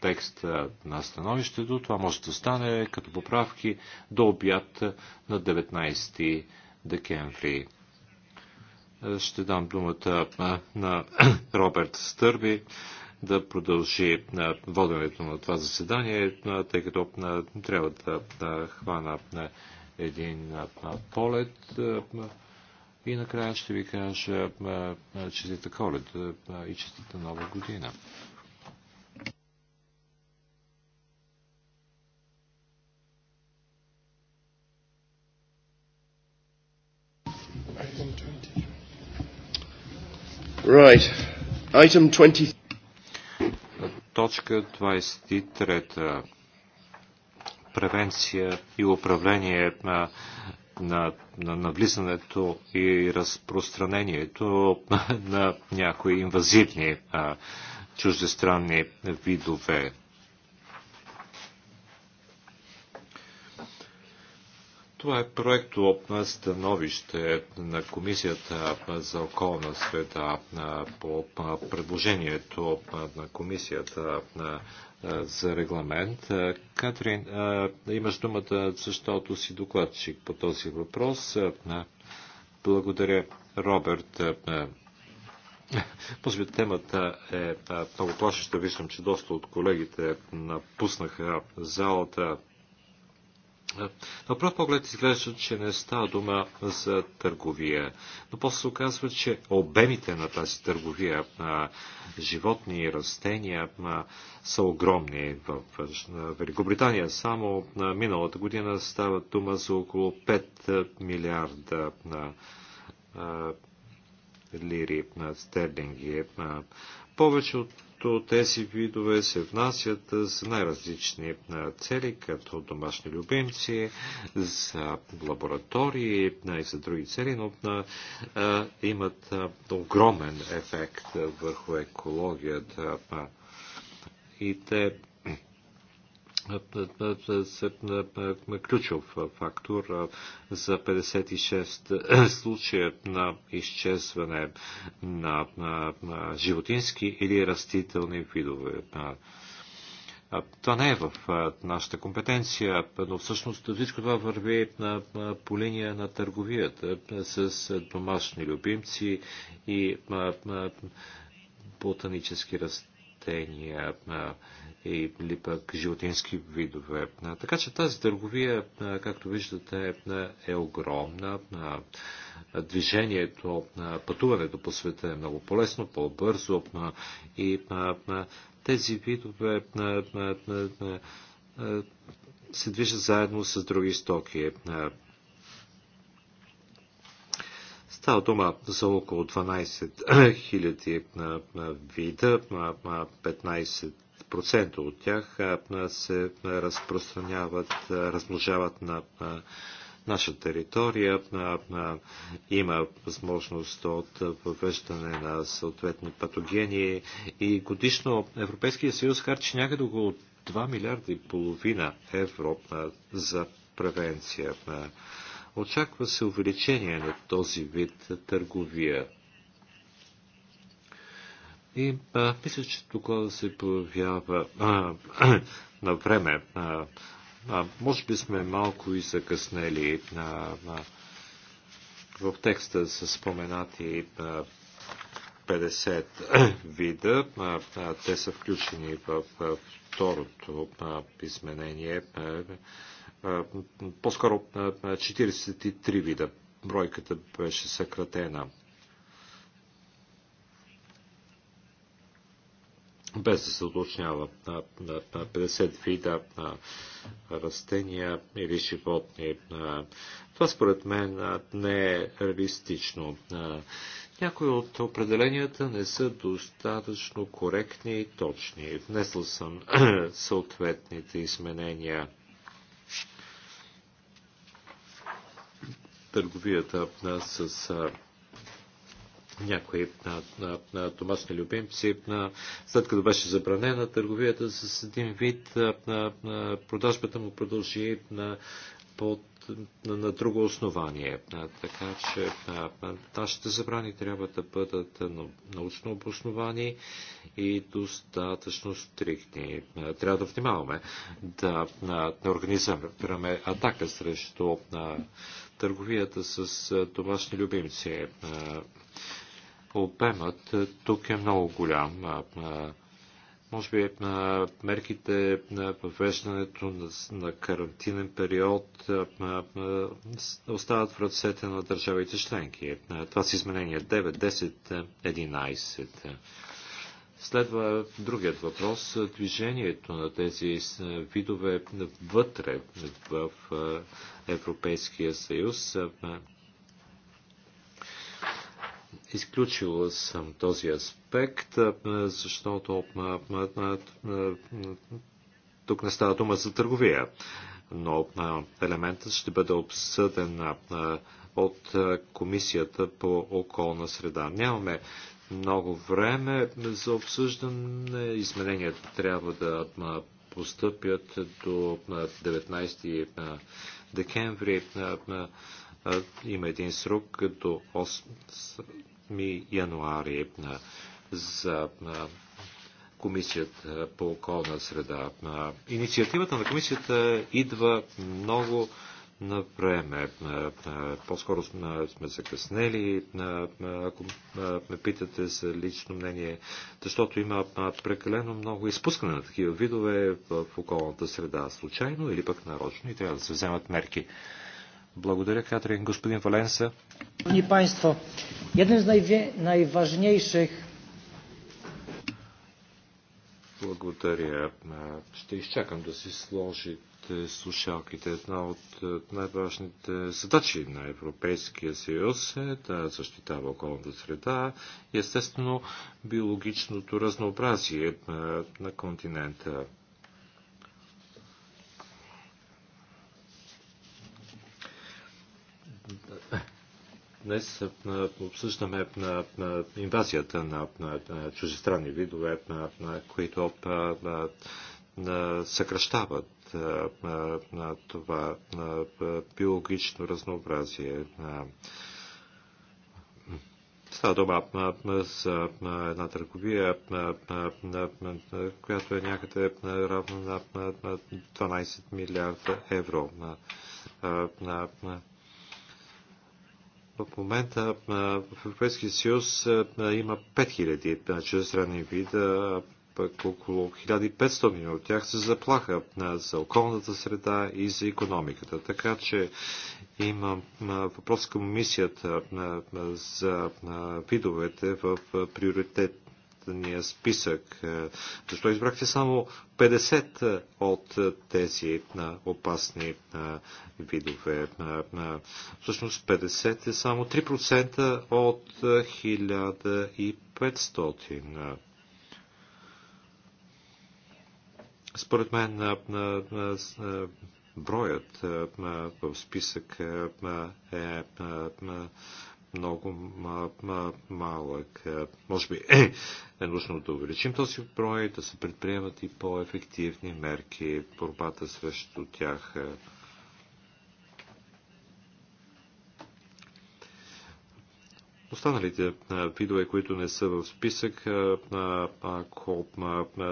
текста на становището. Това може да стане като поправки до обяд на 19 декември. Ще дам думата на Роберт Стърби да продължи воденето на това заседание, тъй като трябва да хвана един полет. И накрая ще ви кажа честита коледа и честита нова година. Right. Item 20. Точка 23. Превенция и управление на на, на навлизането и разпространението на някои инвазивни а, чуждестранни видове. Това е проект от становище на Комисията за околна среда по предложението на Комисията за регламент. Катрин, имаш думата, защото си докладчик по този въпрос. Благодаря, Роберт. Може би темата е много плашеща. Виждам, че доста от колегите напуснаха залата. На пръв поглед изглежда, че не става дума за търговия, но после се оказва, че обемите на тази търговия на животни и растения са огромни. В Великобритания само на миналата година става дума за около 5 милиарда на лири на стерлинги. Повече от като тези видове се внасят за най-различни цели, като домашни любимци, за лаборатории и за други цели, но имат огромен ефект върху екологията. И те ключов фактор за 56 случая на изчезване на животински или растителни видове. Това не е в нашата компетенция, но всъщност всичко това върви на, по линия на търговията с домашни любимци и ботанически растения растения или пък животински видове. Така че тази търговия, както виждате, е огромна. Движението, пътуването по света е много полезно, по-бързо и тези видове се движат заедно с други стоки. Става дума за около 12 000 вида, 15% от тях се разпространяват, размножават на наша територия. Има възможност от въвеждане на съответни патогени и годишно Европейския съюз харчи някъде около 2 милиарда и половина евро за превенция на Очаква се увеличение на този вид търговия. И а, мисля, че доклада се появява а, на време. А, а, може би сме малко и закъснели. А, а, в текста са споменати а, 50 вида. А, а, те са включени в а, второто а, изменение. А, е, по-скоро 43 е, е, вида. Бройката беше съкратена. без да се уточнява на, на 50 вида на растения или животни. Това според мен не е реалистично. Някои от определенията не са достатъчно коректни и точни. Внесъл съм съответните изменения. търговията с някои на, на, на домашни любимци, на, след като беше забранена търговията с един вид, на, на продажбата му продължи на, под, на, на друго основание. така че нашите забрани трябва да бъдат научно обосновани и достатъчно стриктни. Трябва да внимаваме да, на, да организираме атака срещу търговията с домашни любимци. Обемът тук е много голям. Може би мерките на въвеждането на карантинен период остават в ръцете на държавите членки. Това са изменения 9, 10, 11. Следва другият въпрос. Движението на тези видове вътре в Европейския съюз. изключил съм този аспект, защото тук не става дума за търговия, но елементът ще бъде обсъден от Комисията по околна среда. Нямаме много време за обсъждане. Измененията трябва да постъпят до 19 декември е, е, е, има един срок до 8 януари за Комисията по околна среда. Инициативата на комисията идва много на време. Е, е, по-скоро сме, сме закъснели, е, ако ме питате за лично мнение, защото има прекалено много изпускане на такива видове в околната среда, случайно или пък нарочно и трябва да се вземат мерки. Благодаря, Катрин. Господин Валенса. Шановни из най най-важнейших... Благодаря. Ще изчакам да си сложите слушалките. Една от най-важните задачи на Европейския съюз е да защитава околната среда и естествено биологичното разнообразие на континента. Днес обсъждаме инвазията на, чужестранни видове, на, които съкръщават на това биологично разнообразие. Става дума за една търговия, която е някъде равна на 12 милиарда евро. В момента в Европейския съюз има 5000 чрезранни вида, пък около 1500 от тях са заплаха за околната среда и за економиката. Така че има въпрос към мисията за видовете в приоритетния списък. Защо избрахте само 50 от тези опасни видове? Всъщност 50 е само 3% от 1500. Според мен на, на, на, на броят на, в списък е, на, на, много ма, ма, малък. Може би е, е нужно да увеличим този брой, да се предприемат и по-ефективни мерки борбата срещу тях. Е, Останалите видове, които не са в списък, ако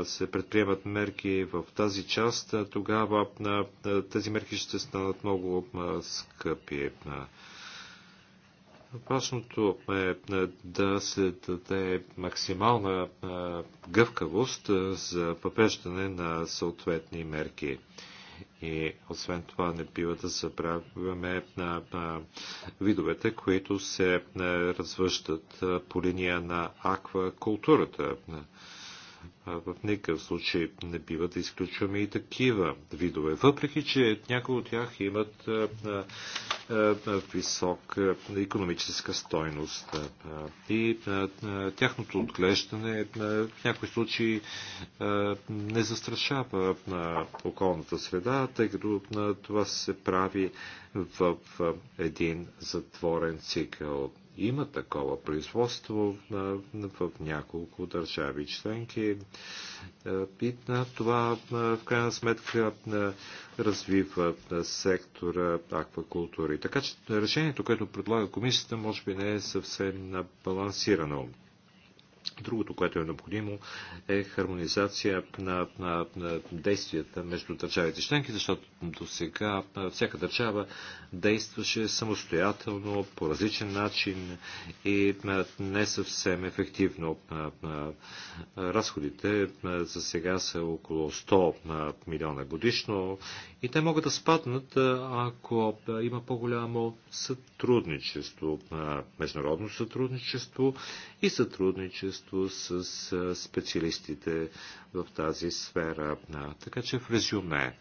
се предприемат мерки в тази част, тогава тези мерки ще станат много скъпи. Важното е да се даде максимална гъвкавост за въвеждане на съответни мерки. И освен това не бива да забравяме на, видовете, които се развъждат по линия на аквакултурата в никакъв случай не бива да изключваме и такива видове, въпреки че някои от тях имат висок економическа стойност и тяхното отглеждане в някои случаи не застрашава на околната среда, тъй като това се прави в един затворен цикъл. Има такова производство в няколко държави членки е, и това в крайна сметка развива сектора аквакултури. Така че решението, което предлага комисията, може би не е съвсем балансирано. Другото, което е необходимо, е хармонизация на, на, на действията между държавите членки, защото до сега всяка държава действаше самостоятелно, по различен начин и не съвсем ефективно. Разходите за сега са около 100 милиона годишно и те могат да спаднат, ако има по-голямо сътрудничество, международно сътрудничество и сътрудничество сътрудничество с специалистите в тази сфера. Така че в резюме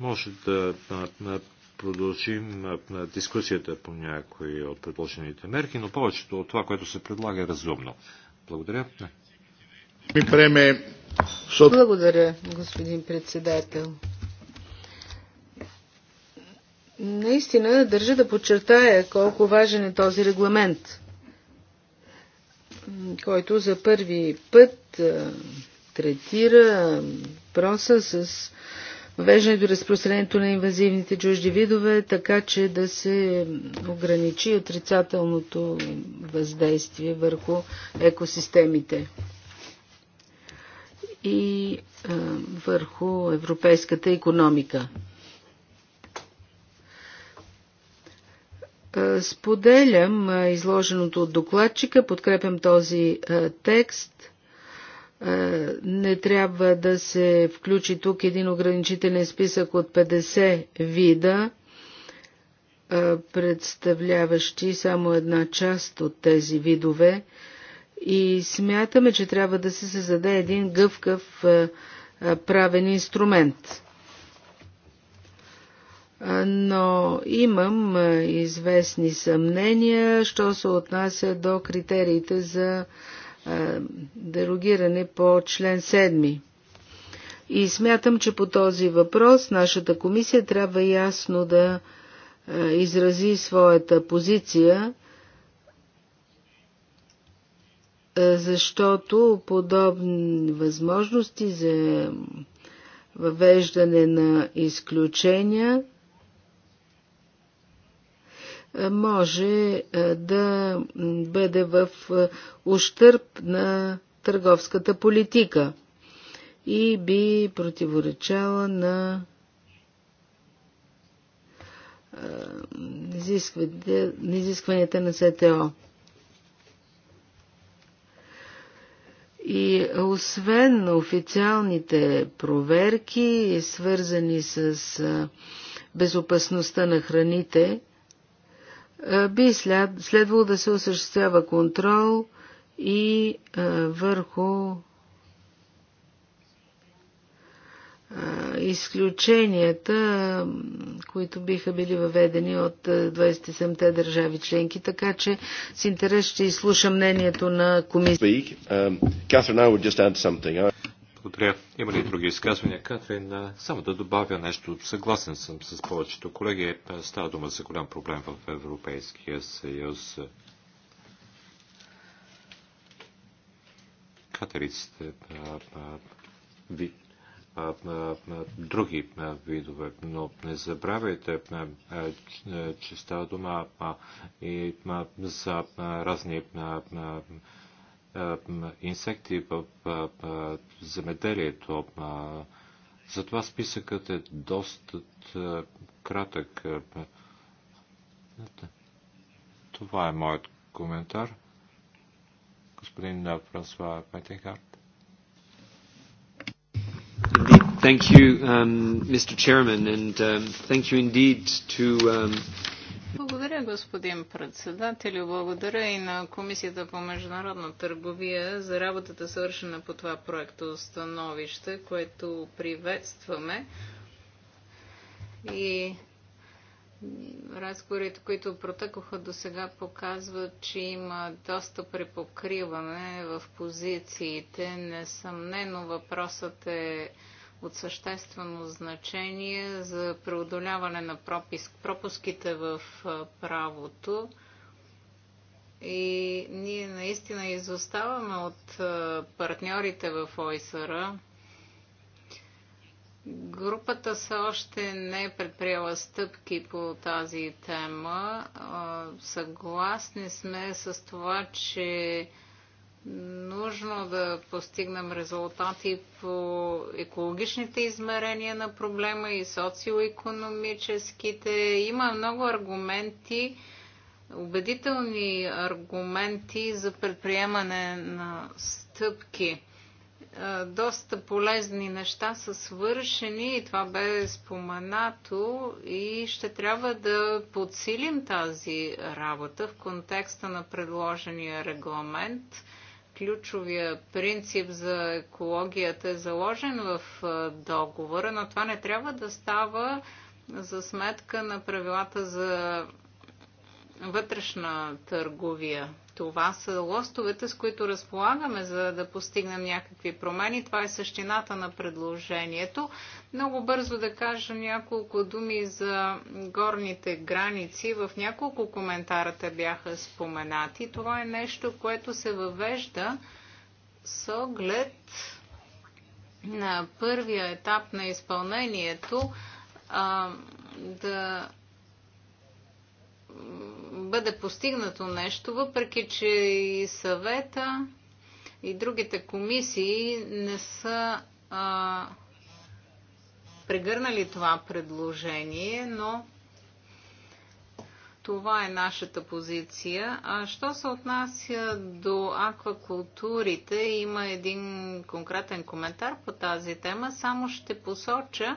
може да продължим на дискусията по някои от предложените мерки, но повечето от това, което се предлага е разумно. Благодаря. Благодаря, господин председател. Наистина държа да подчертая колко важен е този регламент който за първи път третира проса с веждането до разпространението на инвазивните чужди видове, така че да се ограничи отрицателното въздействие върху екосистемите и върху европейската економика. Е, споделям е, изложеното от докладчика, подкрепям този е, текст. Не трябва да се включи тук един ограничителен списък от 50 вида, представляващи само една част от тези видове. И смятаме, че трябва да се създаде един гъвкав правен инструмент но имам известни съмнения, що се отнася до критериите за дерогиране по член 7. И смятам, че по този въпрос нашата комисия трябва ясно да изрази своята позиция, защото подобни възможности за въвеждане на изключения може е, да бъде в е, ущърп на търговската политика и би противоречала на е, изискванията на СТО. И освен на официалните проверки, свързани с безопасността на храните, е, би след, следвало да се осъществява контрол и а, е, върху а, е, изключенията, които биха били въведени от 27-те държави членки, така че с интерес ще изслуша мнението на комисията. Благодаря. Има ли други изказвания? Катрин, само да добавя нещо. Съгласен съм с повечето колеги. Е, става дума за голям проблем в Европейския съюз. Катериците, ви, други видове, но не забравяйте, че става дума и за разни инсекти в земеделието. Затова списъкът е доста кратък. Това е моят коментар. Господин Франсуа Петенхарт. Thank you, um, Mr. Chairman, and um, thank you indeed to um, благодаря, господин председател. Благодаря и на Комисията по международна търговия за работата свършена по това проекто становище, което приветстваме. И разговорите, които протъкоха до сега, показват, че има доста препокриване в позициите. Несъмнено въпросът е от съществено значение за преодоляване на пропуск, пропуските в правото. И ние наистина изоставаме от партньорите в ОИСР. Групата все още не е предприела стъпки по тази тема. Съгласни сме с това, че нужно да постигнем резултати по екологичните измерения на проблема и социоекономическите. Има много аргументи, убедителни аргументи за предприемане на стъпки. Е, доста полезни неща са свършени и това бе споменато и ще трябва да подсилим тази работа в контекста на предложения регламент – ключовия принцип за екологията е заложен в договора, но това не трябва да става за сметка на правилата за вътрешна търговия. Това са лостовете, с които разполагаме, за да постигнем някакви промени. Това е същината на предложението. Много бързо да кажа няколко думи за горните граници. В няколко коментарата бяха споменати. Това е нещо, което се въвежда с оглед на първия етап на изпълнението а, да бъде постигнато нещо, въпреки че и съвета и другите комисии не са а, прегърнали това предложение, но това е нашата позиция. А що се отнася до аквакултурите, има един конкретен коментар по тази тема. Само ще посоча,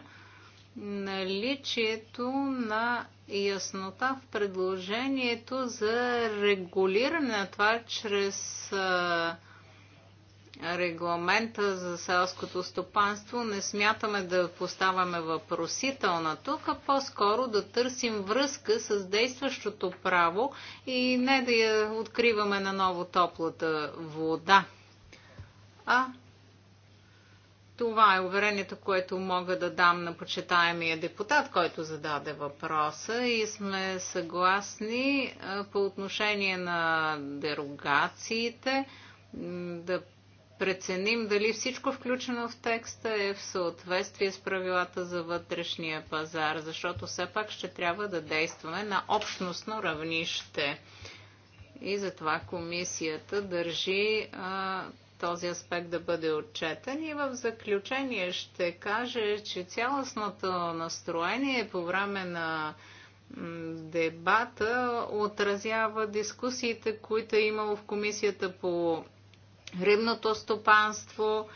наличието на яснота в предложението за регулиране на това чрез регламента за селското стопанство не смятаме да поставяме въпросителна тук, а по-скоро да търсим връзка с действащото право и не да я откриваме на ново топлата вода, а това е уверението, което мога да дам на почитаемия депутат, който зададе въпроса и сме съгласни по отношение на дерогациите да преценим дали всичко включено в текста е в съответствие с правилата за вътрешния пазар, защото все пак ще трябва да действаме на общностно равнище. И затова комисията държи а, този аспект да бъде отчетен. И в заключение ще кажа, че цялостното настроение по време на дебата отразява дискусиите, които е имало в комисията по рибното стопанство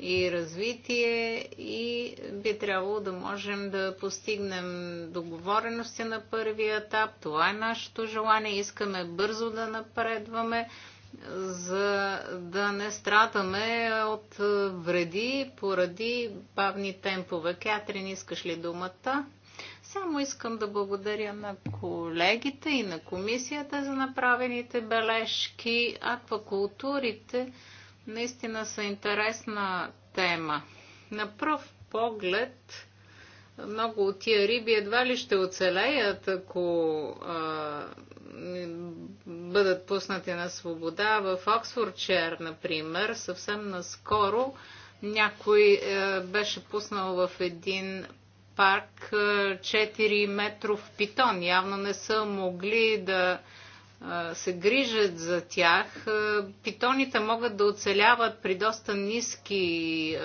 и развитие и би трябвало да можем да постигнем договорености на първия етап. Това е нашето желание. Искаме бързо да напредваме за да не страдаме от вреди поради бавни темпове. Кятрин, искаш ли думата? Само искам да благодаря на колегите и на комисията за направените бележки. Аквакултурите наистина са интересна тема. На пръв поглед много от тия риби едва ли ще оцелеят, ако а, бъдат пуснати на свобода. В Оксфордшир, например, съвсем наскоро някой е, беше пуснал в един парк 4-метров е, питон. Явно не са могли да се грижат за тях. Питоните могат да оцеляват при доста ниски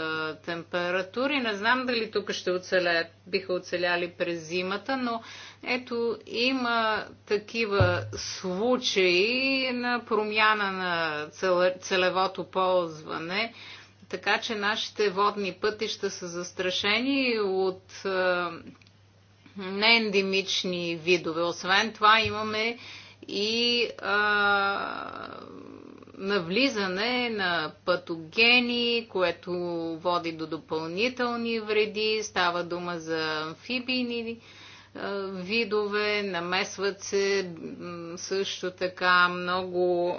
температури. Не знам дали тук ще оцелят, биха оцеляли през зимата, но ето има такива случаи на промяна на целевото ползване. Така че нашите водни пътища са застрашени от неендемични видове. Освен това имаме и а, навлизане на патогени, което води до допълнителни вреди. Става дума за амфибийни видове, намесват се също така много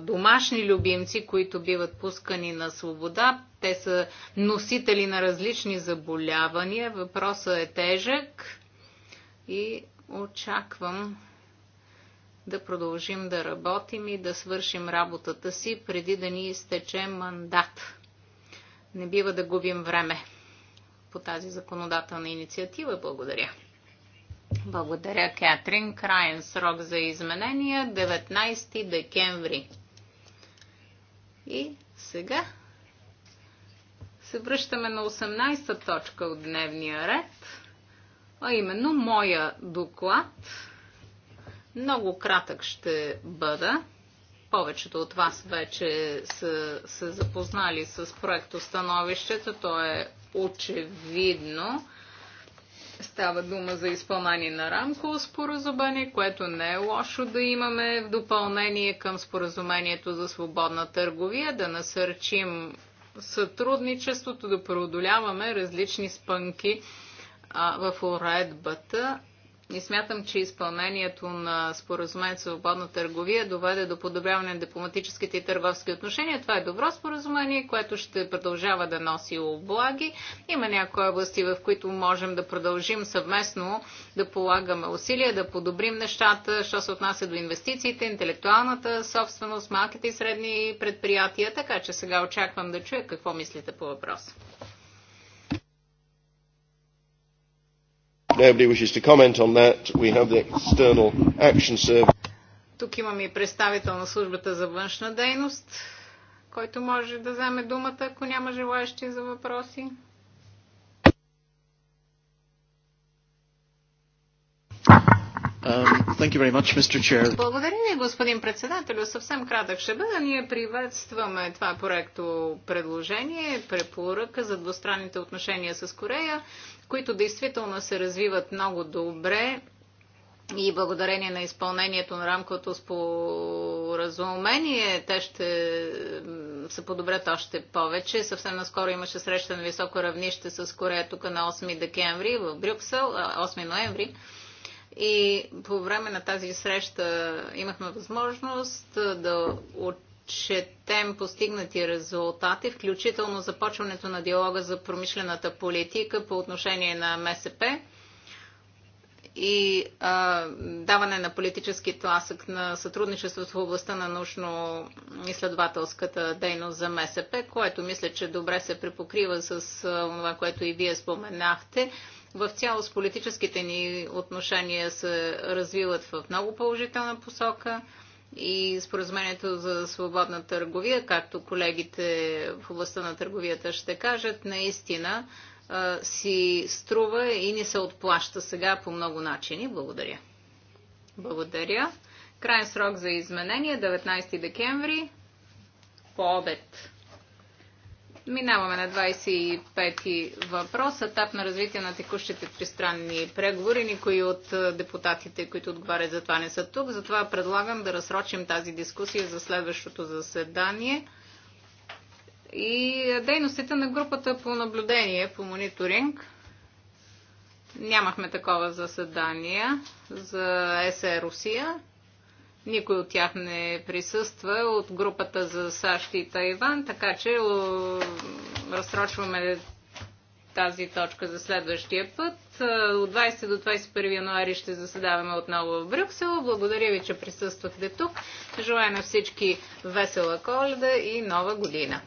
домашни любимци, които биват пускани на свобода. Те са носители на различни заболявания. Въпросът е тежък и очаквам да продължим да работим и да свършим работата си преди да ни изтече мандат. Не бива да губим време по тази законодателна инициатива. Благодаря. Благодаря, Кетрин. крайен срок за изменения 19 декември. И сега се връщаме на 18-та точка от дневния ред, а именно моя доклад – много кратък ще бъда. Повечето от вас вече са се запознали с проектостановището. То е очевидно. Става дума за изпълнение на рамково споразумение, което не е лошо да имаме в допълнение към споразумението за свободна търговия, да насърчим сътрудничеството, да преодоляваме различни спънки а, в уредбата не смятам, че изпълнението на споразумението за свободна търговия доведе до подобряване на дипломатическите и търговски отношения. Това е добро споразумение, което ще продължава да носи облаги. Има някои области, в които можем да продължим съвместно да полагаме усилия, да подобрим нещата, що се отнася до инвестициите, интелектуалната собственост, малките и средни предприятия. Така че сега очаквам да чуя какво мислите по въпроса. Nobody wishes to comment on that. We have the External Action Service. Тук имаме и представител на службата за външна дейност, който може да вземе думата, ако няма желаящи за въпроси. Um, Благодаря ви, господин председател, Съвсем кратък ще бъда. Ние приветстваме това проекто предложение, препоръка за двустранните отношения с Корея които действително се развиват много добре и благодарение на изпълнението на рамковото споразумение те ще се подобрят още повече. Съвсем наскоро имаше среща на високо равнище с Корея тук на 8 декември в Брюксел, 8 ноември. И по време на тази среща имахме възможност да от отчетем постигнати резултати, включително започването на диалога за промишлената политика по отношение на МСП и а, даване на политически тласък на сътрудничеството в областта на научно-изследователската дейност за МСП, което мисля, че добре се препокрива с а, това, което и вие споменахте. В цялост политическите ни отношения се развиват в много положителна посока и споразумението за свободна търговия, както колегите в областта на търговията ще кажат, наистина си струва и не се отплаща сега по много начини. Благодаря. Благодаря. Крайен срок за изменение 19 декември по обед. Минаваме на 25-ти въпрос. Етап на развитие на текущите тристранни преговори. Никой от депутатите, които отговарят за това, не са тук. Затова предлагам да разсрочим тази дискусия за следващото заседание. И дейностите на групата по наблюдение, по мониторинг. Нямахме такова заседание за ЕСЕ Русия. Никой от тях не присъства от групата за САЩ и Тайван, така че разсрочваме тази точка за следващия път. Е, от 20 до 21 януари ще заседаваме отново в Брюксел. Благодаря ви, че присъствахте тук. Желая на всички весела коледа и нова година!